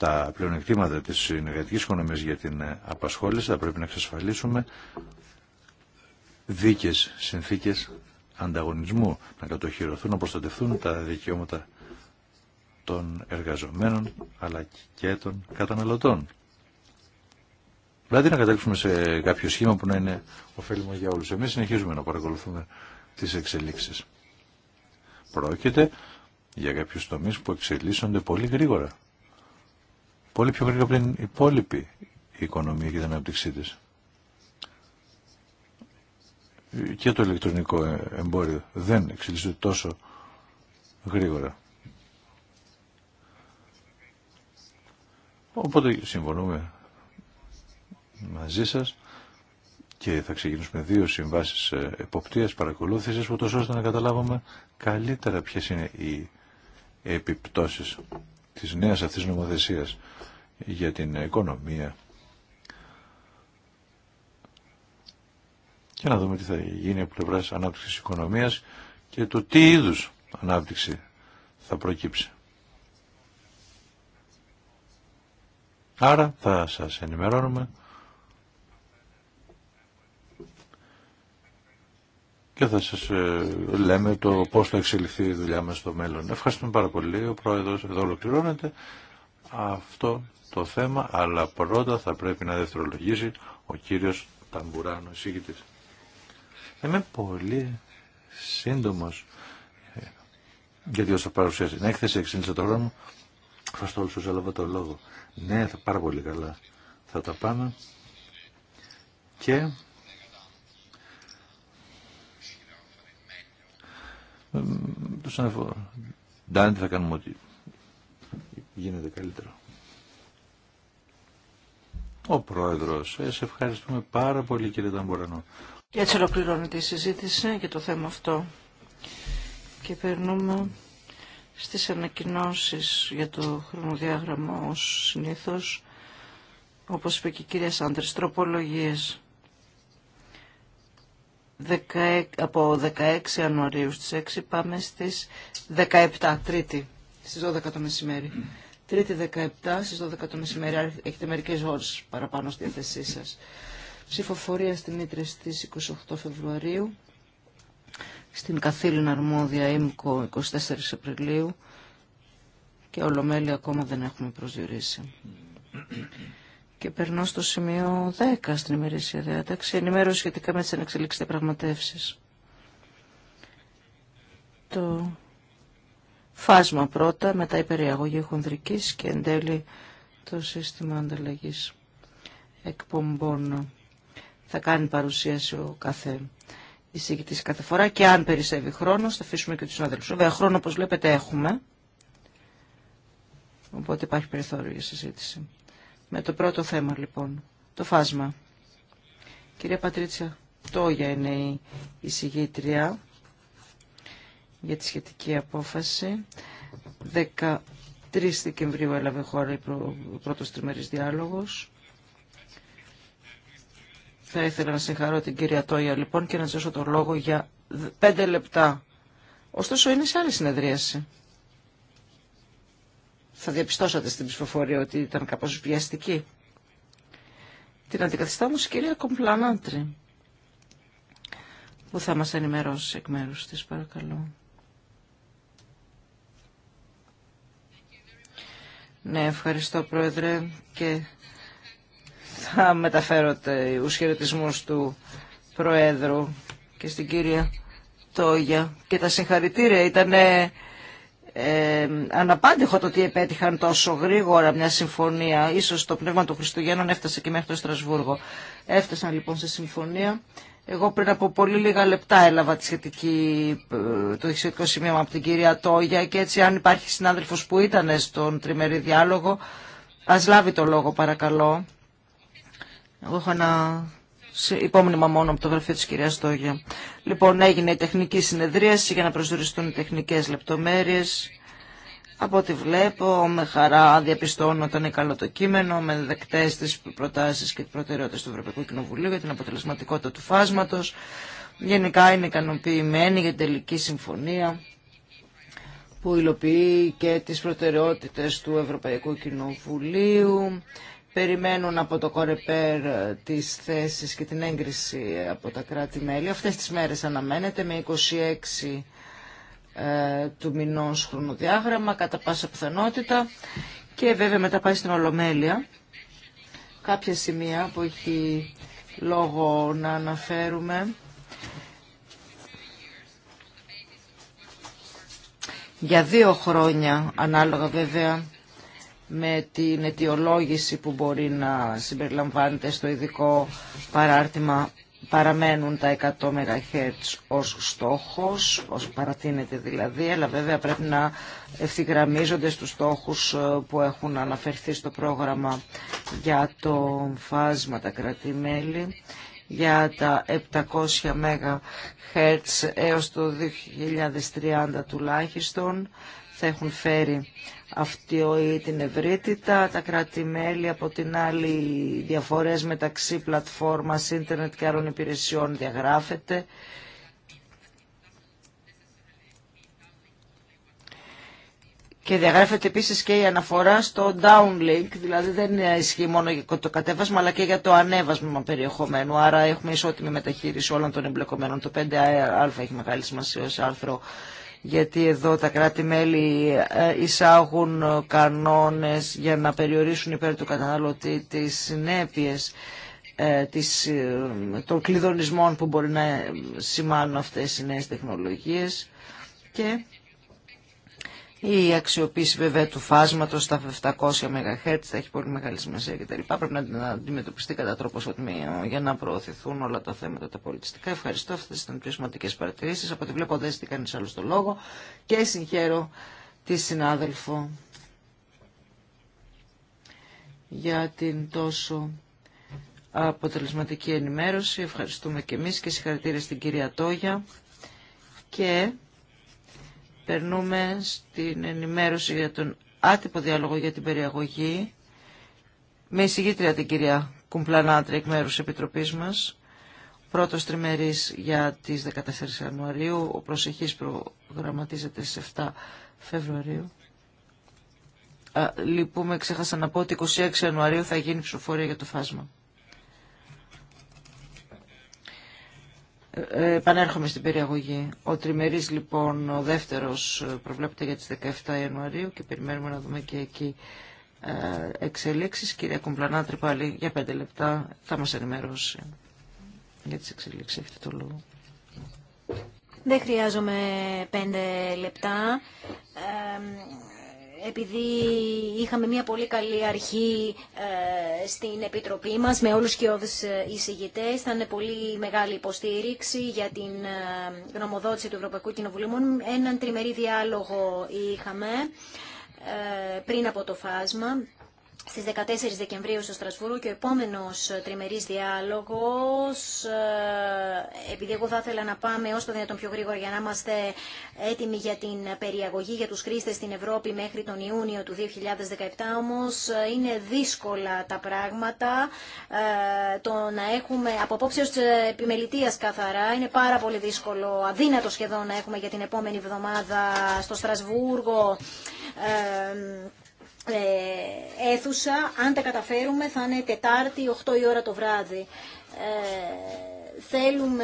τα πλεονεκτήματα της συνεργατικής οικονομίας για την απασχόληση θα πρέπει να εξασφαλίσουμε δίκες συνθήκες ανταγωνισμού, να κατοχυρωθούν, να προστατευτούν τα δικαιώματα των εργαζομένων αλλά και των καταναλωτών. Δηλαδή να καταλήξουμε σε κάποιο σχήμα που να είναι ωφέλιμο για όλους. Εμείς συνεχίζουμε να παρακολουθούμε τις εξελίξεις. Πρόκειται για κάποιους τομείς που εξελίσσονται πολύ γρήγορα πολύ πιο γρήγορα από την υπόλοιπη οικονομία και την ανάπτυξή της. Και το ηλεκτρονικό εμπόριο δεν εξελίσσεται τόσο γρήγορα. Οπότε συμφωνούμε μαζί σας και θα ξεκινήσουμε δύο συμβάσεις εποπτείας παρακολούθησης, ούτως ώστε να καταλάβουμε καλύτερα ποιες είναι οι επιπτώσεις της νέας αυτής νομοθεσίας για την οικονομία. Και να δούμε τι θα γίνει από πλευράς ανάπτυξης οικονομίας και το τι είδους ανάπτυξη θα προκύψει. Άρα θα σας ενημερώνουμε και θα σας ε, λέμε το πώς θα εξελιχθεί η δουλειά μας στο μέλλον. Ευχαριστούμε πάρα πολύ. Ο Πρόεδρος εδώ ολοκληρώνεται αυτό το θέμα, αλλά πρώτα θα πρέπει να δευτερολογήσει ο κύριος Ταμπουράνο, εισήγητης. Είμαι πολύ σύντομος, ε, γιατί όσο παρουσίασε την έκθεση, εξήνισε το χρόνο, στο όλους έλαβα το λόγο. Ναι, θα πάρα πολύ καλά θα τα πάμε και το σαν Ντάντι θα κάνουμε ότι γίνεται καλύτερο. Ο Πρόεδρος, ε, σε ευχαριστούμε πάρα πολύ κύριε Ταμπορανό. Και έτσι ολοκληρώνεται η συζήτηση για το θέμα αυτό. Και περνούμε στις ανακοινώσεις για το χρονοδιάγραμμα ως συνήθως, όπως είπε και η κυρία τροπολογίες. 16, από 16 Ιανουαρίου στις 6 πάμε στις 17, Τρίτη, στις 12 το μεσημέρι. Τρίτη 17 στις 12 το μεσημέρι, έχετε μερικές ώρες παραπάνω στη θέσή σας. Ψηφοφορία στην Ήτρε στις 28 Φεβρουαρίου, στην Καθήλυνα Αρμόδια ΙΜΚΟ 24 Απριλίου και ολομέλεια ακόμα δεν έχουμε προσδιορίσει. Και περνώ στο σημείο 10 στην ημερήσια διάταξη, ενημέρωση σχετικά με τι ανεξελίξει διαπραγματεύσει. Το φάσμα πρώτα, μετά η περιαγωγή χονδρική και εν τέλει το σύστημα ανταλλαγή εκπομπών. Θα κάνει παρουσίαση ο κάθε εισηγητή κάθε φορά και αν περισσεύει χρόνο. θα αφήσουμε και του συναδέλφου. Βέβαια χρόνο όπω βλέπετε έχουμε, οπότε υπάρχει περιθώριο για συζήτηση με το πρώτο θέμα λοιπόν, το φάσμα. Κυρία Πατρίτσια Τόγια είναι η εισηγήτρια για τη σχετική απόφαση. 13 Δεκεμβρίου έλαβε χώρα ο πρώτος τριμερής διάλογος. Θα ήθελα να συγχαρώ την κυρία Τόγια λοιπόν και να δώσω το λόγο για πέντε λεπτά. Ωστόσο είναι σε άλλη συνεδρίαση. Θα διαπιστώσατε στην ψηφοφορία ότι ήταν κάπως βιαστική. Την αντικαθιστά όμως η κυρία Κομπλανάντρη που θα μας ενημερώσει εκ μέρους της παρακαλώ. Ναι, ευχαριστώ Πρόεδρε και θα μεταφέρω τους χαιρετισμού του Προέδρου και στην κυρία Τόγια και τα συγχαρητήρια. Ήτανε ε, αναπάντηχο το ότι επέτυχαν τόσο γρήγορα μια συμφωνία. Ίσως το πνεύμα του Χριστουγέννων έφτασε και μέχρι το Στρασβούργο. Έφτασαν λοιπόν σε συμφωνία. Εγώ πριν από πολύ λίγα λεπτά έλαβα τη σχετική, ε, το σχετικό σημείο από την κυρία Τόγια και έτσι αν υπάρχει συνάδελφος που ήταν στον τριμερή διάλογο, ας λάβει το λόγο παρακαλώ. Εγώ έχω ένα υπόμνημα μόνο από το γραφείο της κυρία Στόγια. Λοιπόν, έγινε η τεχνική συνεδρίαση για να προσδιοριστούν οι τεχνικές λεπτομέρειες. Από ό,τι βλέπω, με χαρά διαπιστώνω ότι είναι καλό το κείμενο, με δεκτές τις προτάσεις και τι προτεραιότητες του Ευρωπαϊκού Κοινοβουλίου για την αποτελεσματικότητα του φάσματος. Γενικά είναι ικανοποιημένη για την τελική συμφωνία που υλοποιεί και τις προτεραιότητες του Ευρωπαϊκού Κοινοβουλίου περιμένουν από το Κορεπέρ ε, τις θέσεις και την έγκριση από τα κράτη-μέλη. Αυτές τις μέρες αναμένεται με 26 ε, του μηνός χρονοδιάγραμμα κατά πάσα πιθανότητα και βέβαια μετά πάει στην Ολομέλεια. Κάποια σημεία που έχει λόγο να αναφέρουμε. Για δύο χρόνια, ανάλογα βέβαια με την αιτιολόγηση που μπορεί να συμπεριλαμβάνεται στο ειδικό παράρτημα παραμένουν τα 100 MHz ως στόχος, ως παρατείνεται δηλαδή, αλλά βέβαια πρέπει να ευθυγραμμίζονται στους στόχους ε, που έχουν αναφερθεί στο πρόγραμμα για το φάσμα τα κρατημέλη, για τα 700 MHz έως το 2030 τουλάχιστον θα έχουν φέρει αυτή την ευρύτητα, τα κρατη από την άλλη διαφορές μεταξύ πλατφόρμας, ίντερνετ και άλλων υπηρεσιών διαγράφεται. Και διαγράφεται επίσης και η αναφορά στο downlink, δηλαδή δεν ισχύει μόνο για το κατέβασμα αλλά και για το ανέβασμα περιεχομένου. Άρα έχουμε ισότιμη μεταχείριση όλων των εμπλεκομένων. Το 5α έχει μεγάλη σημασία ως άρθρο γιατί εδώ τα κράτη-μέλη ε, εισάγουν κανόνες για να περιορίσουν υπέρ του καταναλωτή τις συνέπειες ε, της, ε, των κλειδονισμών που μπορεί να σημάνουν αυτές οι νέες τεχνολογίες και η αξιοποίηση βέβαια του φάσματο στα 700 MHz θα έχει πολύ μεγάλη σημασία κτλ. Πρέπει να αντιμετωπιστεί κατά τρόπο σωτμίο για να προωθηθούν όλα τα θέματα τα πολιτιστικά. Ευχαριστώ. αυτέ ήταν οι πιο σημαντικέ παρατηρήσεις. Από ό,τι βλέπω δεν ζητεί κανεί άλλο το λόγο. Και συγχαίρω τη συνάδελφο για την τόσο αποτελεσματική ενημέρωση. Ευχαριστούμε και εμείς και συγχαρητήρια στην κυρία Τόγια. Και Περνούμε στην ενημέρωση για τον άτυπο διάλογο για την περιαγωγή με εισηγήτρια την κυρία Κουμπλανάτρη εκ μέρους Επιτροπής μας. Πρώτος τριμερής για τις 14 Ιανουαρίου, ο προσεχής προγραμματίζεται στις 7 Φεβρουαρίου. λυπούμε, ξέχασα να πω ότι 26 Ιανουαρίου θα γίνει ψηφοφορία για το φάσμα. Ε, επανέρχομαι στην περιαγωγή. Ο τριμερής λοιπόν, ο δεύτερος ε, προβλέπεται για τις 17 Ιανουαρίου και περιμένουμε να δούμε και εκεί ε, εξελίξεις. Κυρία Κουμπλανάτρη πάλι για πέντε λεπτά θα μας ενημερώσει για τις εξελίξεις. Έχετε το λόγο. Δεν χρειάζομαι πέντε λεπτά επειδή είχαμε μια πολύ καλή αρχή ε, στην Επιτροπή μας με όλους και όλους ε, εισηγητές. Θα είναι πολύ μεγάλη υποστήριξη για την ε, γνωμοδότηση του Ευρωπαϊκού Κοινοβουλίου. Μόνο έναν τριμερή διάλογο είχαμε πριν από το φάσμα Στι 14 Δεκεμβρίου στο Στρασβούργο και ο επόμενος ε, τριμερής διάλογος, ε, επειδή εγώ θα ήθελα να πάμε όσο το δυνατόν πιο γρήγορα για να είμαστε έτοιμοι για την περιαγωγή για τους χρήστε στην Ευρώπη μέχρι τον Ιούνιο του 2017, όμω, ε, είναι δύσκολα τα πράγματα. Το να έχουμε από απόψε καθαρά είναι πάρα πολύ δύσκολο, αδύνατο σχεδόν να έχουμε για την επόμενη εβδομάδα στο Στρασβούργο ε, αίθουσα. Αν τα καταφέρουμε θα είναι Τετάρτη, 8 η ώρα το βράδυ. Ε, Θέλουμε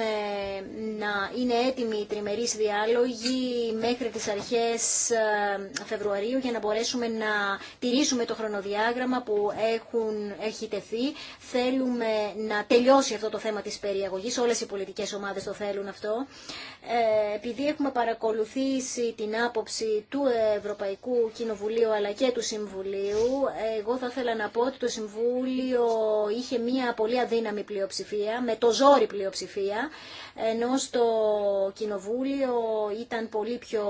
να είναι έτοιμοι οι τριμερείς διάλογοι μέχρι τις αρχές ε, Φεβρουαρίου για να μπορέσουμε να τηρήσουμε το χρονοδιάγραμμα που έχουν, έχει τεθεί. Θέλουμε να τελειώσει αυτό το θέμα της περιαγωγής. Όλες οι πολιτικές ομάδες το θέλουν αυτό. Ε, επειδή έχουμε παρακολουθήσει την άποψη του Ευρωπαϊκού Κοινοβουλίου αλλά και του Συμβουλίου, εγώ θα ήθελα να πω ότι το Συμβούλιο είχε μία πολύ αδύναμη πλειοψηφία, με το ζόρι πλειοψηφία πλειοψηφία, ενώ στο Κοινοβούλιο ήταν πολύ πιο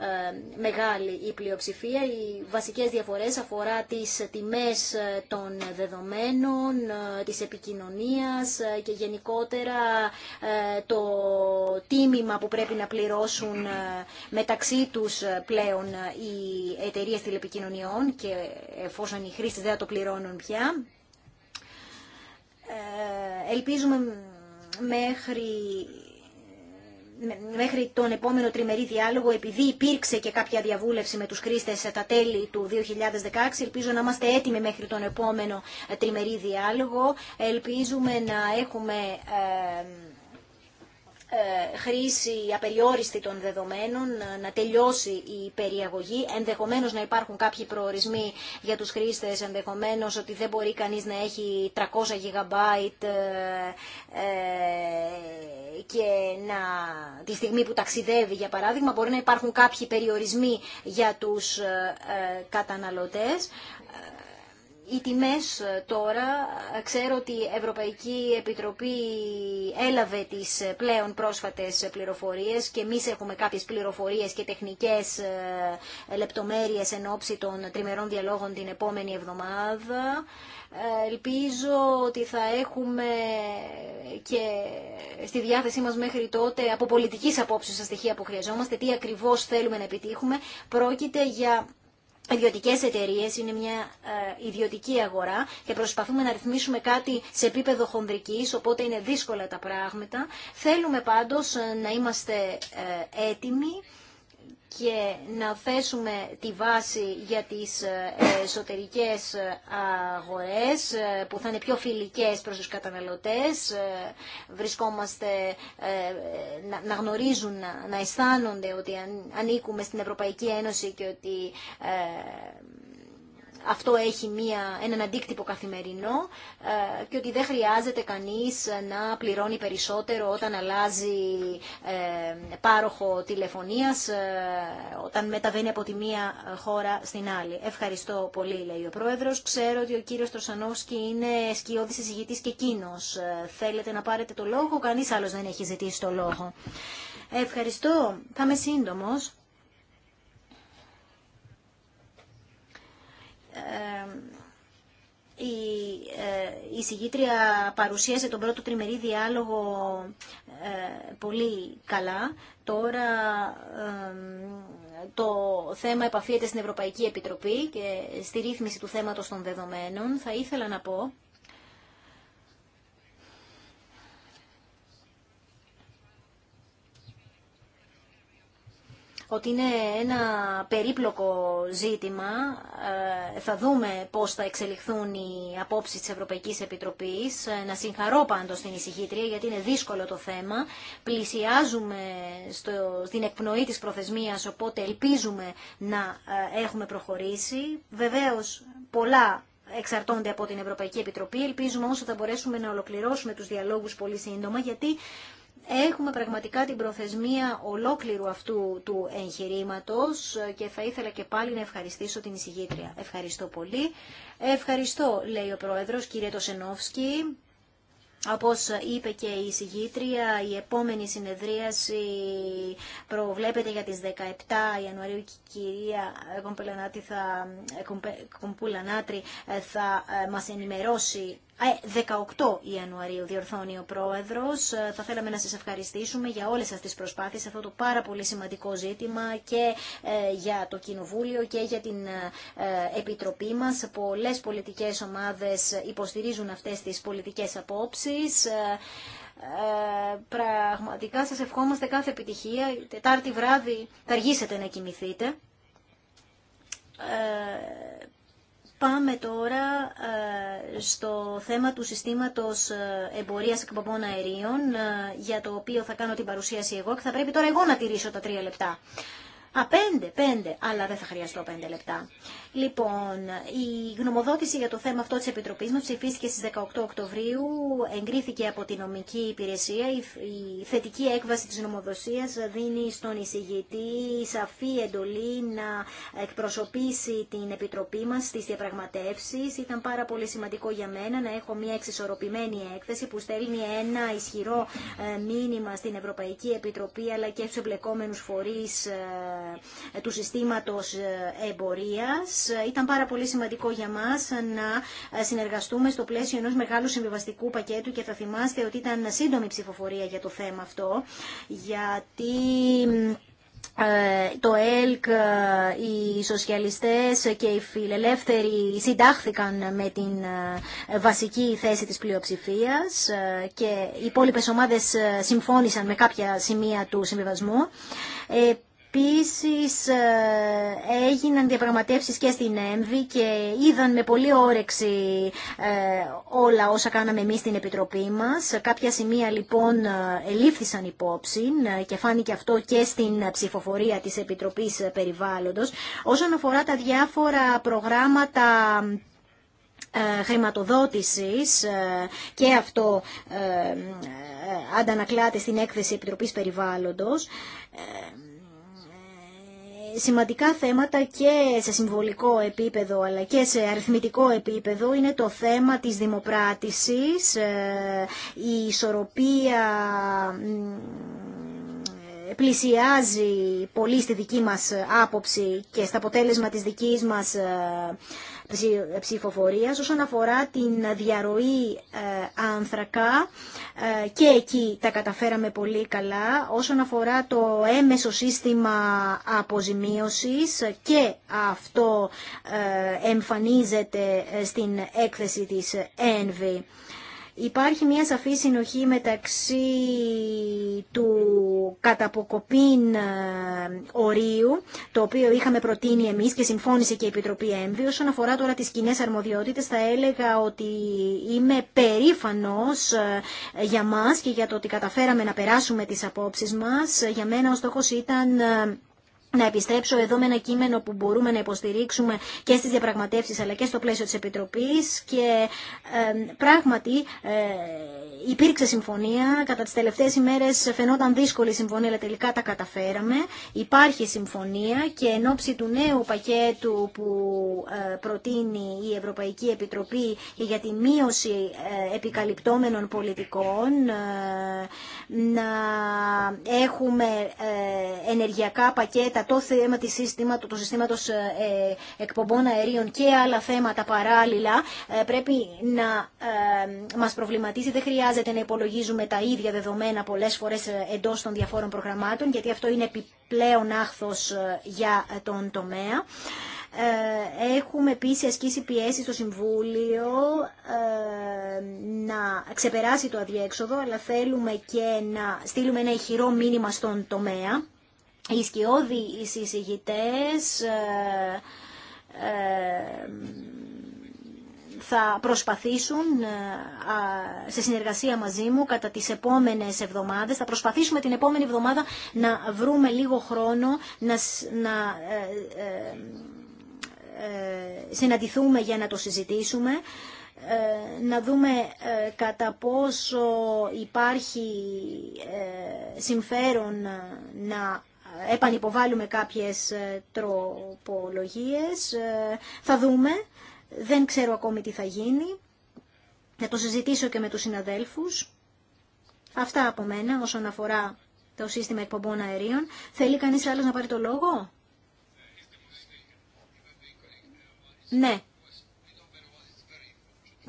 ε, μεγάλη η πλειοψηφία. Οι βασικές διαφορές αφορά τις τιμές ε, των δεδομένων, ε, της επικοινωνίας και γενικότερα το τίμημα που πρέπει να πληρώσουν μεταξύ τους πλέον οι εταιρείε τηλεπικοινωνιών και εφόσον οι χρήστες δεν το πληρώνουν πια. Ελπίζουμε μέχρι μέχρι τον επόμενο τριμερή διάλογο, επειδή υπήρξε και κάποια διαβούλευση με τους χρήστες τα τέλη του 2016, ελπίζω να είμαστε έτοιμοι μέχρι τον επόμενο τριμερή διάλογο. Ελπίζουμε να έχουμε ε, ε, χρήση απεριόριστη των δεδομένων, ε, να τελειώσει η περιαγωγή, ενδεχομένως να υπάρχουν κάποιοι προορισμοί για τους χρήστες, ενδεχομένως ότι δεν μπορεί κανείς να έχει 300 GB ε, και να, τη στιγμή που ταξιδεύει για παράδειγμα μπορεί να υπάρχουν κάποιοι περιορισμοί για τους καταναλωτές οι τιμές ε, τώρα, ε, ξέρω ότι η Ευρωπαϊκή Επιτροπή έλαβε τις ε, πλέον πρόσφατες πληροφορίες και εμείς έχουμε κάποιες πληροφορίες και τεχνικές λεπτομέρειες εν ώψη των τριμερών διαλόγων την επόμενη εβδομάδα. Ελπίζω ότι θα έχουμε και στη διάθεσή μας μέχρι τότε από πολιτικής απόψεως τα στοιχεία που χρειαζόμαστε, τι ακριβώς θέλουμε να επιτύχουμε. Πρόκειται για ιδιωτικέ εταιρείε, είναι μια ε, ιδιωτική αγορά και προσπαθούμε να ρυθμίσουμε κάτι σε επίπεδο χονδρικής, οπότε είναι δύσκολα τα πράγματα. Θέλουμε πάντω ε, να είμαστε ε, έτοιμοι και να θέσουμε τη βάση για τις ε, εσωτερικές ε, αγορές ε, που θα είναι πιο φιλικές προς τους καταναλωτές. Βρισκόμαστε να γνωρίζουν, να αισθάνονται ότι ανήκουμε στην Ευρωπαϊκή Ένωση και ότι αυτό έχει μία, έναν αντίκτυπο καθημερινό ε, και ότι δεν χρειάζεται κανείς να πληρώνει περισσότερο όταν αλλάζει ε, πάροχο τηλεφωνίας, ε, όταν μεταβαίνει από τη μία χώρα στην άλλη. Ευχαριστώ πολύ, λέει ο Πρόεδρος. Ξέρω ότι ο κύριος Τροσανόφσκι είναι σκιώδης εισηγητής και εκείνος. Θέλετε να πάρετε το λόγο, κανείς άλλος δεν έχει ζητήσει το λόγο. Ευχαριστώ. Θα είμαι σύντομος. Ε, η ε, συγγήτρια παρουσίασε τον πρώτο τριμερή διάλογο ε, πολύ καλά. Τώρα το θέμα επαφίεται στην Ευρωπαϊκή Επιτροπή και στη ρύθμιση του θέματος των δεδομένων. Θα ήθελα να πω ότι είναι ένα περίπλοκο ζήτημα. Ε, θα δούμε πώς θα εξελιχθούν οι απόψεις της Ευρωπαϊκής Επιτροπής. Ε, να συγχαρώ πάντως την ησυχήτρια, γιατί είναι δύσκολο το θέμα. Πλησιάζουμε στο, στην εκπνοή της προθεσμίας οπότε ελπίζουμε να ε, έχουμε προχωρήσει. Βεβαίως πολλά εξαρτώνται από την Ευρωπαϊκή Επιτροπή. Ελπίζουμε όμως ότι θα μπορέσουμε να ολοκληρώσουμε τους διαλόγους πολύ σύντομα γιατί Έχουμε πραγματικά την προθεσμία ολόκληρου αυτού του εγχειρήματο και θα ήθελα και πάλι να ευχαριστήσω την εισηγήτρια. Ευχαριστώ πολύ. Ευχαριστώ, λέει ο πρόεδρο, κύριε Τοσενόφσκι. όπω είπε και η εισηγήτρια, η επόμενη συνεδρίαση προβλέπεται για τις 17 Ιανουαρίου και η κυρία Κομπουλανάτρη θα, θα ε, μας ενημερώσει 18 ε, Ιανουαρίου διορθώνει ο Πρόεδρος. Ε, θα θέλαμε να σας ευχαριστήσουμε για όλες αυτές τις προσπάθειες, αυτό το πάρα πολύ σημαντικό ζήτημα και ε, για το Κοινοβούλιο και για την Επιτροπή μας. Πολλές πολιτικές ομάδες υποστηρίζουν αυτές τις πολιτικές απόψεις. Ε, πραγματικά σας ευχόμαστε κάθε επιτυχία. Τετάρτη βράδυ θα αργήσετε να κοιμηθείτε. Πάμε τώρα ε, στο θέμα του συστήματος ε, εμπορίας εκπομπών αερίων, ε, για το οποίο θα κάνω την παρουσίαση εγώ και θα πρέπει τώρα εγώ να τηρήσω τα τρία λεπτά. Α, πέντε, πέντε, αλλά δεν θα χρειαστώ πέντε λεπτά. Λοιπόν, η γνωμοδότηση για το θέμα αυτό της Επιτροπής μας ψηφίστηκε στις 18 Οκτωβρίου, εγκρίθηκε από τη νομική υπηρεσία. Η θετική έκβαση της νομοδοσίας δίνει στον εισηγητή σαφή εντολή να εκπροσωπήσει την Επιτροπή μας στις διαπραγματεύσεις. Ήταν πάρα πολύ σημαντικό για μένα να έχω μια εξισορροπημένη έκθεση που στέλνει ένα ισχυρό ε, μήνυμα στην Ευρωπαϊκή Επιτροπή αλλά και στους εμπλεκόμενου φορείς ε, του συστήματος ε, εμπορίας ήταν πάρα πολύ σημαντικό για μας να συνεργαστούμε στο πλαίσιο ενός μεγάλου συμβιβαστικού πακέτου και θα θυμάστε ότι ήταν σύντομη ψηφοφορία για το θέμα αυτό, γιατί ε, το ΕΛΚ, οι σοσιαλιστές και οι φιλελεύθεροι συντάχθηκαν με την ε, βασική θέση της πλειοψηφίας ε, και οι υπόλοιπε ομάδες συμφώνησαν με κάποια σημεία του συμβιβασμού. Επίσης ε, έγιναν διαπραγματεύσεις και στην ΕΜΒΗ και είδαν με πολύ όρεξη ε, όλα όσα κάναμε εμείς στην Επιτροπή μας. Κάποια σημεία λοιπόν ε, ελήφθησαν υπόψη και φάνηκε αυτό και στην ψηφοφορία της Επιτροπής Περιβάλλοντος. Όσον αφορά τα διάφορα προγράμματα χρηματοδότησης και αυτό αντανακλάται στην έκθεση Επιτροπής Περιβάλλοντος σημαντικά θέματα και σε συμβολικό επίπεδο αλλά και σε αριθμητικό επίπεδο είναι το θέμα της δημοπράτησης, ε, η ισορροπία ε, πλησιάζει πολύ στη δική μας άποψη και στα αποτέλεσμα της δικής μας ε, ψηφοφορίας όσον αφορά την διαρροή ε, άνθρακα ε, και εκεί τα καταφέραμε πολύ καλά όσον αφορά το έμεσο σύστημα αποζημίωσης και αυτό ε, εμφανίζεται στην έκθεση της ΕΝΒΗ. Υπάρχει μια σαφή συνοχή μεταξύ του καταποκοπήν ε, ορίου, το οποίο είχαμε προτείνει εμείς και συμφώνησε και η Επιτροπή Έμβη. Όσον αφορά τώρα τις κοινέ αρμοδιότητες, θα έλεγα ότι είμαι περήφανος ε, για μας και για το ότι καταφέραμε να περάσουμε τις απόψεις μας. Για μένα ο στόχος ήταν ε, να επιστρέψω εδώ με ένα κείμενο που μπορούμε να υποστηρίξουμε και στις διαπραγματεύσεις αλλά και στο πλαίσιο της Επιτροπής και πράγματι ε, υπήρξε συμφωνία, κατά τις τελευταίες ημέρες φαινόταν δύσκολη συμφωνία αλλά τελικά τα καταφέραμε, υπάρχει συμφωνία και εν ώψη του νέου πακέτου που ε, προτείνει η Ευρωπαϊκή Επιτροπή για τη μείωση ε, επικαλυπτόμενων πολιτικών ε, να έχουμε ενεργειακά πακέτα το θέμα της συστήματος, του συστήματος ε, ε, εκπομπών αερίων και άλλα θέματα παράλληλα ε, πρέπει να μας προβληματίσει. Δεν χρειάζεται να υπολογίζουμε τα ίδια δεδομένα πολλές φορές εντός των διαφόρων προγραμμάτων γιατί αυτό είναι επιπλέον άχθος για τον τομέα. Έχουμε επίσης ασκήσει πιέσει στο Συμβούλιο να ξεπεράσει το αδιέξοδο αλλά θέλουμε και να στείλουμε ένα ηχηρό μήνυμα στον τομέα οι σκιώδη οι συζητητές ε, ε, θα προσπαθήσουν ε, σε συνεργασία μαζί μου κατά τις επόμενες εβδομάδες. Θα προσπαθήσουμε την επόμενη εβδομάδα να βρούμε λίγο χρόνο να, να συναντηθούμε για να το συζητήσουμε να δούμε κατά πόσο υπάρχει συμφέρον να επανυποβάλλουμε κάποιες ε, τροπολογίες. Ε, θα δούμε. Δεν ξέρω ακόμη τι θα γίνει. Θα το συζητήσω και με τους συναδέλφους. Αυτά από μένα όσον αφορά το σύστημα εκπομπών αερίων. Θέλει κανείς άλλος να πάρει το λόγο? Ναι,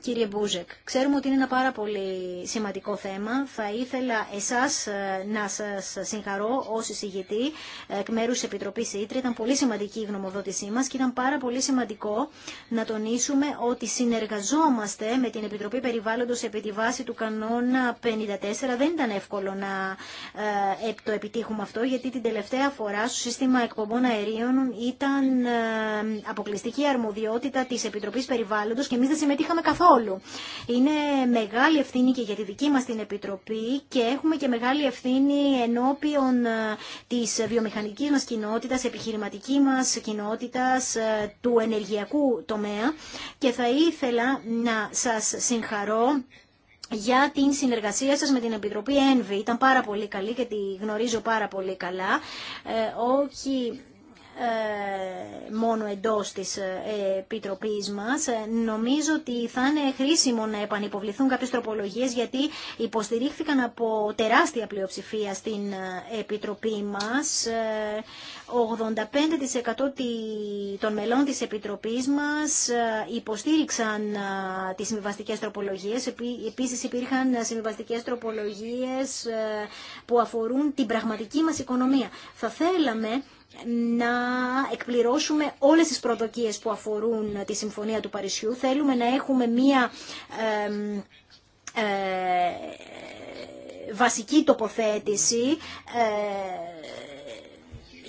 Κύριε Μπούζεκ, ξέρουμε ότι είναι ένα πάρα πολύ σημαντικό θέμα. Θα ήθελα εσάς ε, να σας συγχαρώ ως εισηγητή ε, εκ μέρους της Επιτροπής Ήτρη. Ήταν πολύ σημαντική η γνωμοδότησή μας και ήταν πάρα πολύ σημαντικό να τονίσουμε ότι συνεργαζόμαστε με την Επιτροπή Περιβάλλοντος επί τη βάση του κανόνα 54. Δεν ήταν εύκολο να ε, το επιτύχουμε αυτό γιατί την τελευταία φορά στο σύστημα εκπομπών αερίων ήταν αποκλειστική αρμοδιότητα της Επιτροπής Περιβάλλοντος και εμείς δεν συμμετείχαμε καθόλου. Είναι μεγάλη ευθύνη και για τη δική μας την Επιτροπή και έχουμε και μεγάλη ευθύνη ενώπιον ε, της βιομηχανικής μας κοινότητας, επιχειρηματική μας κοινότητας, ε, του ενεργειακού τομέα και θα ήθελα να σας συγχαρώ για την συνεργασία σας με την Επιτροπή ΕΝΒΗ. Ήταν πάρα πολύ καλή και τη γνωρίζω πάρα πολύ καλά. Ε, όχι ε, μόνο εντός της ε, επιτροπής μας. Ε, νομίζω ότι θα είναι χρήσιμο να επανυποβληθούν κάποιες τροπολογίες γιατί υποστηρίχθηκαν από τεράστια πλειοψηφία στην επιτροπή μας. 85% των μελών της Επιτροπής μας υποστήριξαν τις συμβιβαστικές τροπολογίες. Επίσης υπήρχαν συμβιβαστικές τροπολογίες που αφορούν την πραγματική μας οικονομία. Θα θέλαμε να εκπληρώσουμε όλες τις προδοκίες που αφορούν τη Συμφωνία του Παρισιού. Θέλουμε να έχουμε μία ε, βασική τοποθέτηση ε,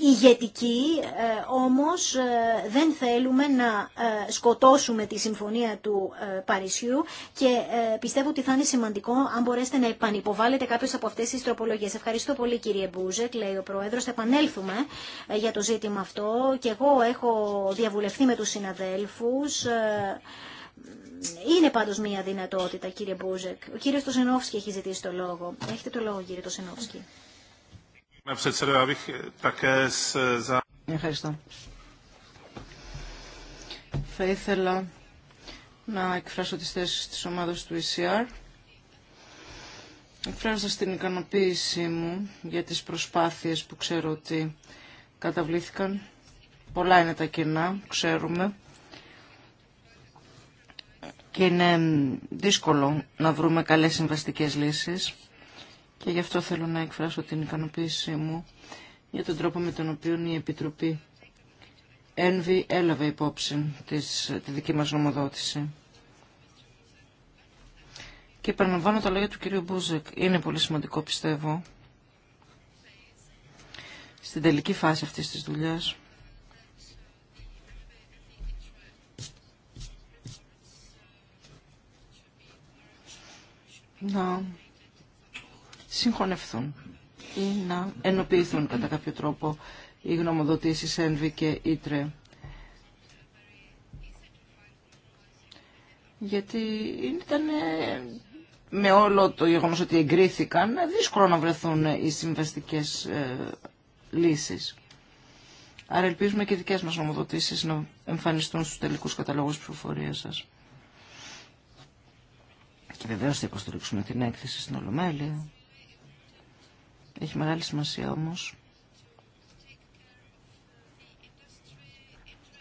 ηγετική, ε, όμως ε, δεν θέλουμε να ε, σκοτώσουμε τη συμφωνία του Παρισιού και πιστεύω ότι θα είναι σημαντικό αν μπορέσετε να επανυποβάλλετε κάποιε από αυτές τις τροπολογίες. Ευχαριστώ πολύ κύριε Μπούζεκ, λέει ο Πρόεδρος, θα επανέλθουμε για το ζήτημα αυτό και εγώ έχω διαβουλευτεί με τους συναδέλφους. Είναι πάντως μια δυνατότητα, κύριε Μπούζεκ. Ο κύριος Τοσενόφσκι έχει ζητήσει το λόγο. Έχετε το λόγο, κύριε Τοσενόφσκι. Eh, eh, Ευχαριστώ. Θα ήθελα να εκφράσω τις θέσεις της ομάδας του ECR. Εκφράζω στην ικανοποίησή μου για τις προσπάθειες που ξέρω ότι καταβλήθηκαν. Πολλά είναι τα κενά, ξέρουμε. Και είναι δύσκολο να βρούμε καλές συμβαστικές λύσεις και γι' αυτό θέλω να εκφράσω την ικανοποίησή μου για τον τρόπο με τον οποίο η Επιτροπή Ένβη έλαβε υπόψη της, τη δική μας νομοδότηση. Και επαναλαμβάνω τα λόγια του κυρίου Μπούζεκ. Είναι πολύ σημαντικό πιστεύω στην τελική φάση αυτής της δουλειάς να συγχωνευθούν ή να ενοποιηθούν κατά κάποιο τρόπο οι γνωμοδοτήσεις ΕΝΒΙ και ΙΤΡΕ. Γιατί ήταν ε, με όλο το γεγονός ότι εγκρίθηκαν δύσκολο να βρεθούν οι συμβαστικές ε, λύσεις. Άρα ελπίζουμε και δικές μας νομοδοτήσεις να εμφανιστούν στους τελικούς καταλόγους ψηφοφορίας σας. Και βεβαίως θα υποστηρίξουμε την έκθεση στην Ολομέλεια. Έχει μεγάλη σημασία όμως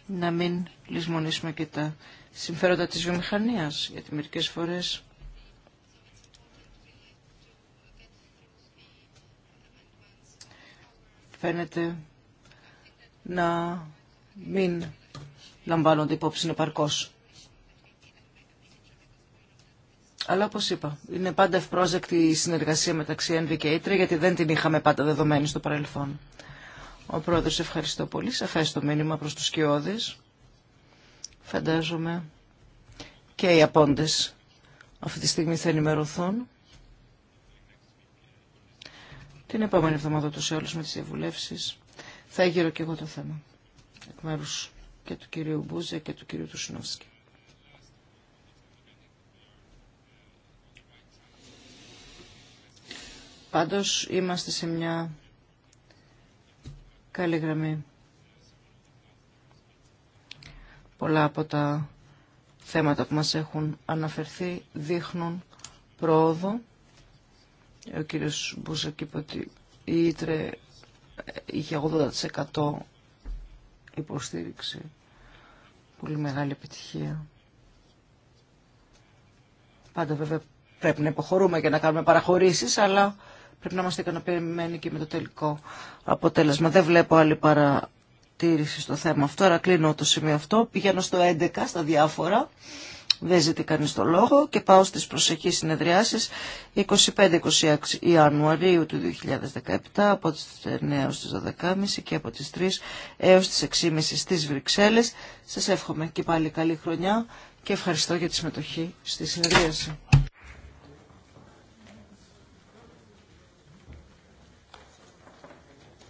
να μην λησμονήσουμε και τα συμφέροντα της βιομηχανίας, γιατί μερικές φορές φαίνεται να μην λαμβάνονται υπόψη επαρκώς Αλλά όπως είπα, είναι πάντα ευπρόζεκτη η συνεργασία μεταξύ ΕΝΒΙ και Ήτρε, γιατί δεν την είχαμε πάντα δεδομένη στο παρελθόν. Ο πρόεδρος ευχαριστώ πολύ. Σαφές το μήνυμα προς τους Κιώδης. Φαντάζομαι και οι απόντες αυτή τη στιγμή θα ενημερωθούν. Την επόμενη εβδομάδα σε όλους με τις διαβουλεύσεις θα γύρω και εγώ το θέμα. Εκ μέρους και του κυρίου Μπούζε και του κυρίου Τουσινόφσκη. Πάντως είμαστε σε μια καλή γραμμή. Πολλά από τα θέματα που μας έχουν αναφερθεί δείχνουν πρόοδο. Ο κύριος Μπούζακ είπε ότι η Ήτρε είχε 80% υποστήριξη. Πολύ μεγάλη επιτυχία. Πάντα βέβαια πρέπει να υποχωρούμε και να κάνουμε παραχωρήσεις, αλλά Πρέπει να είμαστε ικανοποιημένοι και με το τελικό αποτέλεσμα. Δεν βλέπω άλλη παρατήρηση στο θέμα αυτό. Άρα κλείνω το σημείο αυτό. Πηγαίνω στο 11, στα διάφορα. Δεν ζητεί κανεί το λόγο και πάω στι προσεχείς συνεδριάσεις 25-26 Ιανουαρίου του 2017 από τι 9 έως τι 12.30 και από τι 3 έω τις 6.30 στις Βρυξέλλες. Σας εύχομαι και πάλι καλή χρονιά και ευχαριστώ για τη συμμετοχή στη συνεδρίαση.